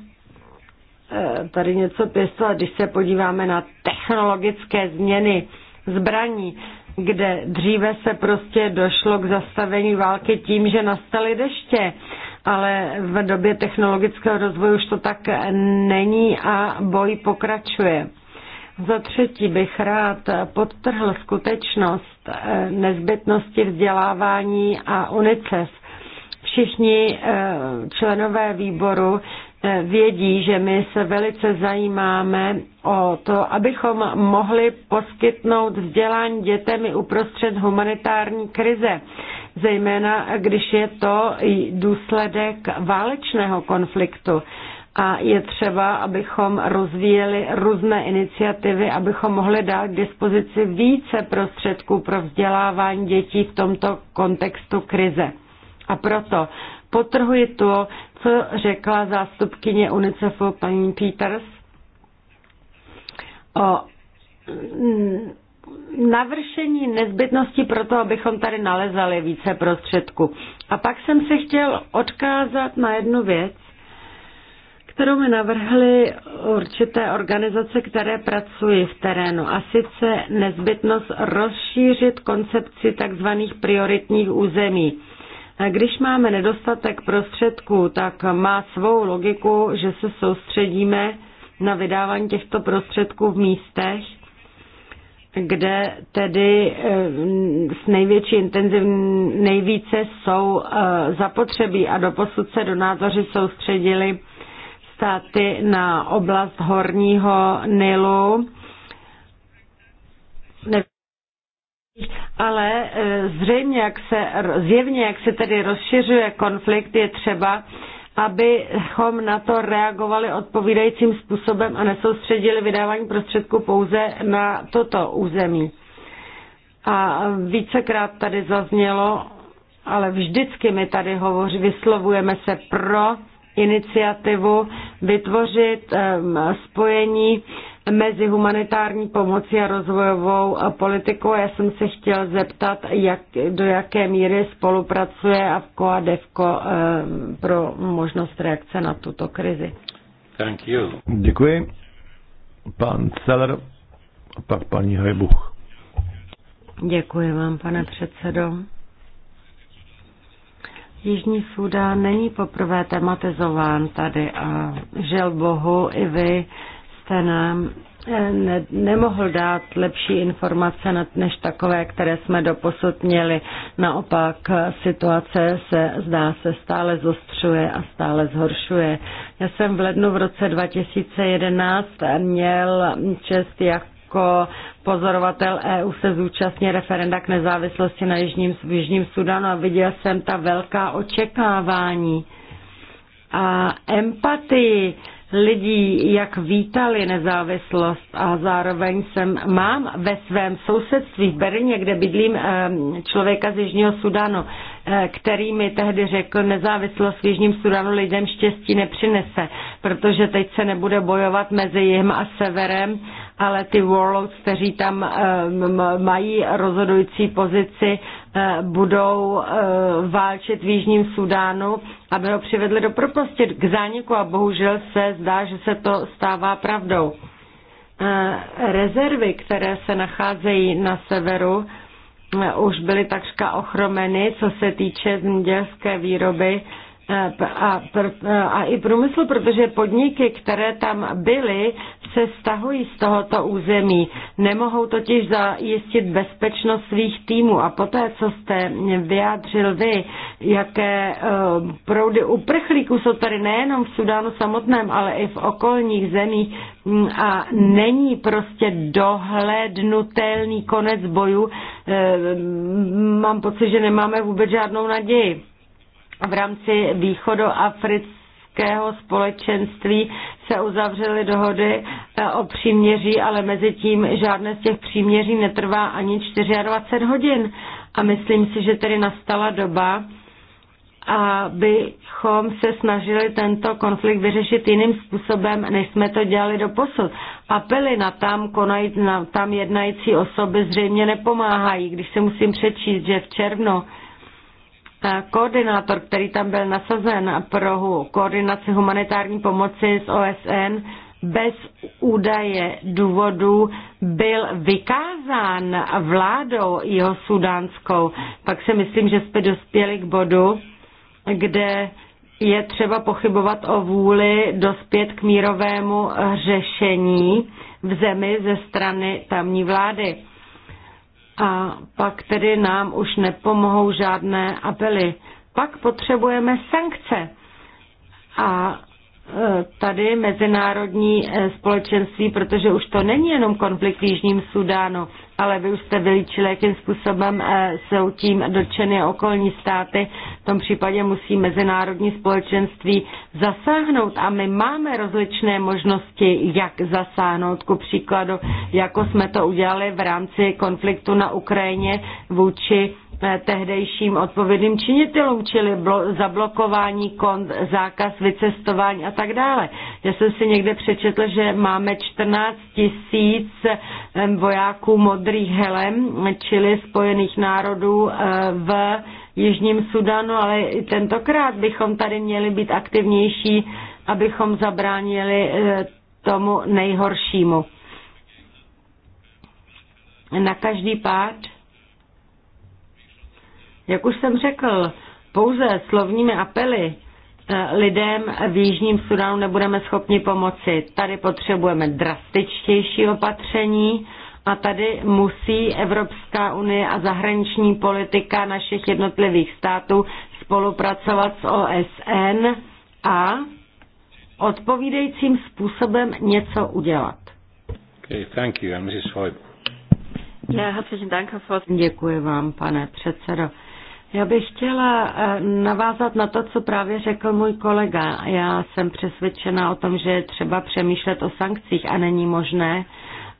Eh, tady něco pěstovat, když se podíváme na technologické změny zbraní, kde dříve se prostě došlo k zastavení války tím, že nastaly deště, ale v době technologického rozvoje už to tak není a boj pokračuje. Za třetí bych rád podtrhl skutečnost eh, nezbytnosti vzdělávání a UNICEF. Všichni eh, členové výboru E, vědí, že my se velice zajímáme o to, abychom mohli poskytnout vzdělání dětem i uprostřed humanitární krize, zejména když je to i důsledek válečného konfliktu. A je třeba, abychom rozvíjeli různé iniciativy, abychom mohli dát k dispozici více prostředků pro vzdělávání dětí v tomto kontextu krize. A proto potrhuji to, co řekla zástupkyně UNICEFu paní Peters o navršení nezbytnosti pro to, abychom tady nalezali více prostředků. A pak jsem se chtěl odkázat na jednu věc, kterou mi navrhly určité organizace, které pracují v terénu. A sice nezbytnost rozšířit koncepci tzv. prioritních území když máme nedostatek prostředků, tak má svou logiku, že se soustředíme na vydávání těchto prostředků v místech, kde tedy eh, s největší intenziv nejvíce jsou eh, zapotřebí a doposud se do donátoři soustředili státy na oblast horního Nilu. Ne- ale eh, zřejmě, jak se, zjevně, jak se tedy rozšiřuje konflikt, je třeba, abychom na to reagovali odpovídajícím způsobem a nesoustředili vydávání prostředků pouze na toto území. A vícekrát tady zaznělo, ale vždycky my tady hovoří, vyslovujeme se pro iniciativu vytvořit ehm, spojení mezi humanitární pomocí a rozvojovou politikou. Já jsem se chtěl zeptat, jak, do jaké míry spolupracuje AVKO a DEVKO eh, pro možnost reakce na tuto krizi. Thank you. Děkuji. Pan Celer a pak paní Hajbuch. Děkuji vám, pane předsedo. Jižní Sudán není poprvé tematizován tady a žel bohu i vy se nám eh, ne, nemohl dát lepší informace než takové, které jsme doposud měli. Naopak eh, situace se zdá se stále zostřuje a stále zhoršuje. Já jsem v lednu v roce 2011 měl čest jak jako pozorovatel EU se zúčastnil referenda k nezávislosti na Jižním, v Jižním Sudanu a viděl jsem ta velká očekávání a empatii lidí, jak vítali nezávislost a zároveň jsem, mám ve svém sousedství v Berlíně, kde bydlím eh, člověka z Jižního Sudanu, eh, který mi tehdy řekl, nezávislost v Jižním Sudanu lidem štěstí nepřinese, protože teď se nebude bojovat mezi jihem a severem ale ty warlords, kteří tam eh, mají rozhodující pozici, eh, budou eh, válčit v Jižním Sudánu, aby ho přivedli do propasti k zániku a bohužel se zdá, že se to stává pravdou. Rezervy, které se nacházejí na severu, už byly takřka ochromeny, co se týče zemědělské výroby a, a i průmysl, protože podniky, které tam byly, se stahují z tohoto území. Nemohou totiž zajistit bezpečnost svých týmů. A poté, co jste vyjádřil vy, jaké e, proudy uprchlíků jsou tady nejenom v Sudánu samotném, ale i v okolních zemích mm, a není prostě dohlednutelný konec uh, mám pocit, že nemáme vůbec žádnou naději v rámci východoafrického společenství se uzavřely dohody eh, o příměří, ale mezi tím žádné z těch příměří netrvá ani 24 hodin. A myslím si, že tedy nastala doba, abychom se snažili tento konflikt vyřešit jiným způsobem, než jsme to dělali do posud. Apely na tam, konaj, na tam jednající osoby zřejmě nepomáhají. Když se musím přečíst, že v červnu koordinátor, který tam byl nasazen pro koordinaci humanitární pomoci z OSN, bez údaje důvodu byl vykázán vládou jeho sudánskou. Pak si myslím, že jsme dospěli k bodu, kde je třeba pochybovat o vůli dospět k mírovému řešení v zemi ze strany tamní vlády. A pak tedy nám už nepomohou žádné apely. Pak potřebujeme sankce. A e, tady mezinárodní e, společenství, protože už to není jenom konflikt v Jižním Sudánu, ale vy už jste vylíčili, jakým způsobem eh, jsou tím dotčeny okolní státy. V tom případě musí mezinárodní společenství zasáhnout a my máme rozličné možnosti, jak zasáhnout. Ku příkladu, jako jsme to udělali v rámci konfliktu na Ukrajině vůči Eh, tehdejším odpovědným činitelům, čili blo- zablokování kont, zákaz vycestování a tak dále. Já jsem si někde přečetl, že máme 14 tisíc eh, vojáků modrých helem, čili Spojených národů eh, v Jižním Sudanu, ale i tentokrát bychom tady měli být aktivnější, abychom zabránili tomu nejhoršímu. Na každý pád jak už jsem řekl, pouze slovními apely eh, lidem v Jižním Sudánu nebudeme schopni pomoci. Tady potřebujeme drastičtější opatření a tady musí Evropská unie a zahraniční politika našich jednotlivých států spolupracovat s OSN a odpovídajícím způsobem něco udělat. Okay, thank you. Mrs. Yeah, Děkuji vám, pane předsedo. Já bych chtěla eh, navázat na to, co právě řekl můj kolega. Já jsem přesvědčena o tom, že je třeba přemýšlet o sankcích a není možné,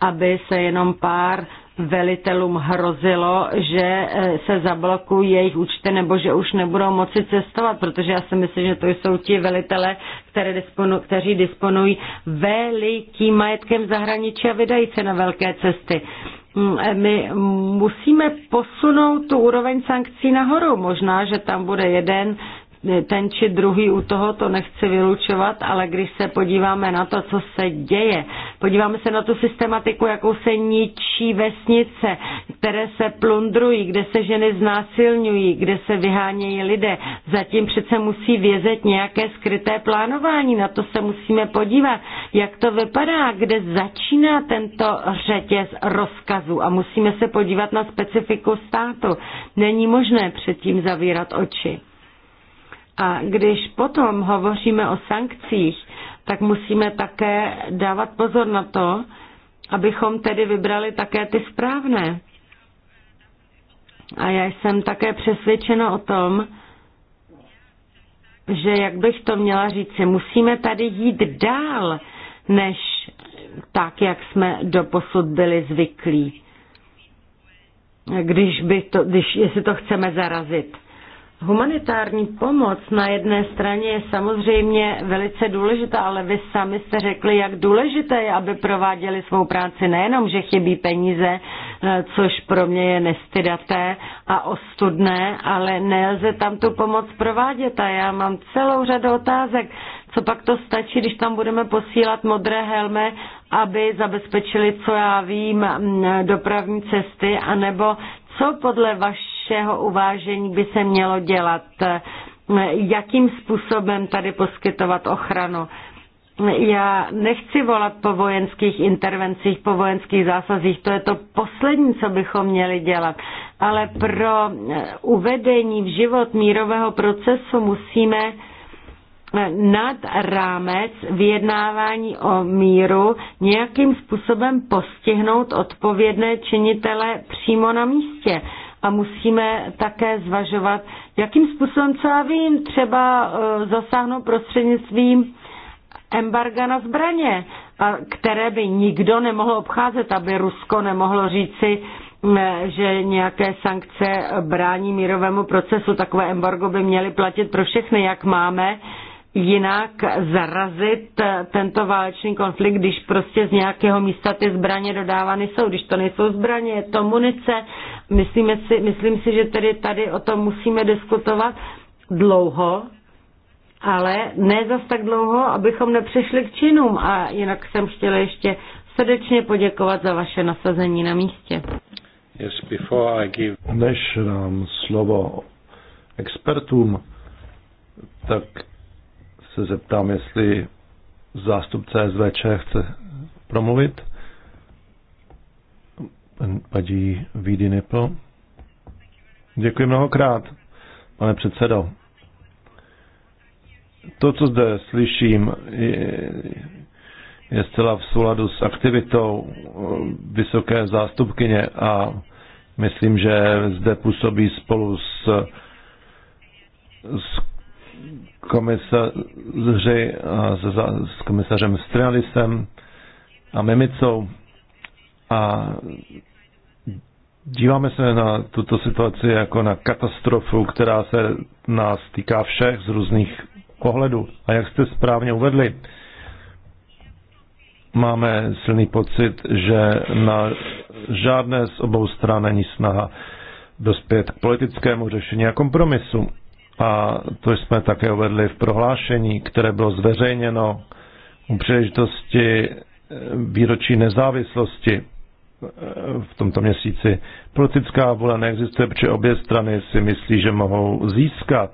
aby se jenom pár velitelům hrozilo, že eh, se zablokují jejich účty nebo že už nebudou moci cestovat, protože já si myslím, že to jsou ti velitele, které disponu, kteří disponují velikým majetkem zahraničí a vydají se na velké cesty. Mm, eh, my musíme posunout tu úroveň sankcí nahoru. Možná, že tam bude jeden ten či druhý u toho, to nechci vylučovat, ale když se podíváme na to, co se děje, podíváme se na tu systematiku, jakou se ničí vesnice, které se plundrují, kde se ženy znásilňují, kde se vyhánějí lidé. Zatím přece musí vězet nějaké skryté plánování, na to se musíme podívat, jak to vypadá, kde začíná tento řetěz rozkazu a musíme se podívat na specifiku státu. Není možné předtím zavírat oči. A když potom hovoříme o sankcích, tak musíme také dávat pozor na to, abychom tedy vybrali také ty správné. A já jsem také přesvědčena o tom, že jak bych to měla říci, musíme tady jít dál, než tak, jak jsme doposud byli zvyklí, když, by to, když jestli to chceme zarazit. Humanitární pomoc na jedné straně je samozřejmě velice důležitá, ale vy sami jste řekli, jak důležité je, aby prováděli svou práci nejenom, že chybí peníze, e, což pro mě je nestydaté a ostudné, ale nelze tam tu pomoc provádět a já mám celou řadu otázek. Co pak to stačí, když tam budeme posílat modré helme, aby zabezpečili, co já vím, dopravní cesty, anebo co podle vaš vašeho uvážení by se mělo dělat? Jakým způsobem tady poskytovat ochranu? Já nechci volat po vojenských intervencích, po vojenských zásazích, to je to poslední, co bychom měli dělat. Ale pro uvedení v život mírového procesu musíme nad rámec vyjednávání o míru nějakým způsobem postihnout odpovědné činitele přímo na místě a musíme také zvažovat, jakým způsobem, co já vím, třeba eh, zasáhnout prostřednictvím embarga na zbraně, které by nikdo nemohl obcházet, aby Rusko nemohlo říci, mm, že nějaké sankce brání mírovému procesu. Takové embargo by měly platit pro všechny, jak máme jinak zarazit eh, tento válečný konflikt, když prostě z nějakého místa ty zbraně dodávány jsou, když to nejsou zbraně, je to munice Myslíme si, myslím si, že tedy tady o tom musíme diskutovat dlouho, ale ne zas tak dlouho, abychom nepřešli k činům. A jinak jsem chtěla ještě srdečně poděkovat za vaše nasazení na místě. Yes, before I give... Než dám slovo expertům, tak se zeptám, jestli zástupce SVČ chce promluvit. Paní Vídy Nipl. Děkuji mnohokrát, pane předsedo. To, co zde slyším, je, je zcela v souladu s aktivitou eh, vysoké zástupkyně a myslím, že zde působí spolu s, s komisaři a s, s komisařem Strialisem a Mimicou a Díváme se na tuto situaci jako na katastrofu, která se nás týká všech z různých pohledů. A jak jste správně uvedli, máme silný pocit, že na žádné z obou stran není snaha dospět k politickému řešení a kompromisu. A to jsme také uvedli v prohlášení, které bylo zveřejněno u příležitosti výročí nezávislosti v tomto měsíci. Politická vůle neexistuje, protože obě strany si myslí, že mohou získat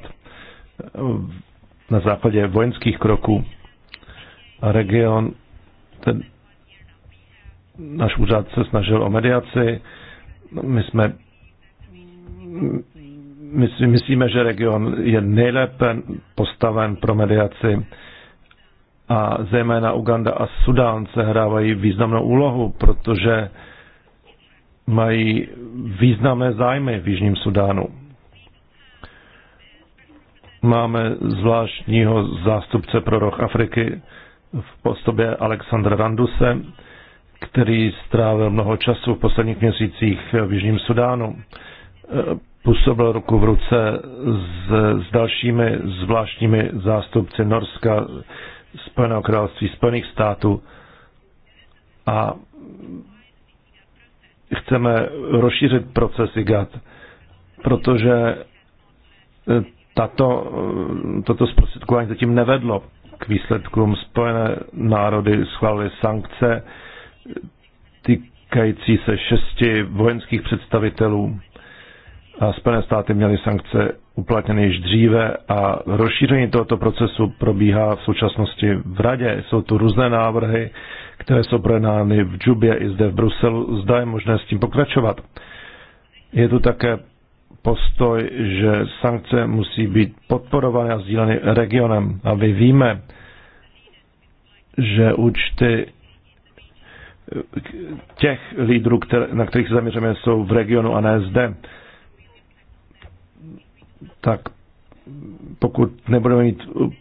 na základě vojenských kroků. A region, ten, náš úřad se snažil o mediaci, my jsme my si myslíme, že region je nejlépe postaven pro mediaci a zejména Uganda a Sudán se hrávají významnou úlohu, protože mají významné zájmy v Jižním Sudánu. Máme zvláštního zástupce pro roh Afriky v postobě Alexandra Randuse, který strávil mnoho času v posledních měsících v Jižním Sudánu. Působil ruku v ruce s, s dalšími zvláštními zástupci Norska, Spojeného království, Spojených států a chceme rozšířit proces IGAT, protože e, tato, e, toto zprostředkování zatím nevedlo k výsledkům. Spojené národy schválily sankce týkající se šesti vojenských představitelů a Spojené státy měly sankce uplatněny již dříve a rozšíření tohoto procesu probíhá v současnosti v Radě. Jsou tu různé návrhy, které jsou projednány v Džubě i zde v Bruselu. Zda je možné s tím pokračovat. Je tu také postoj, že sankce musí být podporovány a sdíleny regionem. A my víme, že účty těch lídrů, na kterých se zaměřujeme, jsou v regionu a ne zde tak pokud nebudeme mít uh,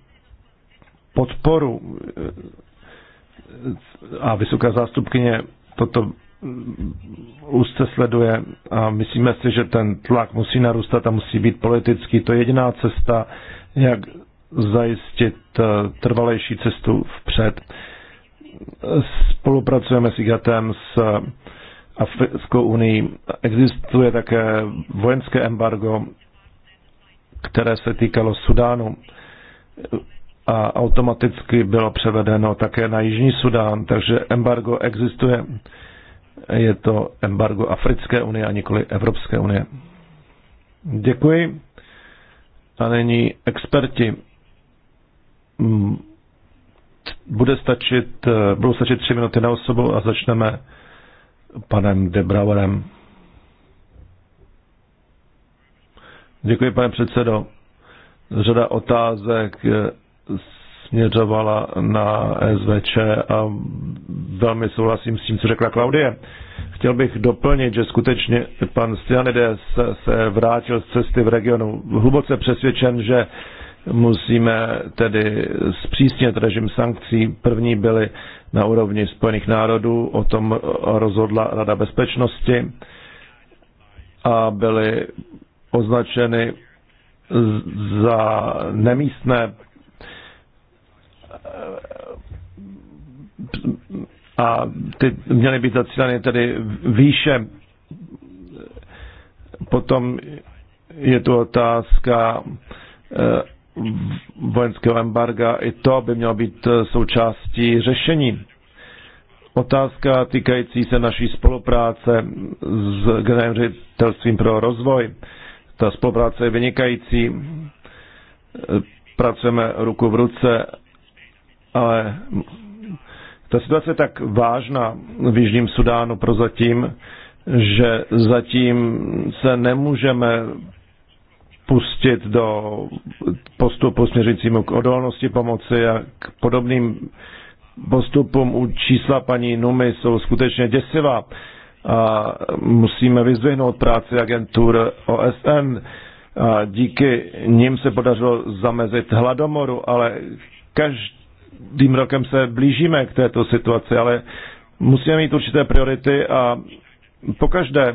podporu uh, a vysoká zástupkyně toto uh, úzce sleduje a myslíme si, že ten tlak musí narůstat a musí být politický. To je jediná cesta, jak zajistit trvalejší cestu vpřed. Spolupracujeme s IGATem, s Africkou unii. Existuje také vojenské embargo které se týkalo Sudánu a automaticky bylo převedeno také na Jižní Sudán, takže embargo existuje. Je to embargo Africké unie a nikoli Evropské unie. Děkuji. A nyní experti. Mm, bude stačit, eh, budou stačit tři minuty na osobu a začneme panem Debrauerem. Děkuji, pane předsedo. Řada otázek eh, směřovala na SVČ a velmi souhlasím s tím, co řekla Klaudie. Chtěl bych doplnit, že skutečně pan Stianides se vrátil z cesty v regionu. Hluboce přesvědčen, že musíme tedy zpřísnit režim sankcí. První byly na úrovni Spojených národů, o tom rozhodla Rada bezpečnosti a byly označeny za nemístné a ty měly být zacíleny tedy výše. Potom je tu otázka eh, vojenského embarga. I to by mělo být eh, součástí řešení. Otázka týkající se naší spolupráce s generálním pro rozvoj. Ta spolupráce je vynikající. Pracujeme ruku v ruce, ale ta situace je tak vážná v Jižním Sudánu prozatím, že zatím se nemůžeme pustit do postupu směřujícímu k odolnosti pomoci a k podobným postupům u čísla paní Numy jsou skutečně děsivá a musíme vyzvihnout práci agentur OSN. A díky nim se podařilo zamezit hladomoru, ale každým rokem se blížíme k této situaci, ale musíme mít určité priority a pokaždé,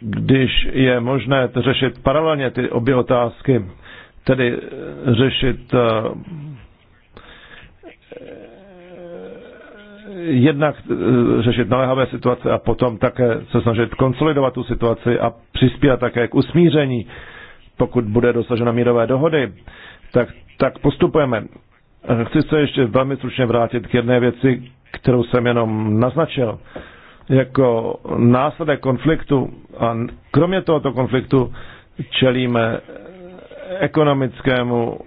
když je možné řešit paralelně ty obě otázky, tedy řešit eh, jednak eh, řešit naléhavé situace a potom také se snažit konsolidovat tu situaci a přispívat také k usmíření. Pokud bude dosažena mírové dohody, tak, tak postupujeme. Eh, chci se ještě velmi stručně vrátit k jedné věci, kterou jsem jenom naznačil. Jako následek konfliktu a kromě tohoto konfliktu čelíme ekonomickému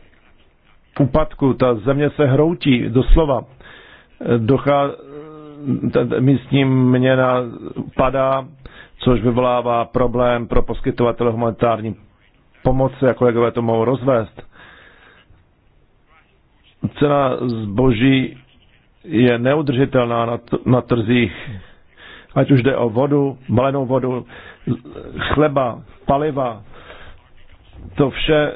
úpadku. Ta země se hroutí doslova ducha místní měna padá, což vyvolává problém pro poskytovatele humanitární pomoci, a kolegové to mohou rozvést. Cena zboží je neudržitelná na, na trzích, ať už jde o vodu, malenou vodu, chleba, paliva. To vše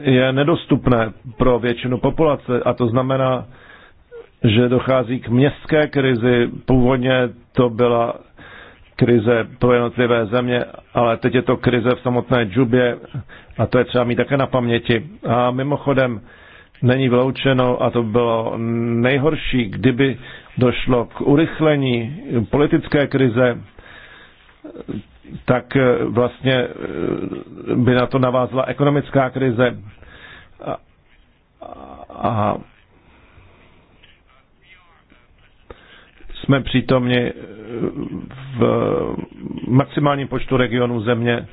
je nedostupné pro většinu populace a to znamená, že dochází k městské krizi. Původně to byla krize pro jednotlivé země, ale teď je to krize v samotné džubě a to je třeba mít také na paměti. A mimochodem není vyloučeno, a to bylo nejhorší, kdyby došlo k urychlení politické krize, tak eh, vlastně eh, by na to navázla ekonomická krize. A, a jsme přítomni eh, v maximálním počtu regionů země.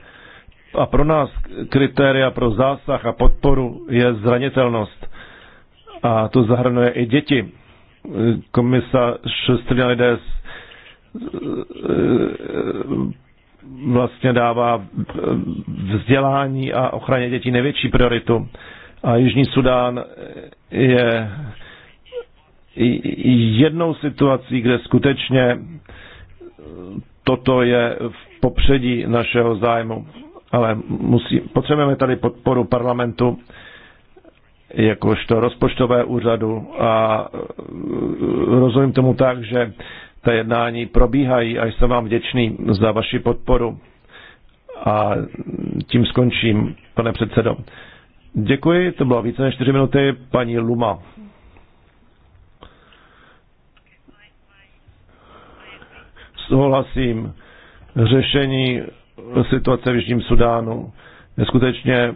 A pro nás kritéria pro zásah a podporu je zranitelnost. A to zahrnuje i děti. Komisař Stylianides eh, vlastně dává vzdělání a ochraně dětí největší prioritu. A Jižní Sudán je jednou situací, kde skutečně toto je v popředí našeho zájmu. Ale musí, potřebujeme tady podporu parlamentu, jakožto rozpočtové úřadu a e, rozumím tomu tak, že ta jednání probíhají a jsem vám vděčný za vaši podporu. A tím skončím, pane předsedo. Děkuji, to bylo více než 4 minuty, paní Luma. souhlasím. Řešení situace v Jižním Sudánu Neskutečně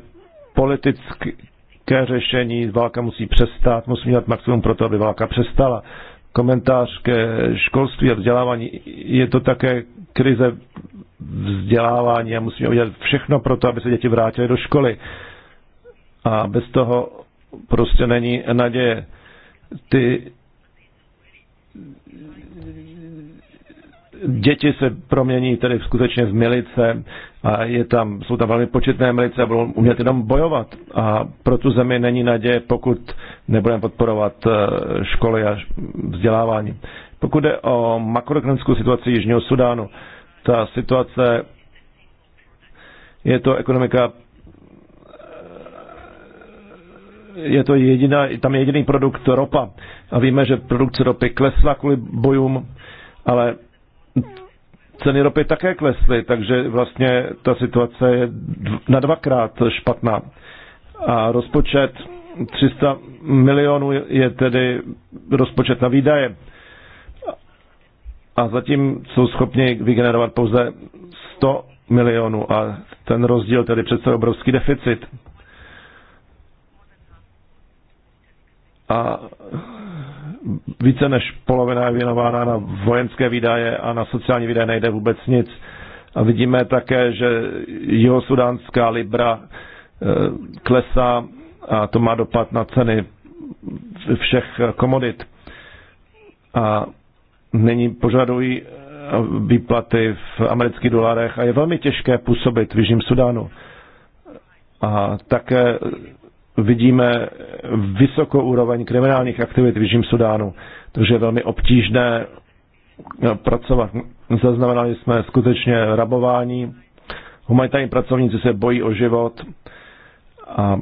politické řešení. Válka musí přestat, musí dělat maximum pro to, aby válka přestala. Komentář ke školství a vzdělávání. Je to také krize vzdělávání a musíme udělat všechno pro to, aby se děti vrátily do školy. A bez toho prostě není naděje. Ty děti se promění tedy skutečně v milice a je tam, jsou tam velmi početné milice a budou umět jenom bojovat. A pro tu zemi není naděje, pokud nebudeme podporovat eh, školy a vzdělávání. Pokud jde o makroekonomickou situaci Jižního Sudánu, ta situace je to ekonomika eh, je to jediná, tam je jediný produkt ropa. A víme, že produkce ropy klesla kvůli bojům, ale ceny ropy také klesly, takže vlastně ta situace je na dvakrát špatná. A rozpočet 300 milionů je tedy rozpočet na výdaje. A zatím jsou schopni vygenerovat pouze 100 milionů a ten rozdíl tedy přece obrovský deficit. A více než polovina je věnována na vojenské výdaje a na sociální výdaje nejde vůbec nic. A vidíme také, že jeho sudánská libra eh, klesá a to má dopad na ceny všech komodit. A nyní požadují eh, výplaty v amerických dolarech a je velmi těžké působit v Jižním Sudánu. A také vidíme vysokou úroveň kriminálních aktivit v Jižním Sudánu, takže je velmi obtížné eh, pracovat. Zaznamenali jsme skutečně rabování, humanitární pracovníci se bojí o život a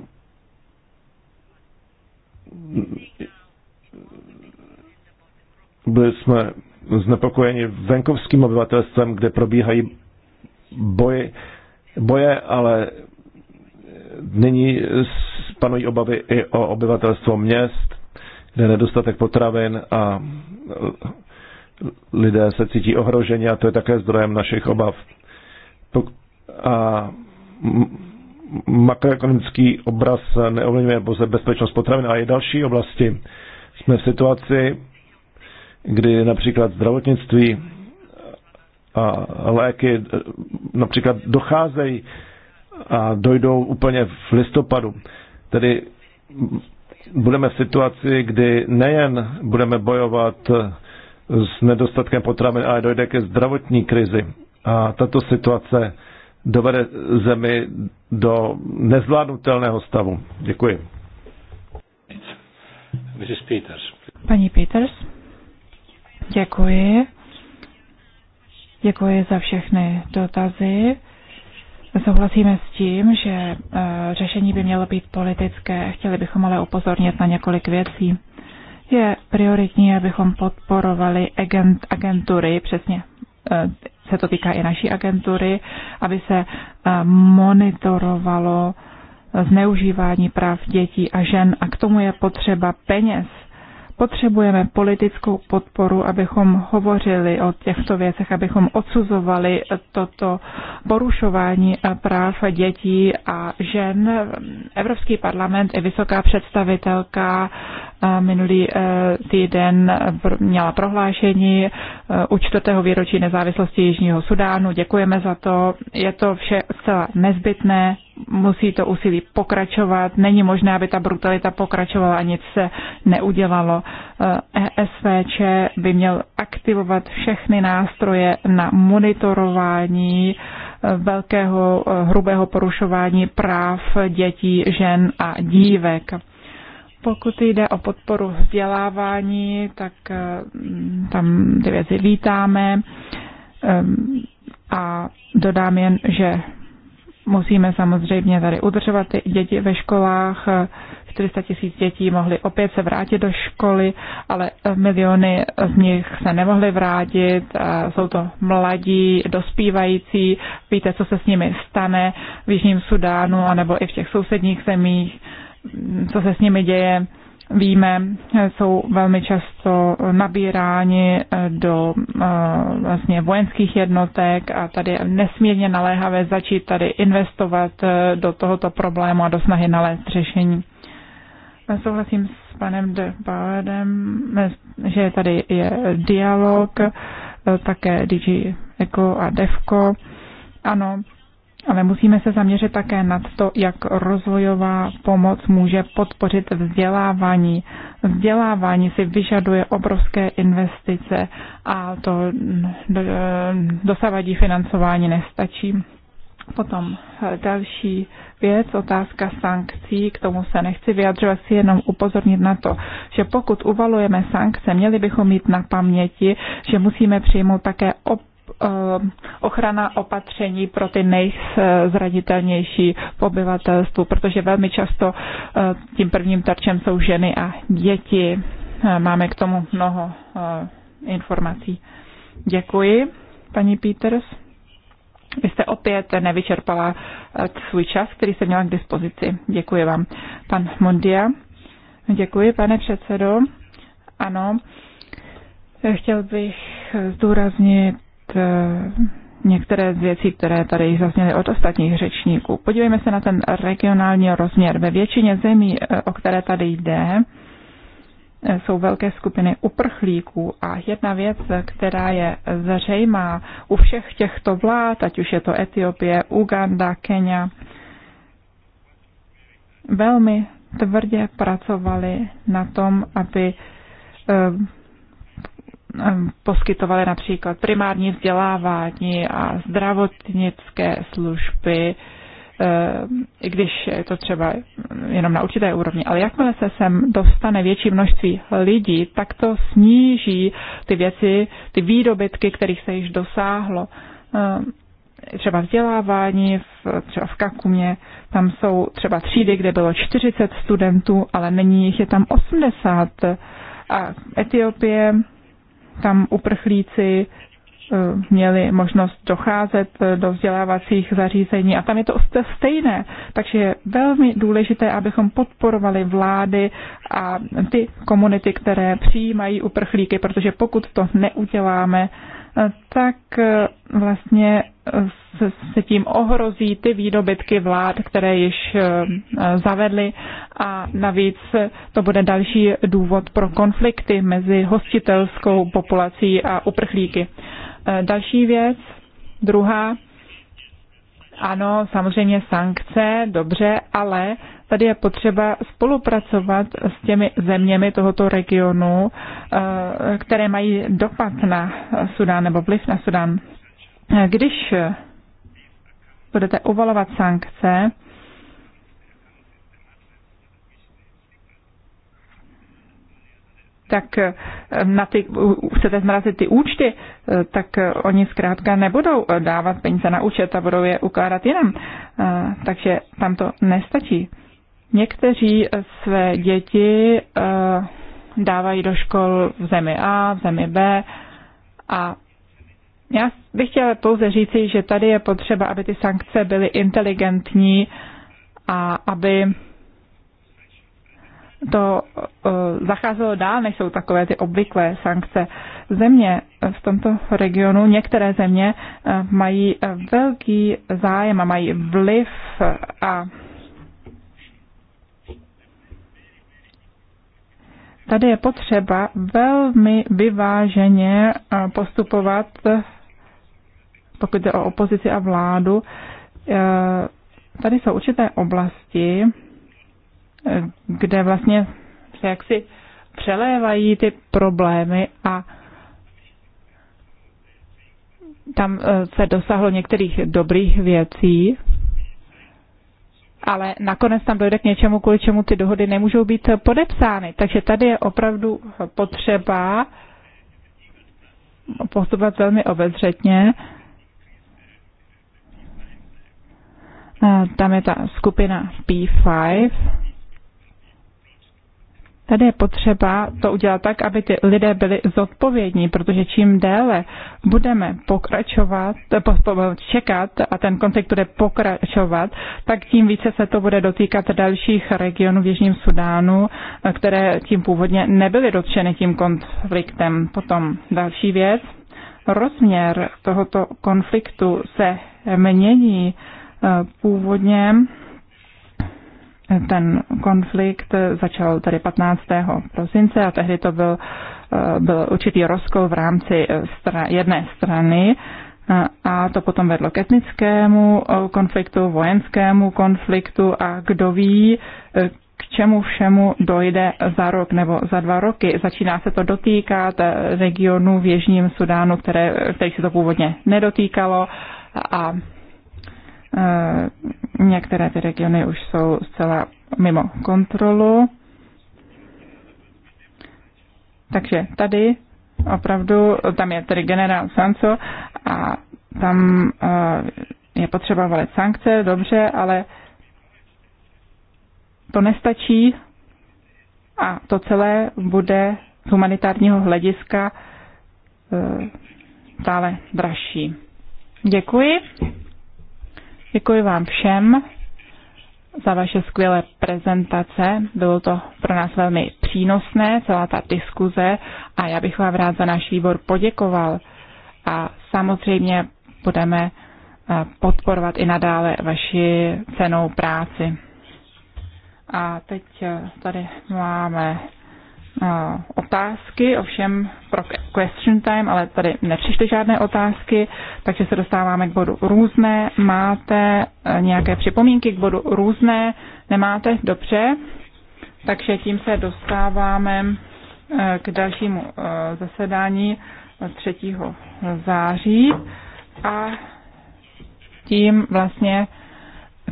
byli jsme znepokojeni venkovským obyvatelstvem, kde probíhají boje, boje ale Nyní panují obavy i o obyvatelstvo měst, kde nedostatek potravin a e, lidé se cítí ohroženi a to je také zdrojem našich obav. A makroekonomický obraz neovlivňuje pouze bezpečnost potravin, ale i další oblasti. Jsme v situaci, kdy například zdravotnictví a léky e, například docházejí a dojdou úplně v listopadu. Tedy budeme v situaci, kdy nejen budeme bojovat s nedostatkem potravin, ale dojde ke zdravotní krizi. A tato situace dovede zemi do nezvládnutelného stavu. Děkuji. Mrs. Peters. Paní Peters, děkuji. Děkuji za všechny dotazy. Souhlasíme s tím, že eh, řešení by mělo být politické, chtěli bychom ale upozornit na několik věcí. Je prioritní, abychom podporovali agent, agentury, přesně eh, se to týká i naší agentury, aby se eh, monitorovalo zneužívání práv dětí a žen a k tomu je potřeba peněz. Potřebujeme politickou podporu, abychom hovořili o těchto věcech, abychom odsuzovali toto porušování práv dětí a žen. Evropský parlament i vysoká představitelka eh, minulý eh, týden měla prohlášení eh, u čtvrtého výročí nezávislosti Jižního Sudánu. Děkujeme za to. Je to vše zcela nezbytné musí to úsilí pokračovat. Není možné, aby ta brutalita pokračovala a nic se neudělalo. ESVČ by měl aktivovat všechny nástroje na monitorování eh, velkého eh, hrubého porušování práv dětí, žen a dívek. Pokud jde o podporu vzdělávání, tak eh, mm, tam ty věci vítáme ehm, a dodám jen, že Musíme samozřejmě tady udržovat ty děti ve školách. 400 tisíc dětí mohly opět se vrátit do školy, ale eh, miliony z nich se nemohly vrátit. Eh, jsou to mladí, dospívající. Víte, co se s nimi stane v Jižním Sudánu anebo i v těch sousedních zemích, co se s nimi děje víme, jsou velmi často nabíráni eh, do eh, vlastně vojenských jednotek a tady je nesmírně naléhavé začít tady investovat eh, do tohoto problému a do snahy nalézt řešení. Souhlasím s panem de Bauerem, že tady je dialog, také DG Eco a devko, Ano, ale musíme se zaměřit také na to, jak rozvojová pomoc může podpořit vzdělávání. Vzdělávání si vyžaduje obrovské investice a to mm, eh, dosavadí financování nestačí. Potom eh, další věc, otázka sankcí, k tomu se nechci vyjadřovat, si jenom upozornit na to, že pokud uvalujeme sankce, měli bychom mít na paměti, že musíme přijmout také op Eh, ochrana opatření pro ty nejzranitelnější v obyvatelstvu, protože velmi často eh, tím prvním tarčem jsou ženy a děti. Eh, máme k tomu mnoho informací. Děkuji, paní Peters. Vy jste opět nevyčerpala svůj čas, který jste měla k dispozici. Děkuji vám. Pan Mondia. Děkuji, pane předsedo. Ano, chtěl bych zdůraznit Eh, některé z věcí, které tady zazněly od ostatních řečníků. Podívejme se na ten regionální rozměr. Ve většině zemí, eh, o které tady jde, eh, jsou velké skupiny uprchlíků a jedna věc, která je zřejmá u všech těchto vlád, ať už je to Etiopie, Uganda, Kenya, velmi tvrdě pracovali na tom, aby Eh, poskytovaly například primární vzdělávání a zdravotnické služby, eh, i když je to třeba jenom na určité úrovni, ale jakmile se sem dostane větší množství lidí, tak to sníží ty věci, ty výdobytky, kterých se již dosáhlo. Eh, třeba vzdělávání, v, třeba v Kakumě, tam jsou třeba třídy, kde bylo 40 studentů, ale není jich, je tam 80. A Etiopie tam uprchlíci eh, měli možnost docházet eh, do vzdělávacích zařízení a tam je to stejné. Takže je velmi důležité, abychom podporovali vlády a ty komunity, které přijímají uprchlíky, protože pokud to neuděláme, tak eh, vlastně eh, se tím ohrozí ty výdobytky vlád, které již eh, zavedly a navíc to bude další důvod pro konflikty mezi hostitelskou populací a uprchlíky. Další věc, druhá, ano, samozřejmě sankce, dobře, ale tady je potřeba spolupracovat s těmi zeměmi tohoto regionu, eh, které mají dopad na Sudán nebo vliv na Sudán. Když budete uvalovat sankce, tak eh, na ty, chcete zmrazit ty účty, eh, tak eh, oni zkrátka nebudou dávat peníze na účet a budou je ukládat jinam. Takže tam to nestačí. Někteří své děti dávají do škol v zemi A, v zemi B a já bych chtěla pouze říci, že tady je potřeba, aby ty sankce byly inteligentní a aby to eh, zacházelo dál, než jsou takové ty obvyklé sankce. Země v tomto regionu, některé země eh, mají eh, velký zájem a mají vliv a tady je potřeba velmi vyváženě postupovat, pokud jde o opozici a vládu. Tady jsou určité oblasti, kde vlastně se jaksi přelévají ty problémy a tam eh, se dosáhlo některých dobrých věcí, ale nakonec tam dojde k něčemu, kvůli čemu ty dohody nemůžou být podepsány. Takže tady je opravdu potřeba postupovat velmi obezřetně. Eh, tam je ta skupina P5, Tady je potřeba to udělat tak, aby ty lidé byli zodpovědní, protože čím déle budeme pokračovat, čekat a ten konflikt bude pokračovat, tak tím více se to bude dotýkat dalších regionů v Jižním Sudánu, které tím původně nebyly dotčeny tím konfliktem. Potom další věc. Rozměr tohoto konfliktu se mění eh, původně ten konflikt začal tady 15. prosince a tehdy to byl, eh, byl určitý rozkol v rámci eh, stra, jedné strany a to potom vedlo k etnickému eh, konfliktu, vojenskému konfliktu a kdo ví, k čemu všemu dojde za rok nebo za dva roky. Začíná se to dotýkat regionu v Jižním Sudánu, které, kterých se to původně nedotýkalo a Eh, některé ty regiony už jsou zcela mimo kontrolu. Takže tady opravdu, tam je tedy generál Sanco a tam eh, je potřeba valit sankce, dobře, ale to nestačí a to celé bude z humanitárního hlediska dále eh, dražší. Děkuji. Děkuji vám všem za vaše skvělé prezentace. Bylo to pro nás velmi přínosné, celá ta diskuze a já bych vám rád za náš výbor poděkoval. A samozřejmě budeme eh, podporovat i nadále vaši cenou práci. A teď eh, tady máme Eh, otázky, ovšem pro question time, ale tady nepřišly žádné otázky, takže se dostáváme k bodu různé. Máte eh, nějaké připomínky k bodu různé? Nemáte? Dobře. Takže tím se dostáváme eh, k dalšímu zasedání 3. září a tím vlastně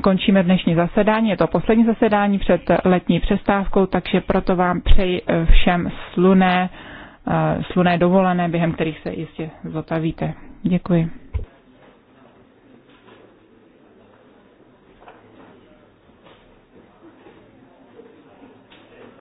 končíme dnešní zasedání. Je to poslední zasedání před letní přestávkou, takže proto vám přeji eh, všem sluné, eh, sluné dovolené, během kterých se jistě zotavíte. Děkuji.